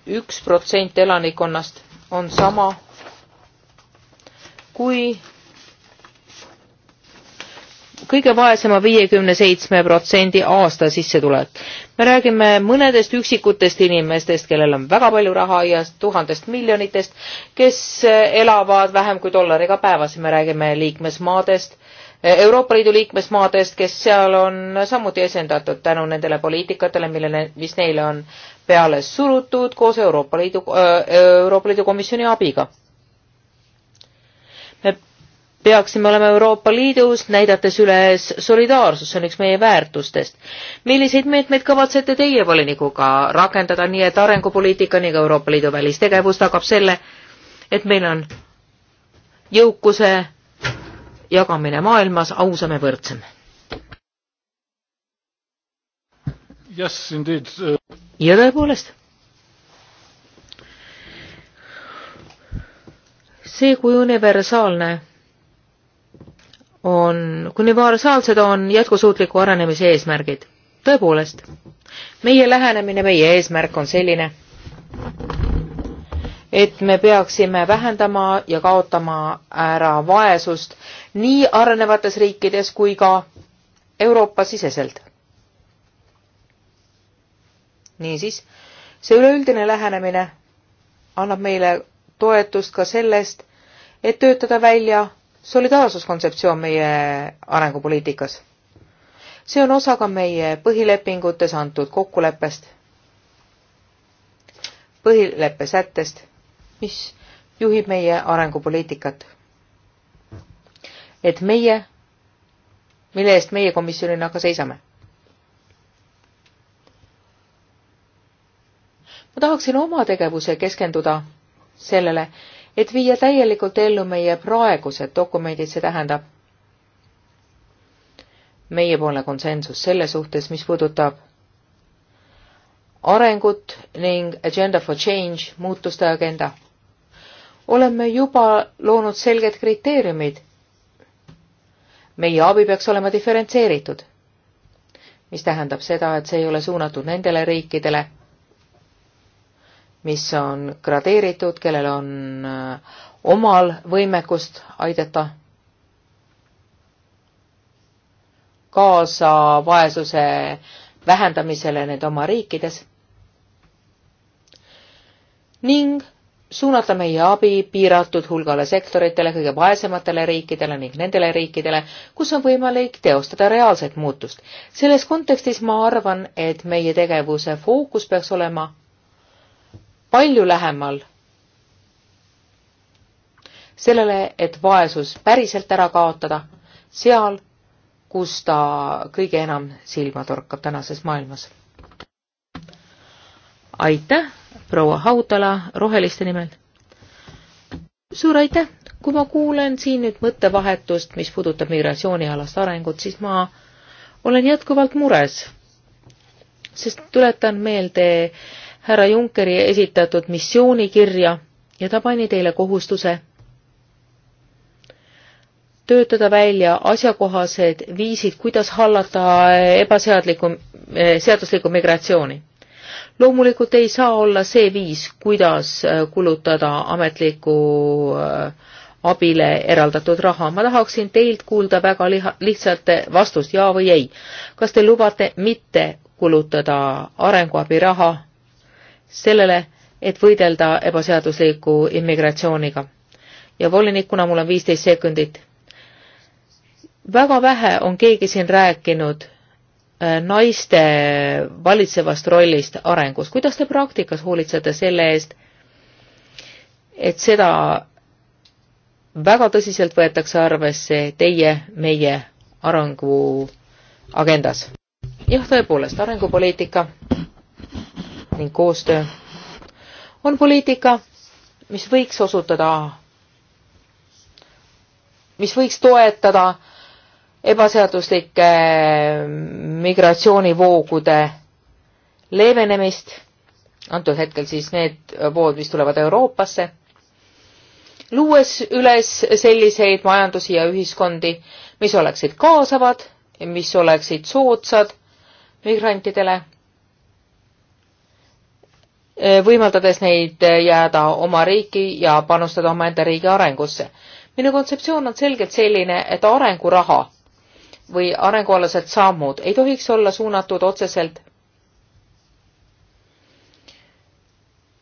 üks protsent elanikkonnast on sama kui kõige vaesema viiekümne seitsme protsendi aasta sissetulek. me räägime mõnedest üksikutest inimestest, kellel on väga palju raha ja tuhandest miljonitest, kes elavad vähem kui dollariga päevas ja me räägime liikmesmaadest, Euroopa Liidu liikmesmaadest, kes seal on samuti esindatud tänu nendele poliitikatele, millele, mis neile on peale surutud koos Euroopa Liidu, Euroopa Liidu Komisjoni abiga peaksime olema Euroopa Liidus, näidates üles solidaarsus, see on üks meie väärtustest. milliseid meetmeid kavatsete teie volinikuga rakendada, nii et arengupoliitika ning Euroopa Liidu välistegevus tagab selle, et meil on jõukuse jagamine maailmas ausam ja võrdsem? Yes, indeed. ja tõepoolest see kui universaalne on, universaalsed on jätkusuutliku arenemise eesmärgid. tõepoolest, meie lähenemine, meie eesmärk on selline, et me peaksime vähendama ja kaotama ära vaesust nii arenevates riikides kui ka Euroopa siseselt. niisiis, see üleüldine lähenemine annab meile toetust ka sellest, et töötada välja solidaarsuskontseptsioon meie arengupoliitikas. see on osa ka meie põhilepingutes antud kokkuleppest, põhileppe sättest, mis juhib meie arengupoliitikat. et meie, mille eest meie komisjonina ka seisame. ma tahaksin oma tegevuse keskenduda sellele, et viia täielikult ellu meie praegused dokumendid, see tähendab meiepoolne konsensus selle suhtes, mis puudutab arengut ning Agenda for Change muutuste agenda. oleme juba loonud selged kriteeriumid. meie abi peaks olema diferentseeritud, mis tähendab seda, et see ei ole suunatud nendele riikidele mis on gradeeritud, kellel on äh, omal võimekust aidata kaasa vaesuse vähendamisele nende oma riikides ning suunata meie abi piiratud hulgale sektoritele, kõige vaesematele riikidele ning nendele riikidele, kus on võimalik teostada reaalset muutust. selles kontekstis ma arvan, et meie tegevuse fookus peaks olema palju lähemal sellele, et vaesus päriselt ära kaotada, seal, kus ta kõige enam silma torkab tänases maailmas. aitäh, proua Hautala Roheliste nimel. suur aitäh, kui ma kuulen siin nüüd mõttevahetust, mis puudutab migratsioonialast arengut, siis ma olen jätkuvalt mures, sest tuletan meelde härra Junckeri esitatud missioonikirja ja ta pani teile kohustuse töötada välja asjakohased viisid, kuidas hallata ebaseadlikku, eh, seaduslikku migratsiooni. loomulikult ei saa olla see viis, kuidas eh, kulutada ametliku eh, abile eraldatud raha. ma tahaksin teilt kuulda väga liha, lihtsalt vastust, jaa või ei. kas te lubate mitte kulutada arenguabiraha sellele, et võidelda ebaseadusliku immigratsiooniga. ja volinikuna mul on viisteist sekundit. väga vähe on keegi siin rääkinud äh, naiste valitsevast rollist arengus. kuidas te praktikas hoolitsete selle eest, et seda väga tõsiselt võetakse arvesse teie, meie arenguagendas? jah, tõepoolest, arengupoliitika ning koostöö on poliitika, mis võiks osutada, mis võiks toetada ebaseaduslike migratsioonivoogude leevenemist, antud hetkel siis need vood, mis tulevad Euroopasse, luues üles selliseid majandusi ja ühiskondi, mis oleksid kaasavad, mis oleksid soodsad migrantidele Eh, võimaldades neid eh, jääda oma riiki ja panustada omaenda riigi arengusse. minu kontseptsioon on selgelt selline, et arenguraha või arengualased sammud ei tohiks olla suunatud otseselt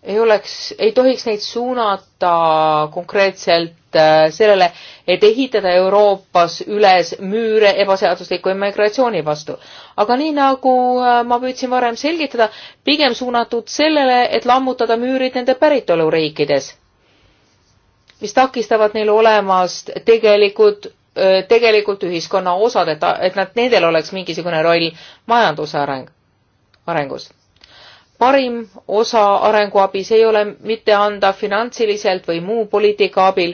ei oleks, ei tohiks neid suunata konkreetselt äh, sellele, et ehitada Euroopas üles müüre ebaseadusliku immigratsiooni vastu. aga nii, nagu äh, ma püüdsin varem selgitada, pigem suunatud sellele, et lammutada müürid nende päritoluriikides, mis takistavad neil olemast tegelikult, äh, tegelikult ühiskonna osad, et, et nad, nendel oleks mingisugune roll majanduse areng, arengus parim osa arenguabis ei ole mitte anda finantsiliselt või muu poliitika abil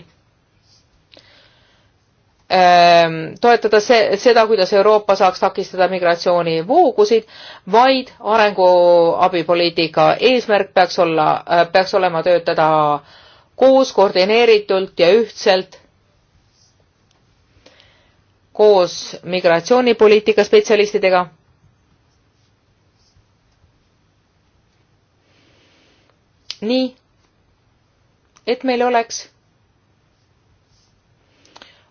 ähm, toetada see, seda, kuidas Euroopa saaks takistada migratsioonivoogusid, vaid arenguabipoliitika eesmärk peaks olla, äh, peaks olema töötada koos koordineeritult ja ühtselt koos migratsioonipoliitika spetsialistidega nii, et meil oleks,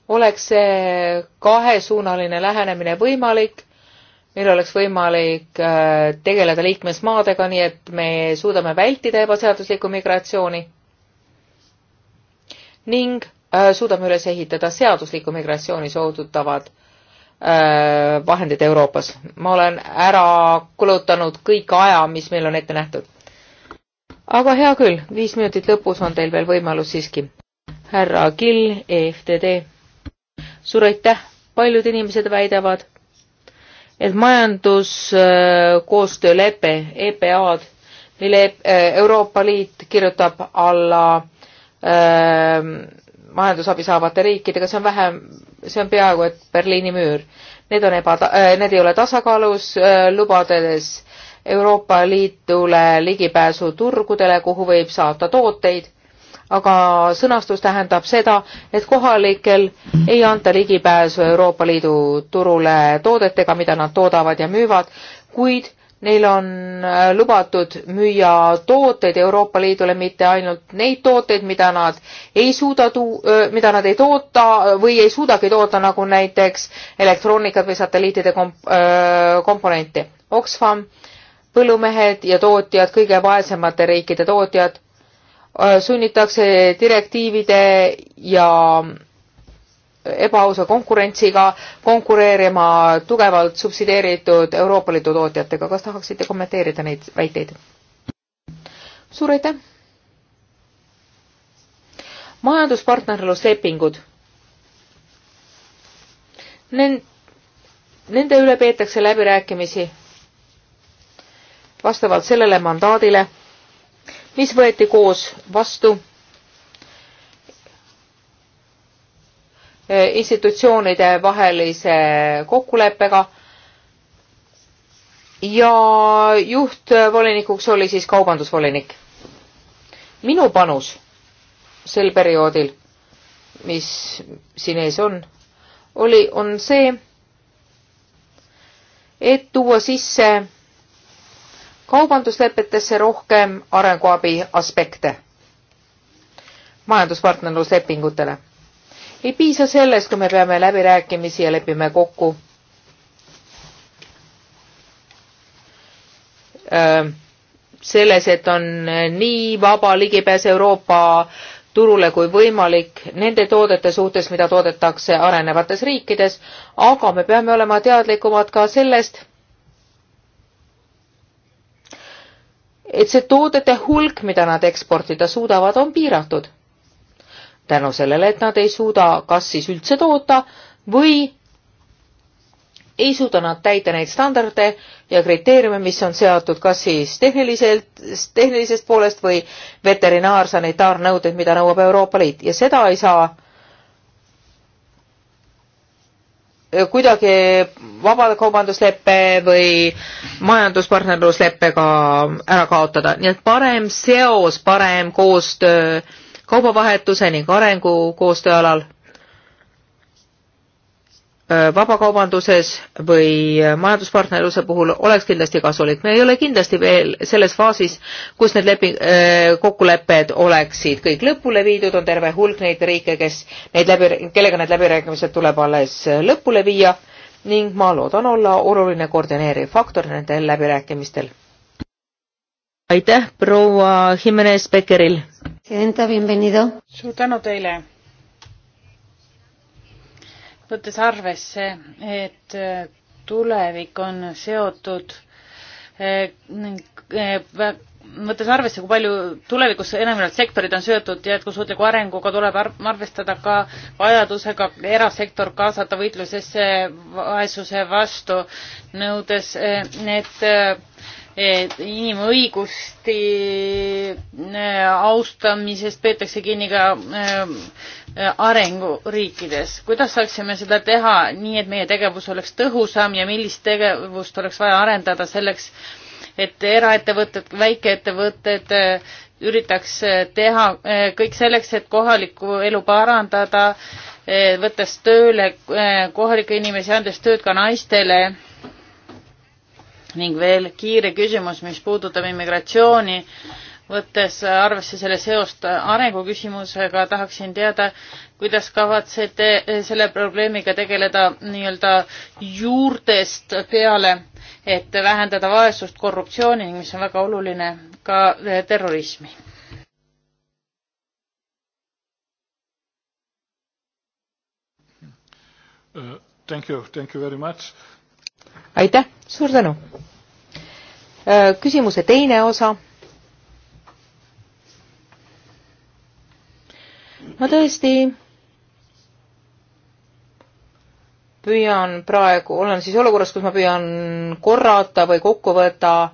oleks see kahesuunaline lähenemine võimalik, meil oleks võimalik äh, tegeleda liikmesmaadega, nii et me suudame vältida ebaseaduslikku migratsiooni ning äh, suudame üles ehitada seadusliku migratsiooni soodutavad äh, vahendid Euroopas. ma olen ära kulutanud kõik aja, mis meil on ette nähtud aga hea küll, viis minutit lõpus on teil veel võimalus siiski. härra Kill, EFTD. suur aitäh, paljud inimesed väidavad, et majanduskoostöölepe, EPA-d, mille äh, Euroopa Liit kirjutab alla äh, majandusabi saavate riikidega, see on vähem, see on peaaegu et Berliini müür. Need on eba-, äh, need ei ole tasakaalus äh,, lubades Euroopa Liidule ligipääsu turgudele, kuhu võib saata tooteid, aga sõnastus tähendab seda, et kohalikel ei anta ligipääsu Euroopa Liidu turule toodetega, mida nad toodavad ja müüvad, kuid neil on äh, lubatud müüa tooteid Euroopa Liidule, mitte ainult neid tooteid, mida nad ei suuda tuu-, mida nad ei toota või ei suudagi toota, nagu näiteks elektroonikat või satelliitide komp-, komponenti. Oxfam põllumehed ja tootjad, kõige vaesemate riikide tootjad, äh, sunnitakse direktiivide ja ebaausa konkurentsiga konkureerima tugevalt subsideeritud Euroopa Liidu tootjatega. kas tahaksite kommenteerida neid väiteid? suur aitäh! majanduspartnerluslepingud. Nende üle peetakse läbirääkimisi vastavalt sellele mandaadile, mis võeti koos vastu eh, institutsioonide vahelise kokkuleppega ja juhtvolinikuks oli siis kaubandusvolinik. minu panus sel perioodil, mis siin ees on, oli, on see, et tuua sisse kaubanduslepetesse rohkem arenguabi aspekte majanduspartnerluslepingutele. ei piisa sellest, kui me peame läbirääkimisi ja lepime kokku äh, selles, et on nii vaba ligipääs Euroopa turule kui võimalik nende toodete suhtes, mida toodetakse arenevates riikides, aga me peame olema teadlikumad ka sellest, et see toodete hulk, mida nad eksportida suudavad, on piiratud. tänu sellele, et nad ei suuda kas siis üldse toota või ei suuda nad täita neid standarde ja kriteeriume, mis on seatud kas siis tehniliselt, tehnilisest poolest või veterinaarsanitaarnõuded, mida nõuab Euroopa Liit ja seda ei saa Äh, kuidagi vabakaubandusleppe või majanduspartnerlusleppega ära kaotada, nii et parem seos, parem koostöö kaubavahetuse ning arengukoostöö alal Äh, vabakaubanduses või äh, majanduspartnerluse puhul oleks kindlasti kasulik. me ei ole kindlasti veel selles faasis, kus need leping, äh, kokkulepped oleksid kõik lõpule viidud, on terve hulk neid riike, kes neid läbi, kellega need läbirääkimised tuleb alles lõpule viia ning ma loodan olla oluline koordineeriv faktor nendel läbirääkimistel. aitäh, proua Jimenez Beckeril! suur tänu teile! võttes arvesse, et äh, tulevik on seotud äh, äh, võttes arvesse, kui palju tulevikus enamjaolt sektorid on seotud jätkusuutliku arenguga, tuleb arvestada ka vajadusega erasektor kaasata võitlusesse vaesuse vastu, nõudes, et inimõigusti äh, austamisest peetakse kinni ka äh, äh, arenguriikides. kuidas saaksime seda teha nii, et meie tegevus oleks tõhusam ja millist tegevust oleks vaja arendada selleks, et eraettevõtted, väikeettevõtted üritaks teha kõik selleks, et kohalikku elu parandada, võttes tööle kohalikke inimesi, andes tööd ka naistele ning veel kiire küsimus, mis puudutab immigratsiooni, võttes arvesse selle seost arenguküsimusega, tahaksin teada, kuidas kavatsete selle probleemiga tegeleda nii-öelda juurtest peale, et vähendada vaesust, korruptsiooni, mis on väga oluline, ka terrorismi uh,? Thank you, thank you very much aitäh, suur tänu. Äh, küsimuse teine osa. ma tõesti püüan praegu, olen siis olukorras, kus ma püüan korrata või kokku võtta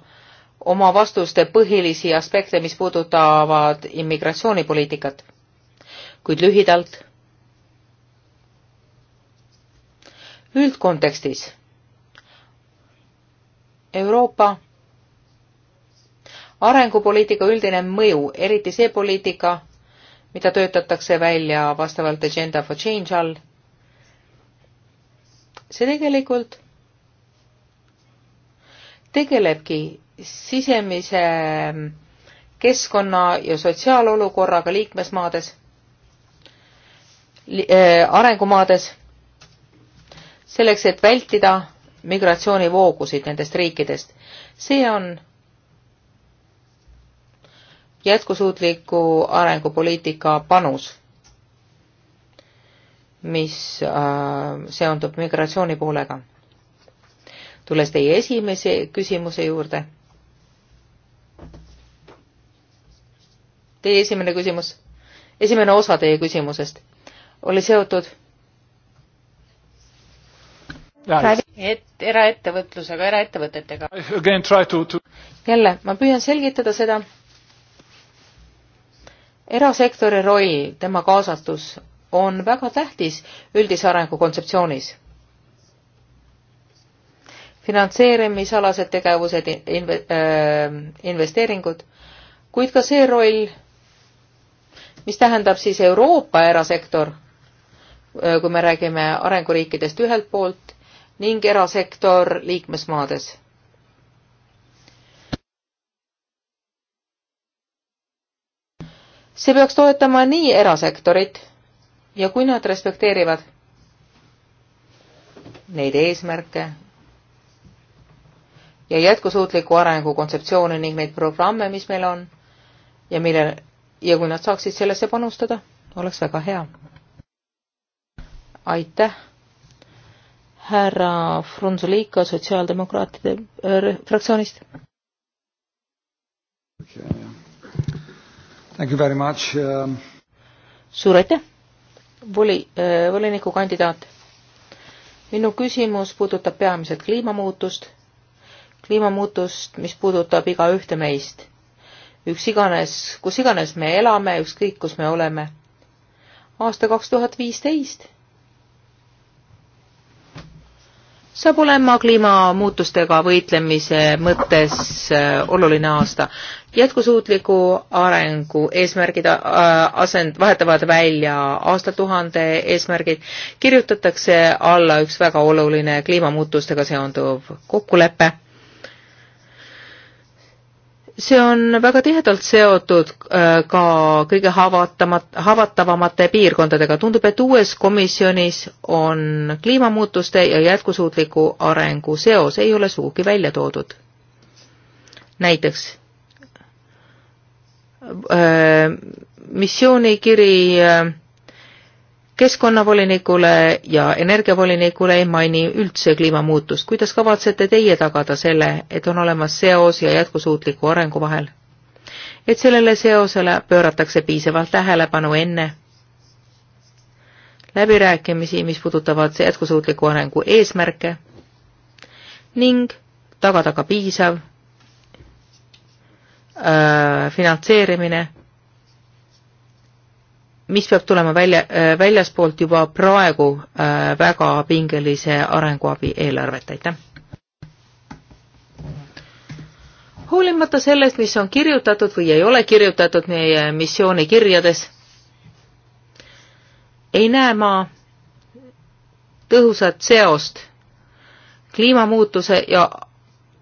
oma vastuste põhilisi aspekte, mis puudutavad immigratsioonipoliitikat. kuid lühidalt. üldkontekstis Euroopa arengupoliitika üldine mõju, eriti see poliitika, mida töötatakse välja vastavalt Agenda for Change all, see tegelikult tegelebki sisemise keskkonna ja sotsiaalolukorraga liikmesmaades li, äh,, arengumaades, selleks, et vältida migratsioonivoogusid nendest riikidest. see on jätkusuutliku arengupoliitika panus, mis äh, seondub migratsioonipoolega. tulles teie esimese küsimuse juurde. Teie esimene küsimus, esimene osa teie küsimusest oli seotud et, eraettevõtlusega, eraettevõtetega. To... jälle, ma püüan selgitada seda. erasektori roll, tema kaasatus on väga tähtis üldise arengu kontseptsioonis. finantseerimisalased tegevused, inve- äh,, investeeringud, kuid ka see roll, mis tähendab siis Euroopa erasektor, äh, kui me räägime arenguriikidest ühelt poolt ning erasektor liikmesmaades. see peaks toetama nii erasektorit ja kui nad respekteerivad neid eesmärke ja jätkusuutliku arengu kontseptsioone ning neid programme, mis meil on ja mille ja kui nad saaksid sellesse panustada, oleks väga hea. aitäh! härra Frunzuliika sotsiaaldemokraatide äh, fraktsioonist. Um, suur aitäh, voli, äh, volinikukandidaat. minu küsimus puudutab peamiselt kliimamuutust, kliimamuutust, mis puudutab igaühte meist. üks iganes, kus iganes me elame, ükskõik kus me oleme. aasta kaks tuhat viisteist saab olema kliimamuutustega võitlemise mõttes äh, oluline aasta. jätkusuutliku arengu eesmärgid äh, asend, vahetavad välja aastatuhande eesmärgid, kirjutatakse alla üks väga oluline kliimamuutustega seonduv kokkulepe see on väga tihedalt seotud äh, ka kõige haavatamat-, haavatavamate piirkondadega. tundub, et uues komisjonis on kliimamuutuste ja jätkusuutliku arengu seos ei ole sugugi välja toodud. näiteks äh, missioonikiri äh, keskkonnavolinikule ja energiavolinikule ei maini üldse kliimamuutust. kuidas kavatsete teie tagada selle, et on olemas seos ja jätkusuutliku arengu vahel? et sellele seosele pööratakse piisavalt tähelepanu enne läbirääkimisi, mis puudutavad jätkusuutliku arengu eesmärke ning tagada ka piisav öö, äh, finantseerimine mis peab tulema välja, äh, väljaspoolt juba praegu äh, väga pingelise arenguabi eelarvet, aitäh! hoolimata sellest, mis on kirjutatud või ei ole kirjutatud meie missioonikirjades, ei näe ma tõhusat seost kliimamuutuse ja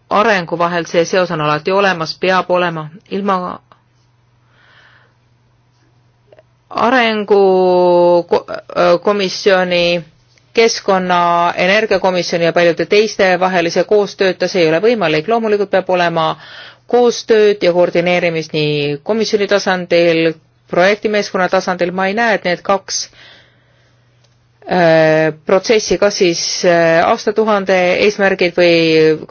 arengu vahel, see seos on alati olemas, peab olema, ilma arengukomisjoni, keskkonna, energiakomisjoni ja paljude teiste vahelise koostööta, see ei ole võimalik, loomulikult peab olema koostööd ja koordineerimist nii komisjoni tasandil, projektimeeskonna tasandil, ma ei näe, et need kaks Äh, protsessi kas siis äh, aastatuhande eesmärgid või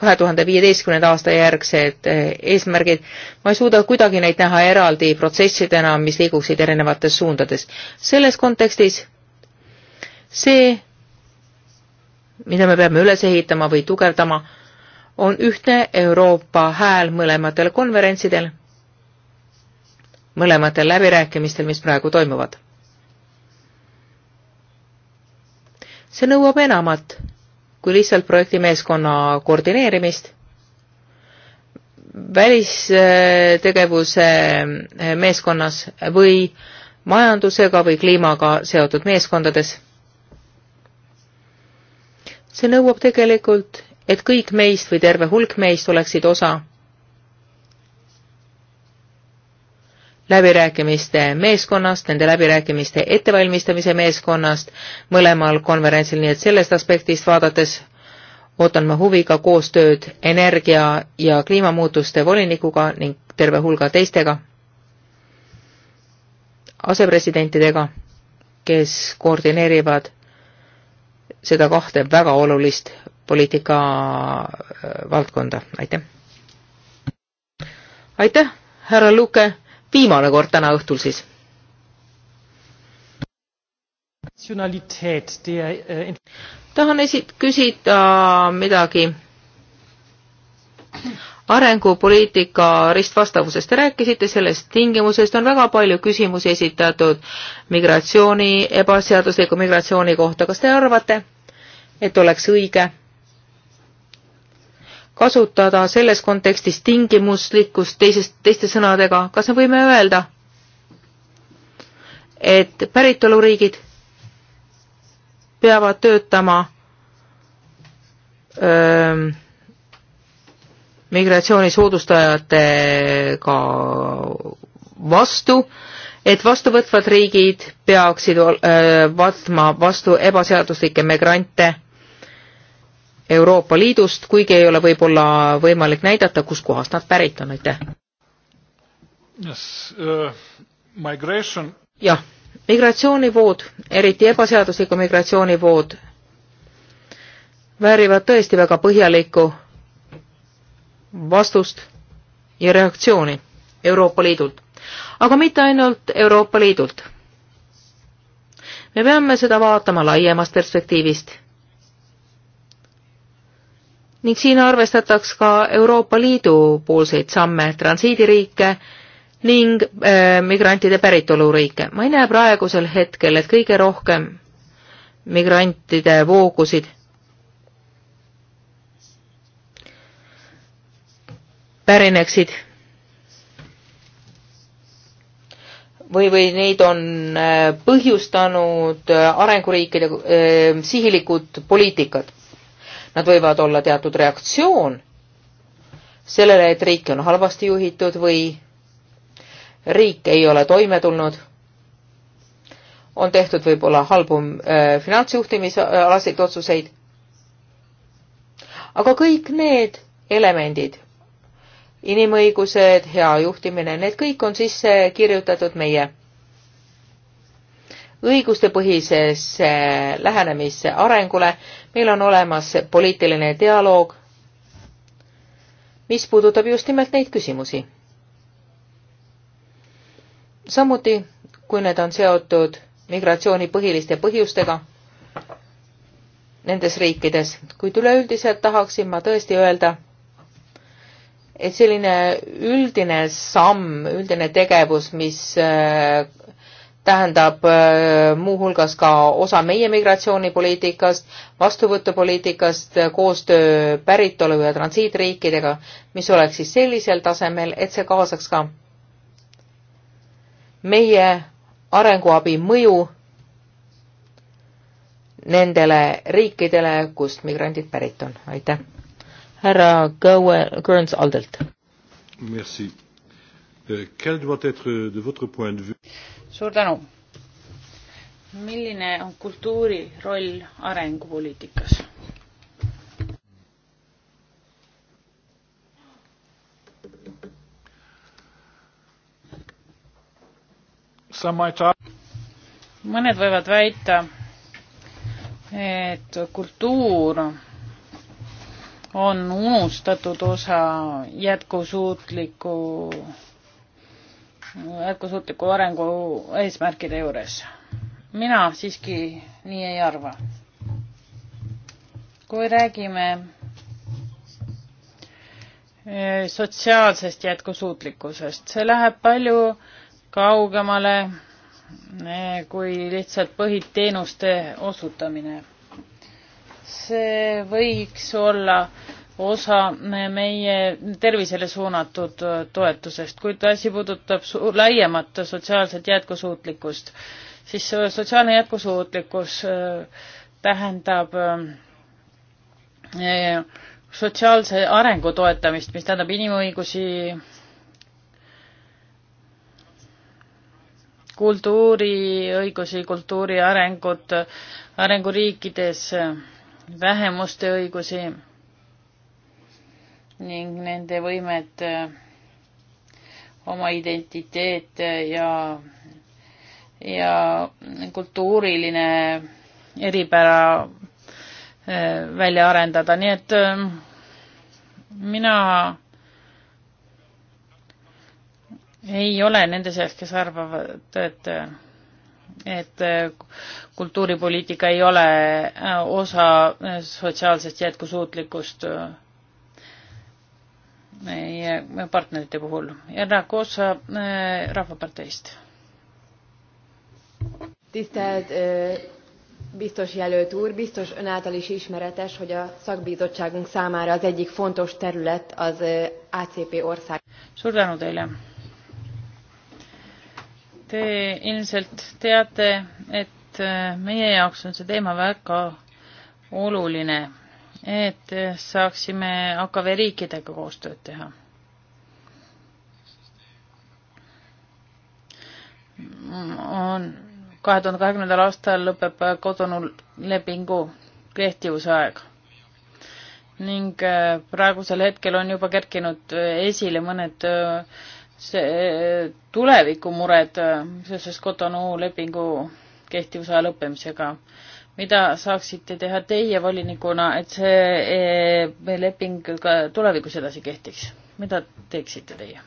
kahe tuhande viieteistkümnenda aasta järgsed äh, eesmärgid. ma ei suuda kuidagi neid näha eraldi protsessidena, mis liiguksid erinevates suundades. selles kontekstis see, mida me peame üles ehitama või tugevdama, on ühtne Euroopa hääl mõlematel konverentsidel, mõlematel läbirääkimistel, mis praegu toimuvad see nõuab enamat kui lihtsalt projektimeeskonna koordineerimist. välistegevuse meeskonnas või majandusega või kliimaga seotud meeskondades. see nõuab tegelikult, et kõik meist või terve hulk meist oleksid osa läbirääkimiste meeskonnast, nende läbirääkimiste ettevalmistamise meeskonnast mõlemal konverentsil, nii et sellest aspektist vaadates ootan ma huviga koostööd energia ja kliimamuutuste volinikuga ning terve hulga teistega asepresidentidega, kes koordineerivad seda kahte väga olulist poliitika äh, valdkonda, aitäh. aitäh, härra Luke viimane kord täna õhtul siis. Er, øh, tahan esit-, küsida midagi arengupoliitika ristvastavusest. Te rääkisite sellest tingimusest, on väga palju küsimusi esitatud migratsiooni, ebaseadusliku migratsiooni kohta. kas te arvate, et oleks õige kasutada selles kontekstis tingimuslikkust teisest, teiste sõnadega, kas me võime öelda, et päritoluriigid peavad töötama öö, ähm, migratsiooni soodustajatega vastu, et vastuvõtvad riigid peaksid öö, äh, võtma vastu ebaseaduslikke migrante Euroopa Liidust, kuigi ei ole võib-olla võimalik näidata, kuskohast nad pärit on, aitäh. Uh, jah, migratsioonivood, eriti ebaseadusliku migratsioonivood, väärivad tõesti väga põhjalikku vastust ja reaktsiooni Euroopa Liidult. aga mitte ainult Euroopa Liidult. me peame seda vaatama laiemast perspektiivist ning siin arvestataks ka Euroopa Liidu poolseid samme transiidiriike ning äh, migrantide päritoluriike. ma ei näe praegusel hetkel, et kõige rohkem migrantide voogusid pärineksid või, või neid on äh, põhjustanud äh, arenguriikide eh, sihilikud poliitikad nad võivad olla teatud reaktsioon sellele, et riiki on halvasti juhitud või riik ei ole toime tulnud, on tehtud võib-olla halbu äh, finantsjuhtimisalaseid otsuseid. aga kõik need elemendid, inimõigused, hea juhtimine, need kõik on sisse kirjutatud meie õigustepõhisesse lähenemisse arengule, meil on olemas poliitiline dialoog, mis puudutab just nimelt neid küsimusi. samuti, kui need on seotud migratsiooni põhiliste põhjustega nendes riikides, kuid üleüldiselt tahaksin ma tõesti öelda, et selline üldine samm, üldine tegevus, mis tähendab äh, muuhulgas ka osa meie migratsioonipoliitikast, vastuvõtupoliitikast, äh, koostöö päritolu ja transiitriikidega, mis oleks siis sellisel tasemel, et see kaasaks ka meie arenguabi mõju nendele riikidele, kust migrandid pärit on. aitäh. härra Kearns Aldelt. Merci. Euh, quel doit être euh, de votre point de vue? suur tänu. milline on kultuuri roll arengupoliitikas? mõned võivad väita, et kultuur on unustatud osa jätkusuutliku jätkusuutliku arengu eesmärkide juures. mina siiski nii ei arva. kui räägime e, sotsiaalsest jätkusuutlikkusest, see läheb palju kaugemale e, kui lihtsalt põhiteenuste osutamine. see võiks olla äh, osa meie tervisele suunatud äh, toetusest, kuid asi puudutab laiemat sotsiaalset jätkusuutlikkust, siis äh, sotsiaalne jätkusuutlikkus äh, tähendab sotsiaalse arengu toetamist, mis tähendab inimõigusi, kultuuriõigusi, kultuuri arengut arenguriikides, vähemuste õigusi ning nende võimed äh, oma identiteet äh, ja, ja kultuuriline eripära äh, välja arendada, nii et mina ei ole nende seas, kes arvavad, et, et kultuuripoliitika ei ole osa sotsiaalsest jätkusuutlikust meie partnerite puhul. Erra Koosa eh, Rahvaparteist. tisztelt eh, biztos jelölt úr, biztos ön által is ismeretes, hogy a szakbizottságunk számára az egyik fontos terület az eh, ACP ország. suur tänu teile. Te ilmselt teate, et meie jaoks on see teema väga oluline et saaksime AKV riikidega koostööd teha. on, kahe tuhande kahekümnendal aastal lõpeb kodunul lepingu kehtivuse aeg ning äh, praegusel hetkel on juba kerkinud äh, esile mõned äh, see tulevikumured seoses Cotonou lepingu kehtivusaja lõppemisega mida saaksite teha teie volinikuna, et see e, leping ka tulevikus edasi kehtiks? mida teeksite teie?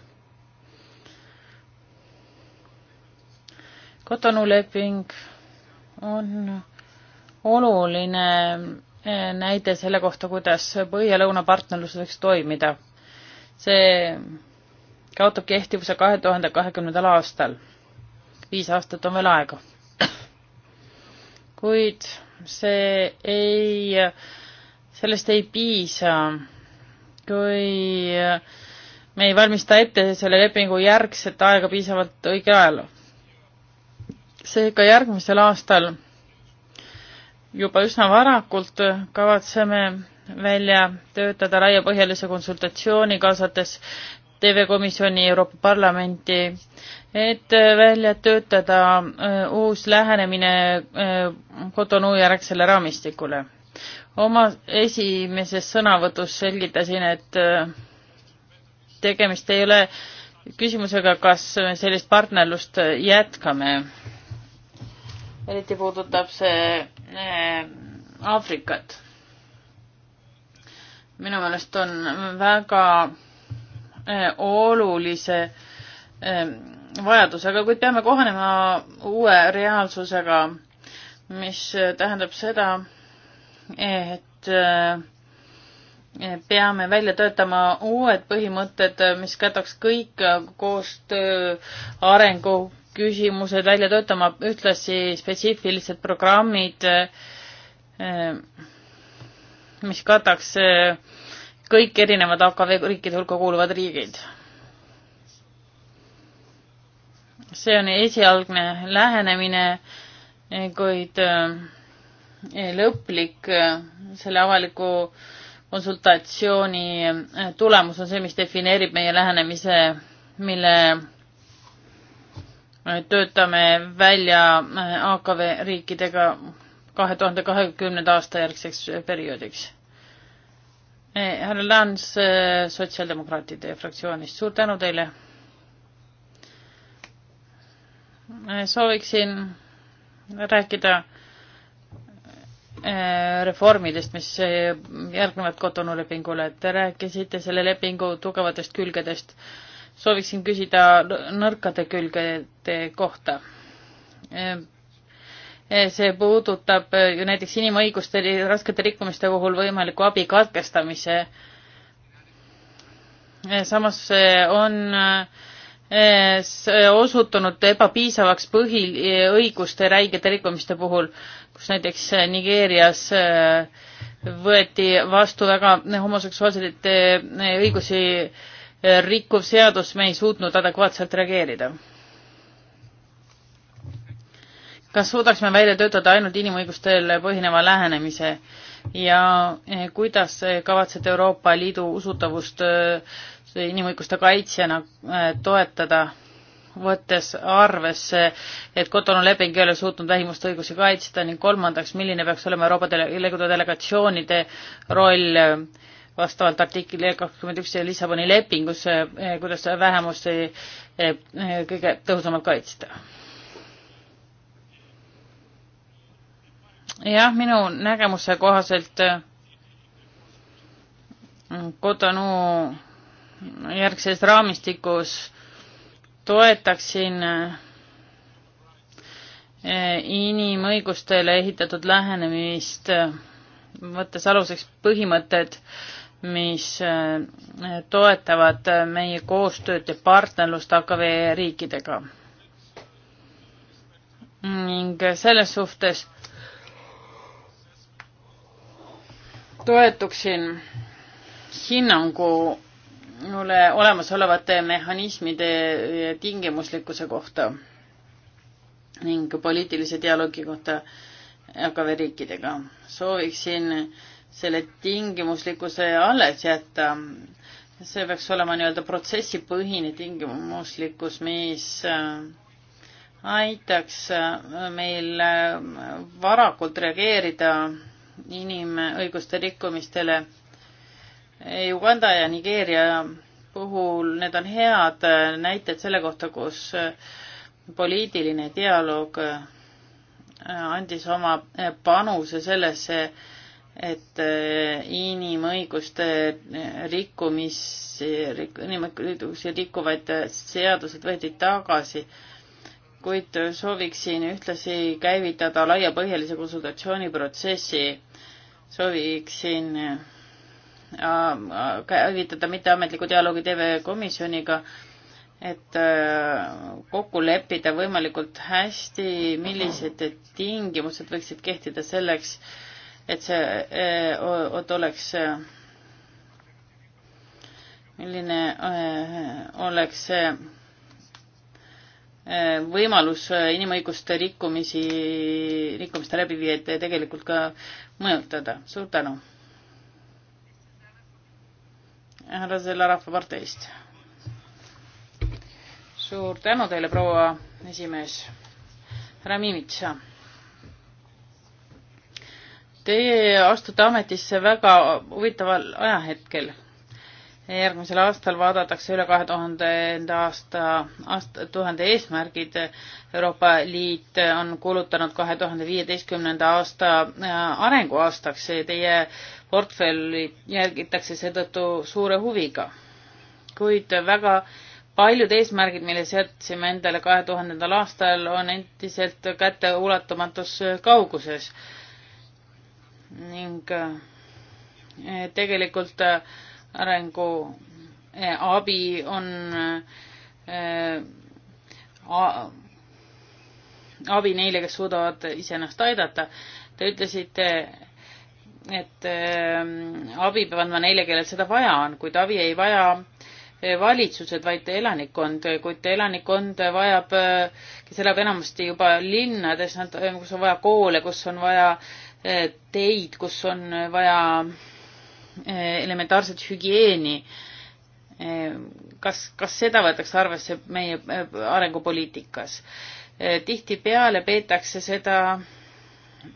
Kotonu leping on oluline e, näide selle kohta, kuidas põhja-lõuna partnerlus võiks toimida. see kaotab kehtivuse kahe tuhande kahekümnendal aastal. viis aastat on veel aega kuid see ei, sellest ei piisa, kui me ei valmista ette selle lepingu järgset aega piisavalt õigel ajal. seega järgmisel aastal juba üsna varakult kavatseme välja töötada laiapõhjalise konsultatsiooni, kaasates TV Komisjoni Euroopa Parlamenti, et äh, välja töötada äh, uus lähenemine äh, Cotonou järgsele raamistikule. oma esimeses sõnavõtus selgitasin, et tegemist ei ole küsimusega, kas me sellist partnerlust jätkame. eriti puudutab see Aafrikat. minu meelest on väga Äh, olulise ähm, vajadusega, kuid peame kohanema uue reaalsusega, mis äh, tähendab seda, et äh, peame välja töötama uued põhimõtted, mis kataks kõik koostöö arengu küsimused, välja töötama ühtlasi spetsiifilised programmid, mis kataks kõik erinevad AKV riikide hulka kuuluvad riigid. see on esialgne lähenemine, kuid eh, lõplik eh, selle avaliku konsultatsiooni eh, tulemus on see, mis defineerib meie lähenemise, mille töötame välja AKV riikidega kahe tuhande kahekümnenda aasta järgseks perioodiks Eh, härra Lans eh, Sotsiaaldemokraatide fraktsioonist, suur tänu teile. Eh, sooviksin rääkida reformidest, mis järgnevad Cotonou lepingule, te rääkisite selle lepingu tugevatest külgedest. sooviksin küsida nõrkade külgede kohta see puudutab eh, ju näiteks inimõiguste raskete rikkumiste puhul võimaliku abi katkestamise. Eh, samas eh, on osutunud ebapiisavaks põhiõiguste räigete rikkumiste puhul, kus näiteks Nigeerias võeti vastu väga homoseksuaalsete õigusi rikkuv seadus, me ei suutnud adekvaatselt reageerida kas suudaksime välja töötada ainult inimõigustel põhineva lähenemise ja eh, kuidas eh, kavatsete Euroopa Liidu usutavust eh, inimõiguste kaitsjana toetada, võttes arvesse, et Cotonou leping ei ole suutnud vähimuste õigusi kaitsta ning kolmandaks, milline peaks olema Euroopa Liidu delegatsioonide roll vastavalt artiklile kakskümmend üks Lissaboni lepingus, kuidas vähemusi kõige tõhusamalt kaitsta? jah, minu nägemuse kohaselt Kotonu äh, järgses raamistikus toetaksin äh, inimõigustele ehitatud lähenemist, äh, võttes aluseks põhimõtted, mis toetavad meie koostööd ja partnerlust AKV riikidega. ning selles suhtes toetuksin hinnangu mulle olemasolevate mehhanismide tingimuslikkuse kohta ning poliitilise dialoogi kohta AKV riikidega. sooviksin selle tingimuslikkuse alles jätta. see peaks olema nii-öelda protsessipõhine tingimuslikkus, mis äh, aitaks äh, meil äh, varakult reageerida inimõiguste rikkumistele. Uganda ja Nigeeria puhul need on head näited selle kohta, kus poliitiline dialoog andis oma panuse sellesse, et inimõiguste rikkumisi, inimõigusi rikkuvaid seadused võeti tagasi, kuid sooviksin ühtlasi käivitada laiapõhjalise konsultatsiooniprotsessi sooviksin äh, äh, käivitada mitteametliku dialoogi TV-komisjoniga, et äh, kokku leppida võimalikult hästi, millised tingimused võiksid kehtida selleks, et see, et oleks, milline oleks see võimalus äh, inimõiguste rikkumisi, rikkumiste läbiviijaid tegelikult ka mõjutada. suur tänu. härra Zella Rahvaparteist. suur tänu teile, proua esimees. härra Mimitsa. Teie astute ametisse väga huvitaval ajahetkel järgmisel aastal vaadatakse üle kahe tuhandenda aasta, aasta, tuhande eesmärgid. Euroopa Liit on kuulutanud kahe tuhande viieteistkümnenda aasta äh, arenguaastaks. Teie portfelli jälgitakse seetõttu suure huviga. kuid väga paljud eesmärgid, mille seadsime endale kahe tuhandendal aastal, on endiselt käteulatamatus kauguses. ning äh, tegelikult äh, arenguabi eh, on eh, abi neile, kes suudavad iseennast aidata. Te ütlesite, et eh, abi peab andma neile, kellel seda vaja on, kuid abi ei vaja valitsused, vaid elanikkond, kuid elanikkond vajab, kes elab enamasti juba linnades, nad, kus on vaja koole, kus on vaja teid, kus on vaja elementaarset hügieeni. kas, kas seda võetakse arvesse meie äh, arengupoliitikas? Äh, tihtipeale peetakse seda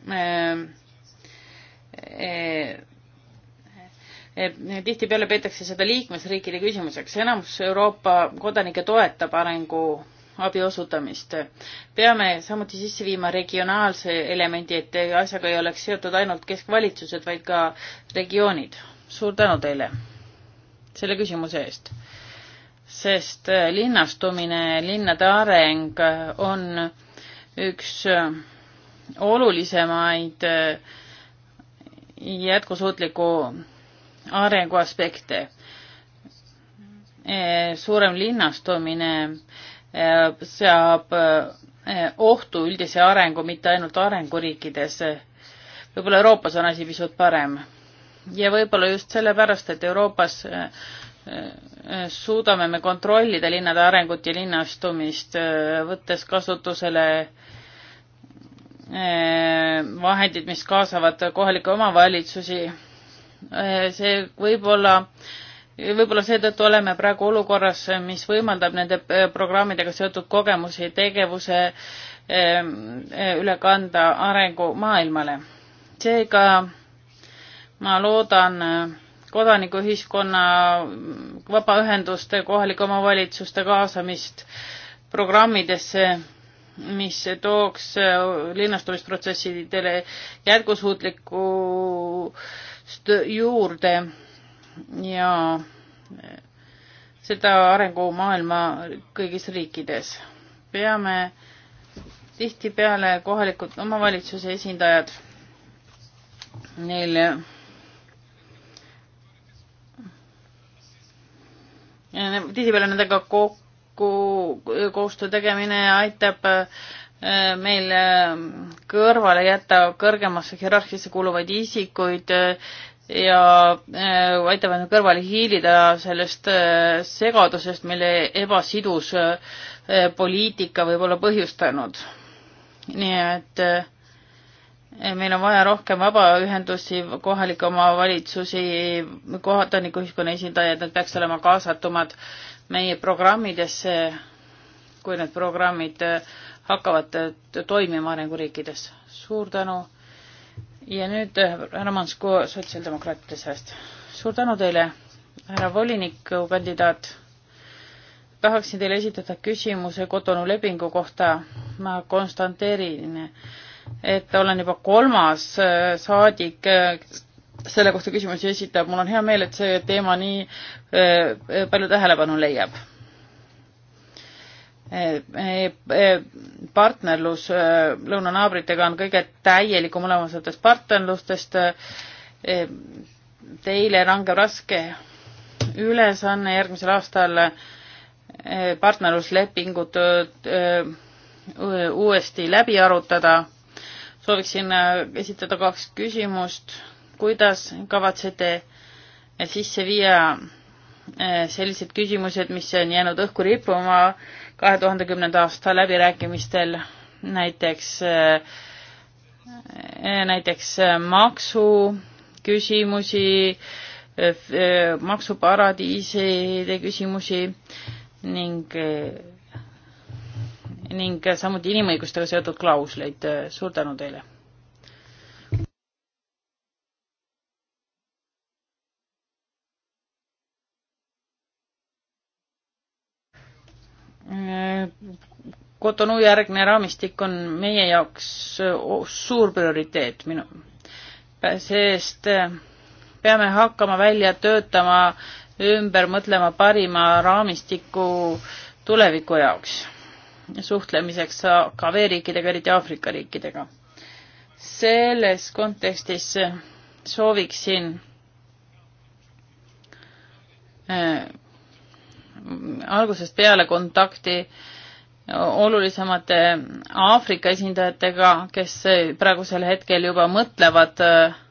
äh, tihtipeale peetakse seda liikmesriikide küsimuseks, enamus Euroopa kodanikke toetab arengu abi osutamist. peame samuti sisse viima regionaalse elemendi, et asjaga ei oleks seotud ainult keskvalitsused, vaid ka regioonid suur tänu teile selle küsimuse eest, sest äh, linnastumine, linnade areng äh, on üks äh, olulisemaid jätkusuutliku arengu aspekte. suurem linnastumine seab ohtu üldise arengu mitte ainult arenguriikides. võib-olla Euroopas on asi pisut parem ja võib-olla just sellepärast, et Euroopas äh, äh, suudame me kontrollida linnade arengut ja linnastumist, äh, võttes kasutusele vahendid, mis kaasavad kohalikke omavalitsusi. see võib-olla, võib-olla seetõttu oleme praegu olukorras, mis võimaldab nende programmidega seotud kogemusi, tegevuse üle kanda arengumaailmale. seega ma loodan äh, kodanikuühiskonna, mm, vabaühenduste, kohalike omavalitsuste kaasamist programmidesse, mis tooks äh, linnastumisprotsessidele jätkusuutlikkust juurde ja äh, seda arengumaailma kõigis riikides. peame tihtipeale kohalikud omavalitsuse esindajad, neil tihtipeale nendega kokku koostöö tegemine aitab äh, meil äh, kõrvale jätta kõrgemasse hierarhiasse kuuluvaid isikuid äh, ja aitavad nad kõrvale hiilida sellest segadusest, mille ebasidus poliitika võib olla põhjustanud. nii et äh, meil on vaja rohkem vabaühendusi, kohalikke omavalitsusi, kodanikuühiskonna esindajaid, nad peaks olema kaasatumad meie programmidesse, kui need programmid äh, hakkavad äh, toimima arenguriikides. suur tänu. ja nüüd äh, härra Mansko sotsiaaldemokraatide seast. suur tänu teile, härra volinikukandidaat. tahaksin teile esitada küsimuse kodunu lepingu kohta. ma konstanteerin et olen juba kolmas äh, saadik äh, selle kohta küsimusi esitab. mul on hea meel, et see teema nii äh, palju tähelepanu leiab. partnerlus lõunanaabritega on kõige täielikum olemasolevatest partnerlustest. Teile langeb raske ülesanne järgmisel aastal partnerluslepingud uuesti läbi arutada sooviksin äh, esitada kaks küsimust. kuidas kavatsete äh, sisse viia äh, sellised küsimused, mis on jäänud õhku rippuma kahe tuhande kümnenda aasta läbirääkimistel, näiteks, näiteks maksuküsimusi, maksuparadiiside küsimusi ning ning samuti inimõigustega seotud klausleid. suur tänu teile! Cotonou järgne raamistik on meie jaoks suur prioriteet minu, sest peame hakkama välja töötama, ümber mõtlema parima raamistiku tuleviku jaoks suhtlemiseks AKV riikidega, eriti Aafrika riikidega. selles kontekstis sooviksin äh, algusest peale kontakti olulisemate Aafrika esindajatega, kes praegusel hetkel juba mõtlevad äh,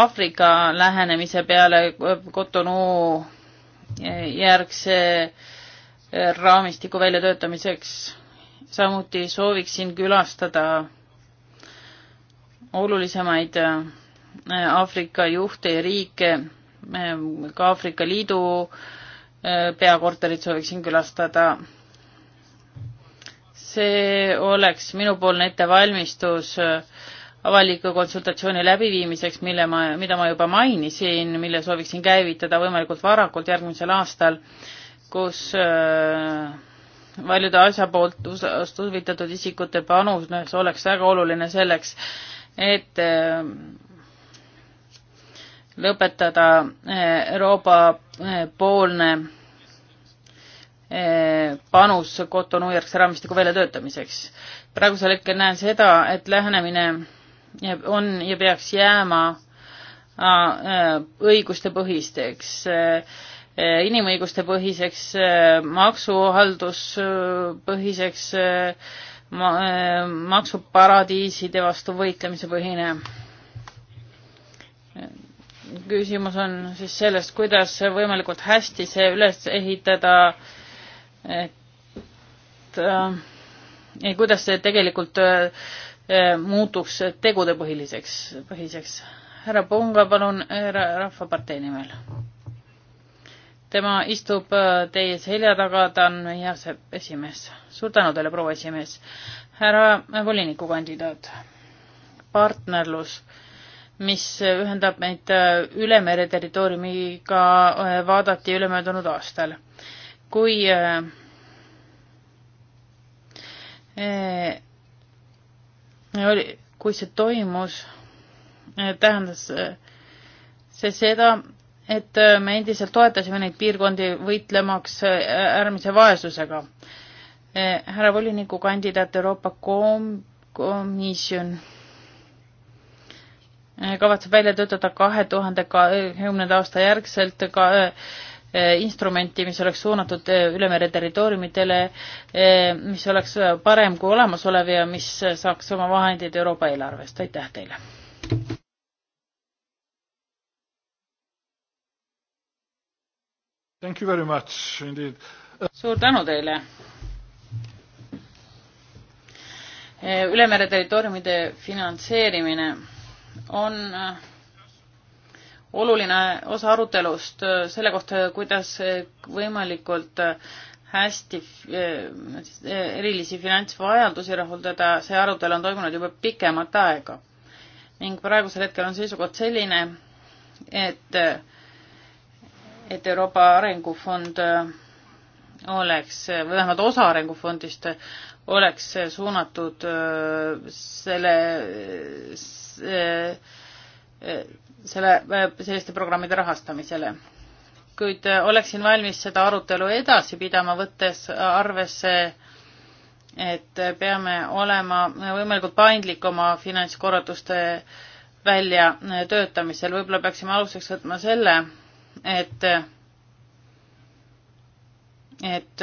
Aafrika lähenemise peale Cotonou äh, järgse äh, raamistiku väljatöötamiseks. samuti sooviksin külastada olulisemaid äh, Aafrika juhte ja riike, äh, ka Aafrika Liidu äh, peakorterit sooviksin külastada. see oleks minupoolne ettevalmistus avaliku konsultatsiooni läbiviimiseks, mille ma, mida ma juba mainisin, mille sooviksin käivitada võimalikult varakult järgmisel aastal kus äh, paljude asja poolt huvitatud isikute panus oleks väga oluline selleks, et äh, lõpetada äh, Euroopa poolne panus Cotonou järgse raamistiku väljatöötamiseks. praegusel hetkel näen seda, et lähenemine on ja peaks jääma õigustepõhisteks Äh, inimõiguste põhiseks, äh, maksuhalduspõhiseks, äh, maksuparadiiside vastu võitlemise põhine. küsimus on siis selles, kuidas võimalikult hästi see üles ehitada, et äh, kuidas see tegelikult äh, muutuks tegudepõhiliseks, põhiseks. härra Punga, palun, härra Rahvapartei nimel tema istub äh, teie selja taga, ta on meie esimees. suur tänu teile, proua esimees. härra volinikukandidaat, partnerlus, mis ühendab meid äh, üle mere territooriumiga, äh, vaadati ülemöödunud aastal. kui äh, oli, kui see toimus, tähendas see seda, et äh, me endiselt toetasime neid piirkondi võitlemaks äh, äärmise vaesusega. Äh, härra volinikukandidaat Euroopa kom-, komisjon kavatseb välja töötada kahe tuhande kahekümnenda aasta järgselt ka instrumenti, mis oleks suunatud üle mere territooriumitele, mis oleks parem kui olemasolev ja mis saaks oma vahendid Euroopa eelarvest. aitäh teile! Thank you very much indeed. suur tänu teile. Eh, ülemere territooriumide finantseerimine on eh, oluline osa arutelust eh, selle kohta, kuidas võimalikult hästi erilisi finantsvajadusi rahuldada, see arutelu on toimunud juba pikemat aega. ning praegusel hetkel on seisukoht selline, et et Euroopa Arengufond äh, oleks, või vähemalt osa Arengufondist äh, oleks äh, suunatud selle, selle, selliste programmide rahastamisele. kuid oleksin valmis seda arutelu edasi pidama, võttes arvesse et peame olema võimalikult paindlik oma finantskorralduste väljatöötamisel, võib-olla peaksime aluseks võtma selle, et, et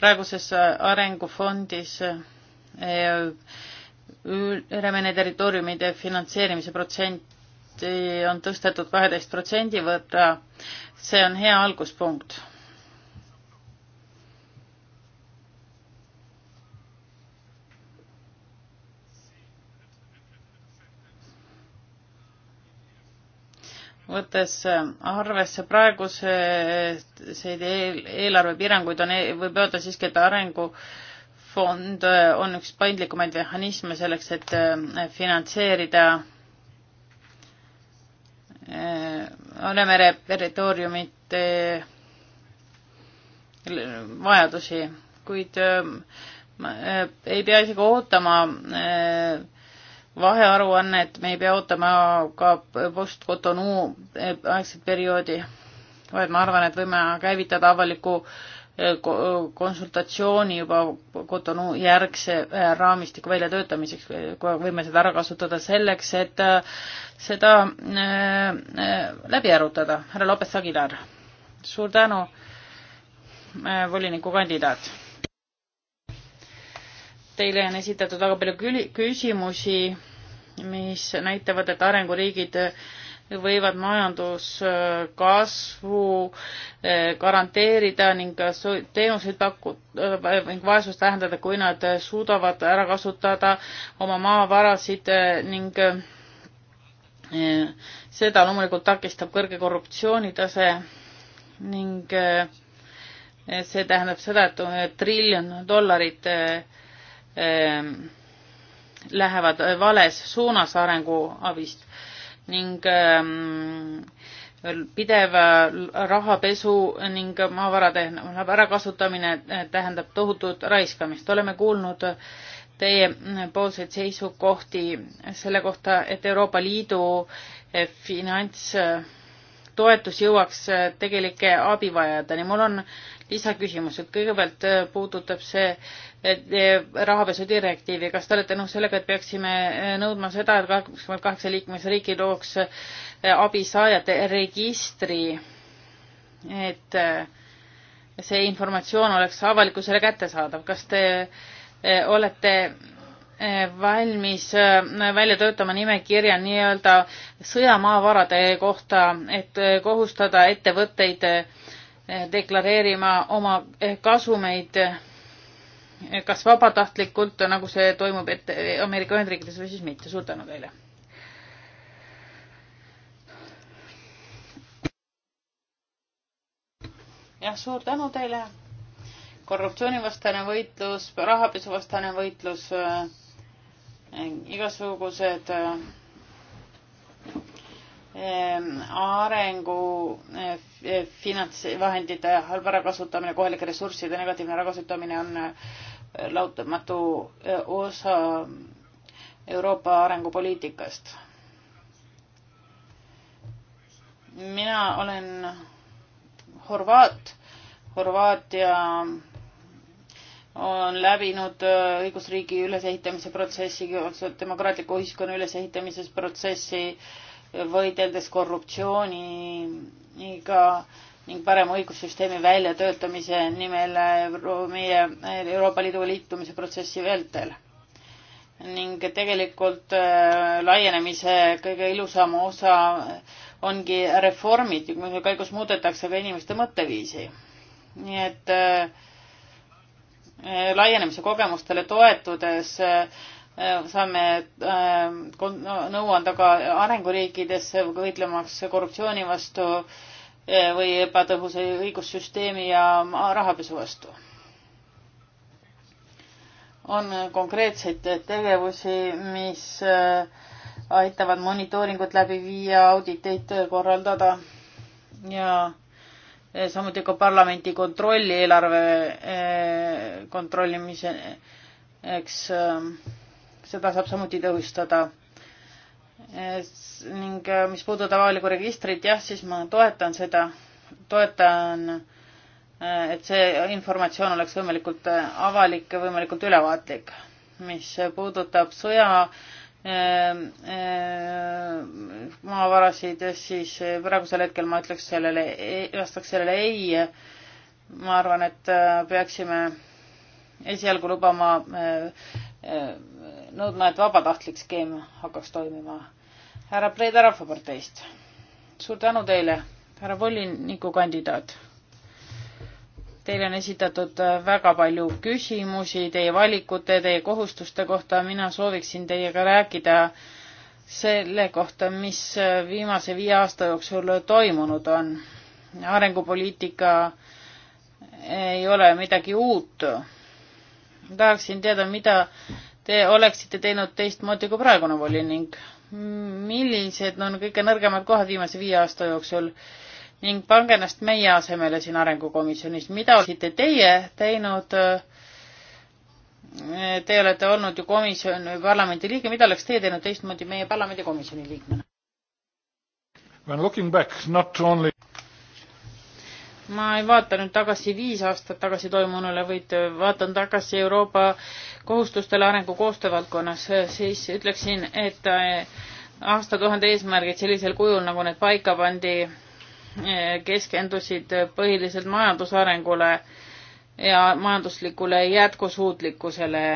praeguses arengufondis eh, Ülemene territooriumide finantseerimise protsenti on tõstetud kaheteist protsendi võrra. see on hea alguspunkt võttes arvesse praeguseid eelarvepiiranguid on, e-, võib öelda siiski, et arengufond äh, on üks paindlikumaid mehhanisme selleks, et äh, finantseerida äh, Läänemere territooriumite vajadusi, kuid ei pea isegi ootama äh, vahearuannet, me ei pea ootama ka post-Cotonou aegset perioodi, vaid ma arvan, et võime käivitada avaliku eh, konsultatsiooni juba Cotonou järgse eh, raamistiku väljatöötamiseks, võime seda ära kasutada selleks, et eh, seda läbi arutada. härra Lopez Aguilar, suur tänu, volinikukandidaat Teile on esitatud väga palju küsimusi, mis näitavad, et arenguriigid võivad majanduskasvu eh, garanteerida ning teenuseid paku-, eh, ning vaesust vähendada, kui nad suudavad ära kasutada oma maavarasid eh, ning seda loomulikult takistab kõrge korruptsioonitase ning see tähendab seda, et triljon dollarit Ähm, lähevad vales suunas arenguabist ning ähm, pidev rahapesu ning maavarade ärakasutamine tähendab tohutut raiskamist. oleme kuulnud teie poolseid seisukohti selle kohta, et Euroopa Liidu finantstoetus jõuaks tegelike abivajajateni. mul on lisaküsimused. kõigepealt äh, puudutab see äh, rahapesu direktiivi. kas te olete nõus sellega, et peaksime äh, nõudma seda, et kakskümmend kaheksa liikmesriiki looks abisaajate registri, et see informatsioon oleks avalikkusele kättesaadav. kas te olete valmis välja töötama nimekirja nii-öelda sõjamaavarade kohta, et kohustada ettevõtteid deklareerima oma kasumeid kas vabatahtlikult, nagu see toimub ette Ameerika Ühendriikides või siis mitte. suur tänu teile. jah, suur tänu teile. korruptsioonivastane võitlus, rahapesuvastane võitlus äh,, igasugused äh, Ehm, arengu eh, finantsvahendite halb ärakasutamine, kohalike ressursside negatiivne ärakasutamine on eh, lahutamatu eh, osa Euroopa arengupoliitikast. mina olen horvaat, Horvaatia on läbinud õigusriigi ülesehitamise protsessi, demokraatliku ühiskonna ülesehitamises protsessi äh, võideldes korruptsiooniga ning parema õigussüsteemi väljatöötamise nimel meie Euroopa Liidu liitumise protsessi vältel. ning tegelikult äh, laienemise kõige ilusam osa ongi reformid, mille käigus muudetakse ka inimeste mõtteviisi. nii et äh, laienemise kogemustele toetudes äh, Äh, saame äh, nõu anda ka arenguriikidesse võitlemaks korruptsiooni vastu äh, või ebatõhusa õigussüsteemi ja rahapesu vastu. on konkreetseid tegevusi, mis aitavad monitooringut läbi viia, auditeid korraldada ja samuti ka parlamendi kontrolli eelarve kontrollimiseks seda saab samuti tõhustada. ning äh, mis puudutab avalikku registrit, jah, siis ma toetan seda, toetan, äh, et see informatsioon oleks võimalikult äh, avalik ja võimalikult ülevaatlik. mis puudutab sõja ähm, maavarasid, siis praegusel hetkel ma ütleks sellele, e-, vastaks sellele ei. ma arvan, et peaksime esialgu lubama nõudma, et vabatahtlik skeem hakkaks toimima. härra Preeda Rahvaparteist, suur tänu teile, härra volinikukandidaat. Teile on esitatud äh, väga palju küsimusi teie valikute, teie kohustuste kohta, mina sooviksin teiega rääkida selle kohta, mis äh, viimase viie aasta jooksul toimunud on. arengupoliitika ei ole midagi uut tahaksin teada, mida te oleksite teinud teistmoodi kui praegune volinik. millised on kõige nõrgemad kohad viimase viie aasta jooksul ning pange ennast meie asemele siin Arengukomisjonis, mida oleksite teie teinud? Te olete olnud ju komisjon, parlamendi liige, mida oleks teie teinud teistmoodi meie parlamendikomisjoni liikmena? When looking back not only ma ei vaata nüüd tagasi viis aastat tagasi toimunule, vaid vaatan tagasi Euroopa kohustustele arengu koostöövaldkonnas, siis ütleksin, et äh, aastatuhande eesmärgid sellisel kujul, nagu need paika pandi, äh, keskendusid põhiliselt majandusarengule ja majanduslikule jätkusuutlikkusele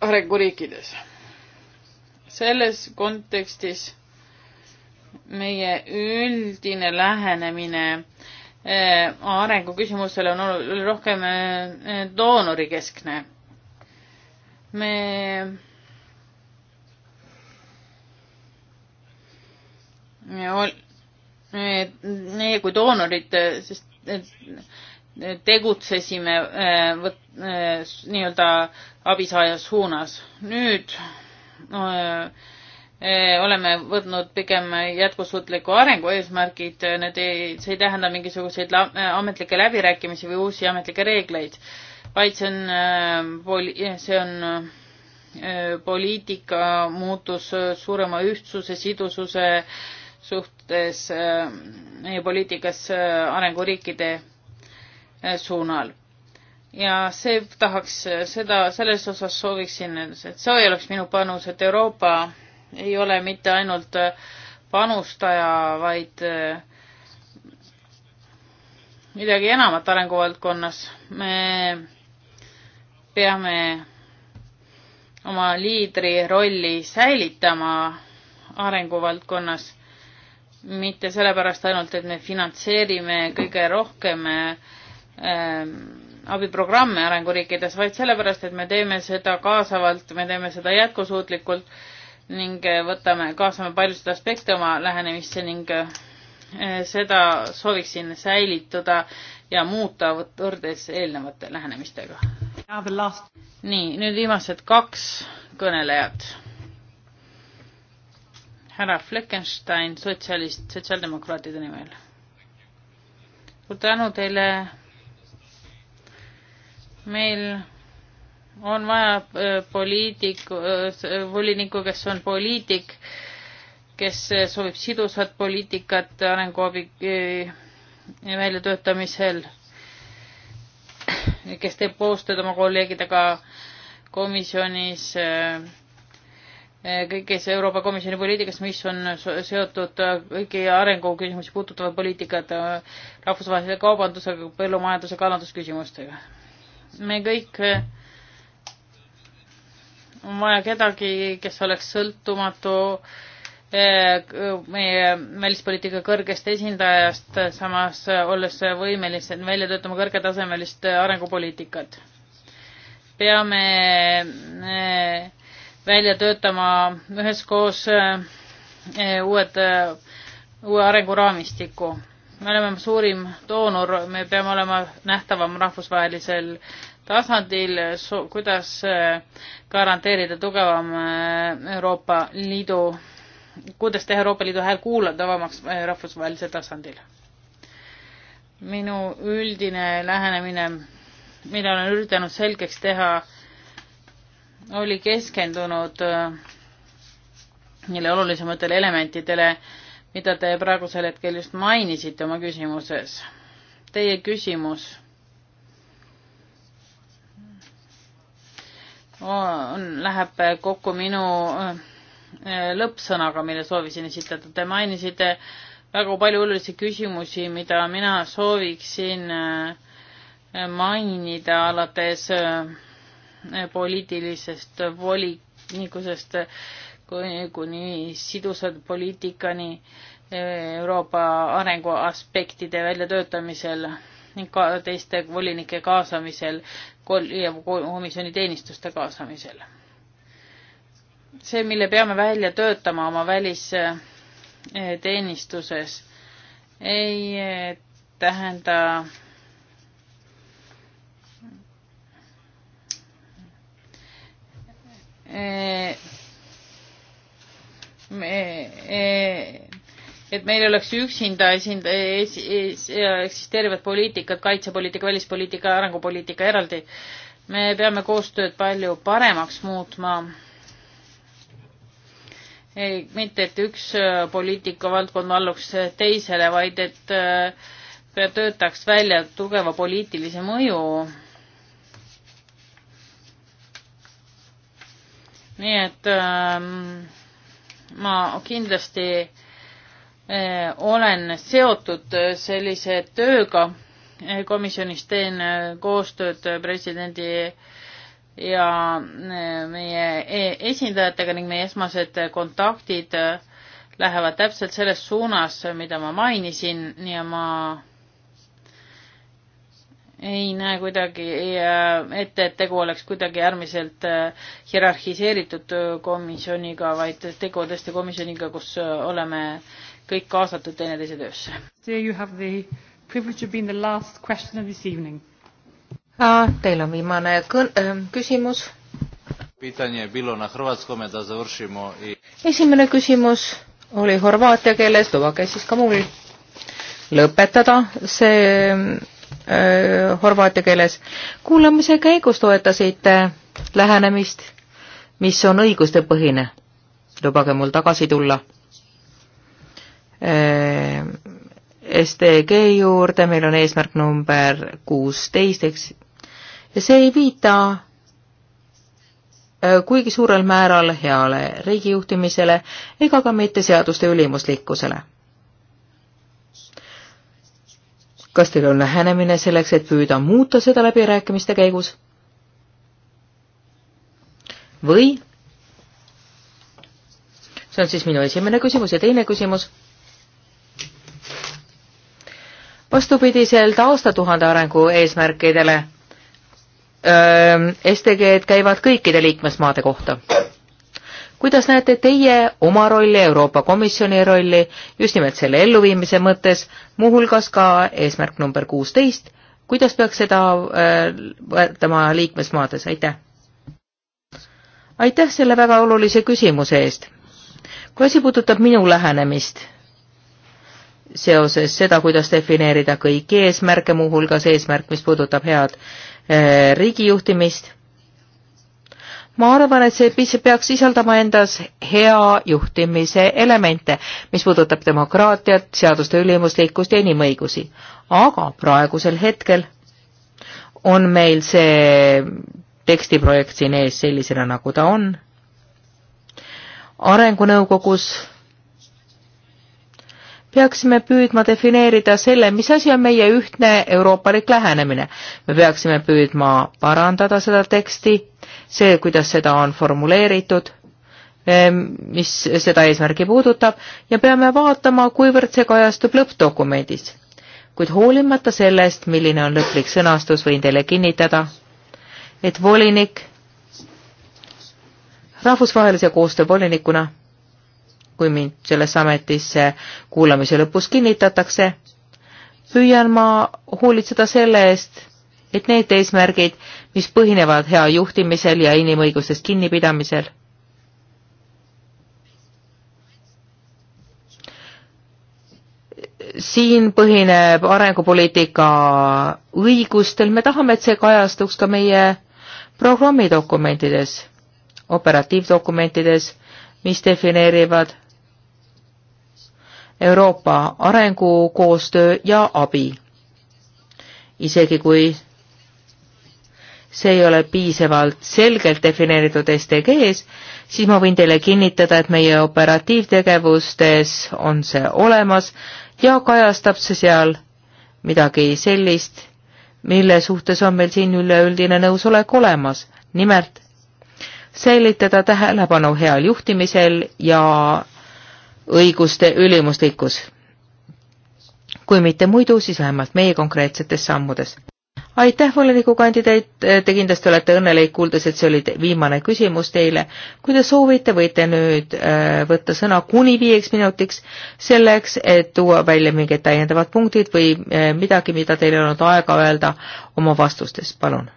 arenguriikides. selles kontekstis meie üldine lähenemine eh, arenguküsimusele on olnud rohkem eh, eh, doonorikeskne. me meie kui doonorid, sest tegutsesime nii-öelda abisaaja suunas. nüüd öö, Eh, oleme võtnud pigem jätkusuutliku arengu eesmärgid, eh, need ei, see ei tähenda mingisuguseid eh, ametlikke läbirääkimisi või uusi ametlikke reegleid, vaid see on poli-, see on poliitika muutus suurema ühtsuse, sidususe suhtes meie poliitikas arenguriikide suunal ja see tahaks seda, selles osas sooviksin, et see oleks minu panus, et Euroopa ei ole mitte ainult äh, panustaja, vaid äh, midagi enamat arenguvaldkonnas. me peame oma liidri rolli säilitama arenguvaldkonnas, mitte sellepärast ainult, et me finantseerime kõige rohkem ähm, abiprogramme arenguriikides, vaid sellepärast, et me teeme seda kaasavalt, me teeme seda jätkusuutlikult ning äh, võtame, kaasame paljusid aspekte oma lähenemisse ning äh, äh, seda sooviksin säilitada ja muuta võrdes eelnevate lähenemistega. nii, nüüd viimased kaks kõnelejat. härra Fleckenstein, sotsialist, sotsiaaldemokraatide nimel. suur tänu teile. meil on vaja äh, poliitiku, äh, volinikku, kes on poliitik, kes äh, soovib sidusat poliitikat arenguabi väljatöötamisel, kes teeb koostööd oma kolleegidega komisjonis, kõigis Euroopa Komisjoni poliitikas, mis on seotud kõigi arenguküsimusi puudutavad poliitikad rahvusvahelise kaubandusega, põllumajanduse, kalandusküsimustega. me kõik äh, on vaja kedagi, kes oleks sõltumatu eh, meie välispoliitika kõrgest esindajast, samas olles võimelised välja töötama kõrgetasemelist arengupoliitikat. peame eh, välja töötama üheskoos eh, uued, uue arenguraamistiku. me oleme suurim doonor, me peame olema nähtavam rahvusvahelisel tasandil, kuidas äh, garanteerida tugevam äh, Euroopa Liidu, kuidas teha Euroopa Liidu hääl kuulatavamaks äh, rahvusvahelisel tasandil. minu üldine lähenemine, mida olen üritanud selgeks teha, oli keskendunud neile olulisematele elementidele, mida te praegusel hetkel just mainisite oma küsimuses. Teie küsimus on, läheb kokku minu äh, lõppsõnaga, mille soovisin esitada. Te mainisite väga palju olulisi küsimusi, mida mina sooviksin äh, mainida alates äh, poliitilisest volinikusest kuni, kuni sidusad poliitikani Euroopa arengu aspektide väljatöötamisel ning ka teiste volinike kaasamisel ja komisjoni teenistuste kaasamisel. see, mille peame välja töötama oma välisteenistuses, eh, ei eh, tähenda eh, me, me et meil oleks üksinda esind- es,, es, eksisteerivad poliitikad, kaitsepoliitika, välispoliitika, arengupoliitika eraldi. me peame koostööd palju paremaks muutma. ei, mitte, et üks äh, poliitikavaldkond alluks teisele, vaid et äh, töötaks välja tugeva poliitilise mõju nii et ähm, ma kindlasti Äh, olen seotud sellise tööga, äh, komisjonis teen äh, koostööd presidendi ja meie e, esindajatega ning meie esmased kontaktid lähevad täpselt selles suunas, mida ma mainisin ja ma ei näe kuidagi ette, et tegu oleks kuidagi äärmiselt hierarhiseeritud komisjoniga, vaid tegu on tõesti komisjoniga, kus oleme äh, kõik kaasatud teineteise töösse. You have the privilege of being the last question of this evening. Teil on viimane kõn-, äh, küsimus. esimene küsimus oli horvaatia keeles, lubage siis ka mul lõpetada see äh, horvaatia keeles. kuulamise käigus toetasite lähenemist, mis on õigustepõhine. lubage mul tagasi tulla Äh, SDG juurde, meil on eesmärk number kuusteist, eks, ja see ei viita äh, kuigi suurel määral heale riigijuhtimisele ega ka mitte seaduste ülimuslikkusele. kas teil on lähenemine selleks, et püüda muuta seda läbirääkimiste käigus? või? see on siis minu esimene küsimus ja teine küsimus vastupidiselt aastatuhande arengu eesmärkidele STG-d käivad kõikide liikmesmaade kohta. kuidas näete teie oma rolli, Euroopa Komisjoni rolli just nimelt selle elluviimise mõttes, muuhulgas ka eesmärk number kuusteist, kuidas peaks seda võetama liikmesmaades, aitäh! aitäh selle väga olulise küsimuse eest. kui asi puudutab minu lähenemist seoses seda, kuidas defineerida kõiki eesmärke, muuhulgas eesmärk, mis puudutab head eh, riigijuhtimist. ma arvan, et see peaks sisaldama endas hea juhtimise elemente, mis puudutab demokraatiat, seaduste ülimuslikkust ja inimõigusi. aga praegusel hetkel on meil see tekstiprojekt siin ees sellisena, nagu ta on. arengunõukogus peaksime püüdma defineerida selle, mis asi on meie ühtne euroopalik lähenemine. me peaksime püüdma parandada seda teksti, see, kuidas seda on formuleeritud, mis seda eesmärgi puudutab ja peame vaatama, kuivõrd see kajastub lõppdokumendis. kuid hoolimata sellest, milline on lõplik sõnastus, võin teile kinnitada, et volinik rahvusvahelise koostöö volinikuna kui mind sellesse ametisse kuulamise lõpus kinnitatakse, püüan ma hoolitseda selle eest, et need eesmärgid, mis põhinevad hea juhtimisel ja inimõigustest kinnipidamisel, siin põhineb arengupoliitika õigustel, me tahame, et see kajastuks ka meie programmidokumentides, operatiivdokumentides, mis defineerivad Euroopa arengukoostöö ja abi. isegi kui see ei ole piisavalt selgelt defineeritud STG-s, siis ma võin teile kinnitada, et meie operatiivtegevustes on see olemas ja kajastab see seal midagi sellist, mille suhtes on meil siin üleüldine nõusolek olemas, nimelt säilitada tähelepanu heal juhtimisel ja õiguste ülimuslikkus. kui mitte muidu, siis vähemalt meie konkreetsetes sammudes. aitäh, volinikukandidaat, te kindlasti olete õnnelik, kuuldes, et see oli viimane küsimus teile. kui te soovite, võite nüüd äh, võtta sõna kuni viieks minutiks, selleks, et tuua välja mingid täiendavad punktid või äh, midagi, mida teil ei olnud aega öelda oma vastustes, palun.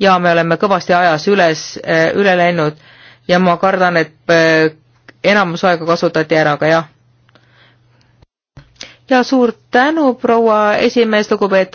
ja me oleme kõvasti ajas üles, äh, üle läinud ja ma kardan, et äh, enamus aega kasutati ära, aga jah. ja suur tänu, proua esimees, lugupeetud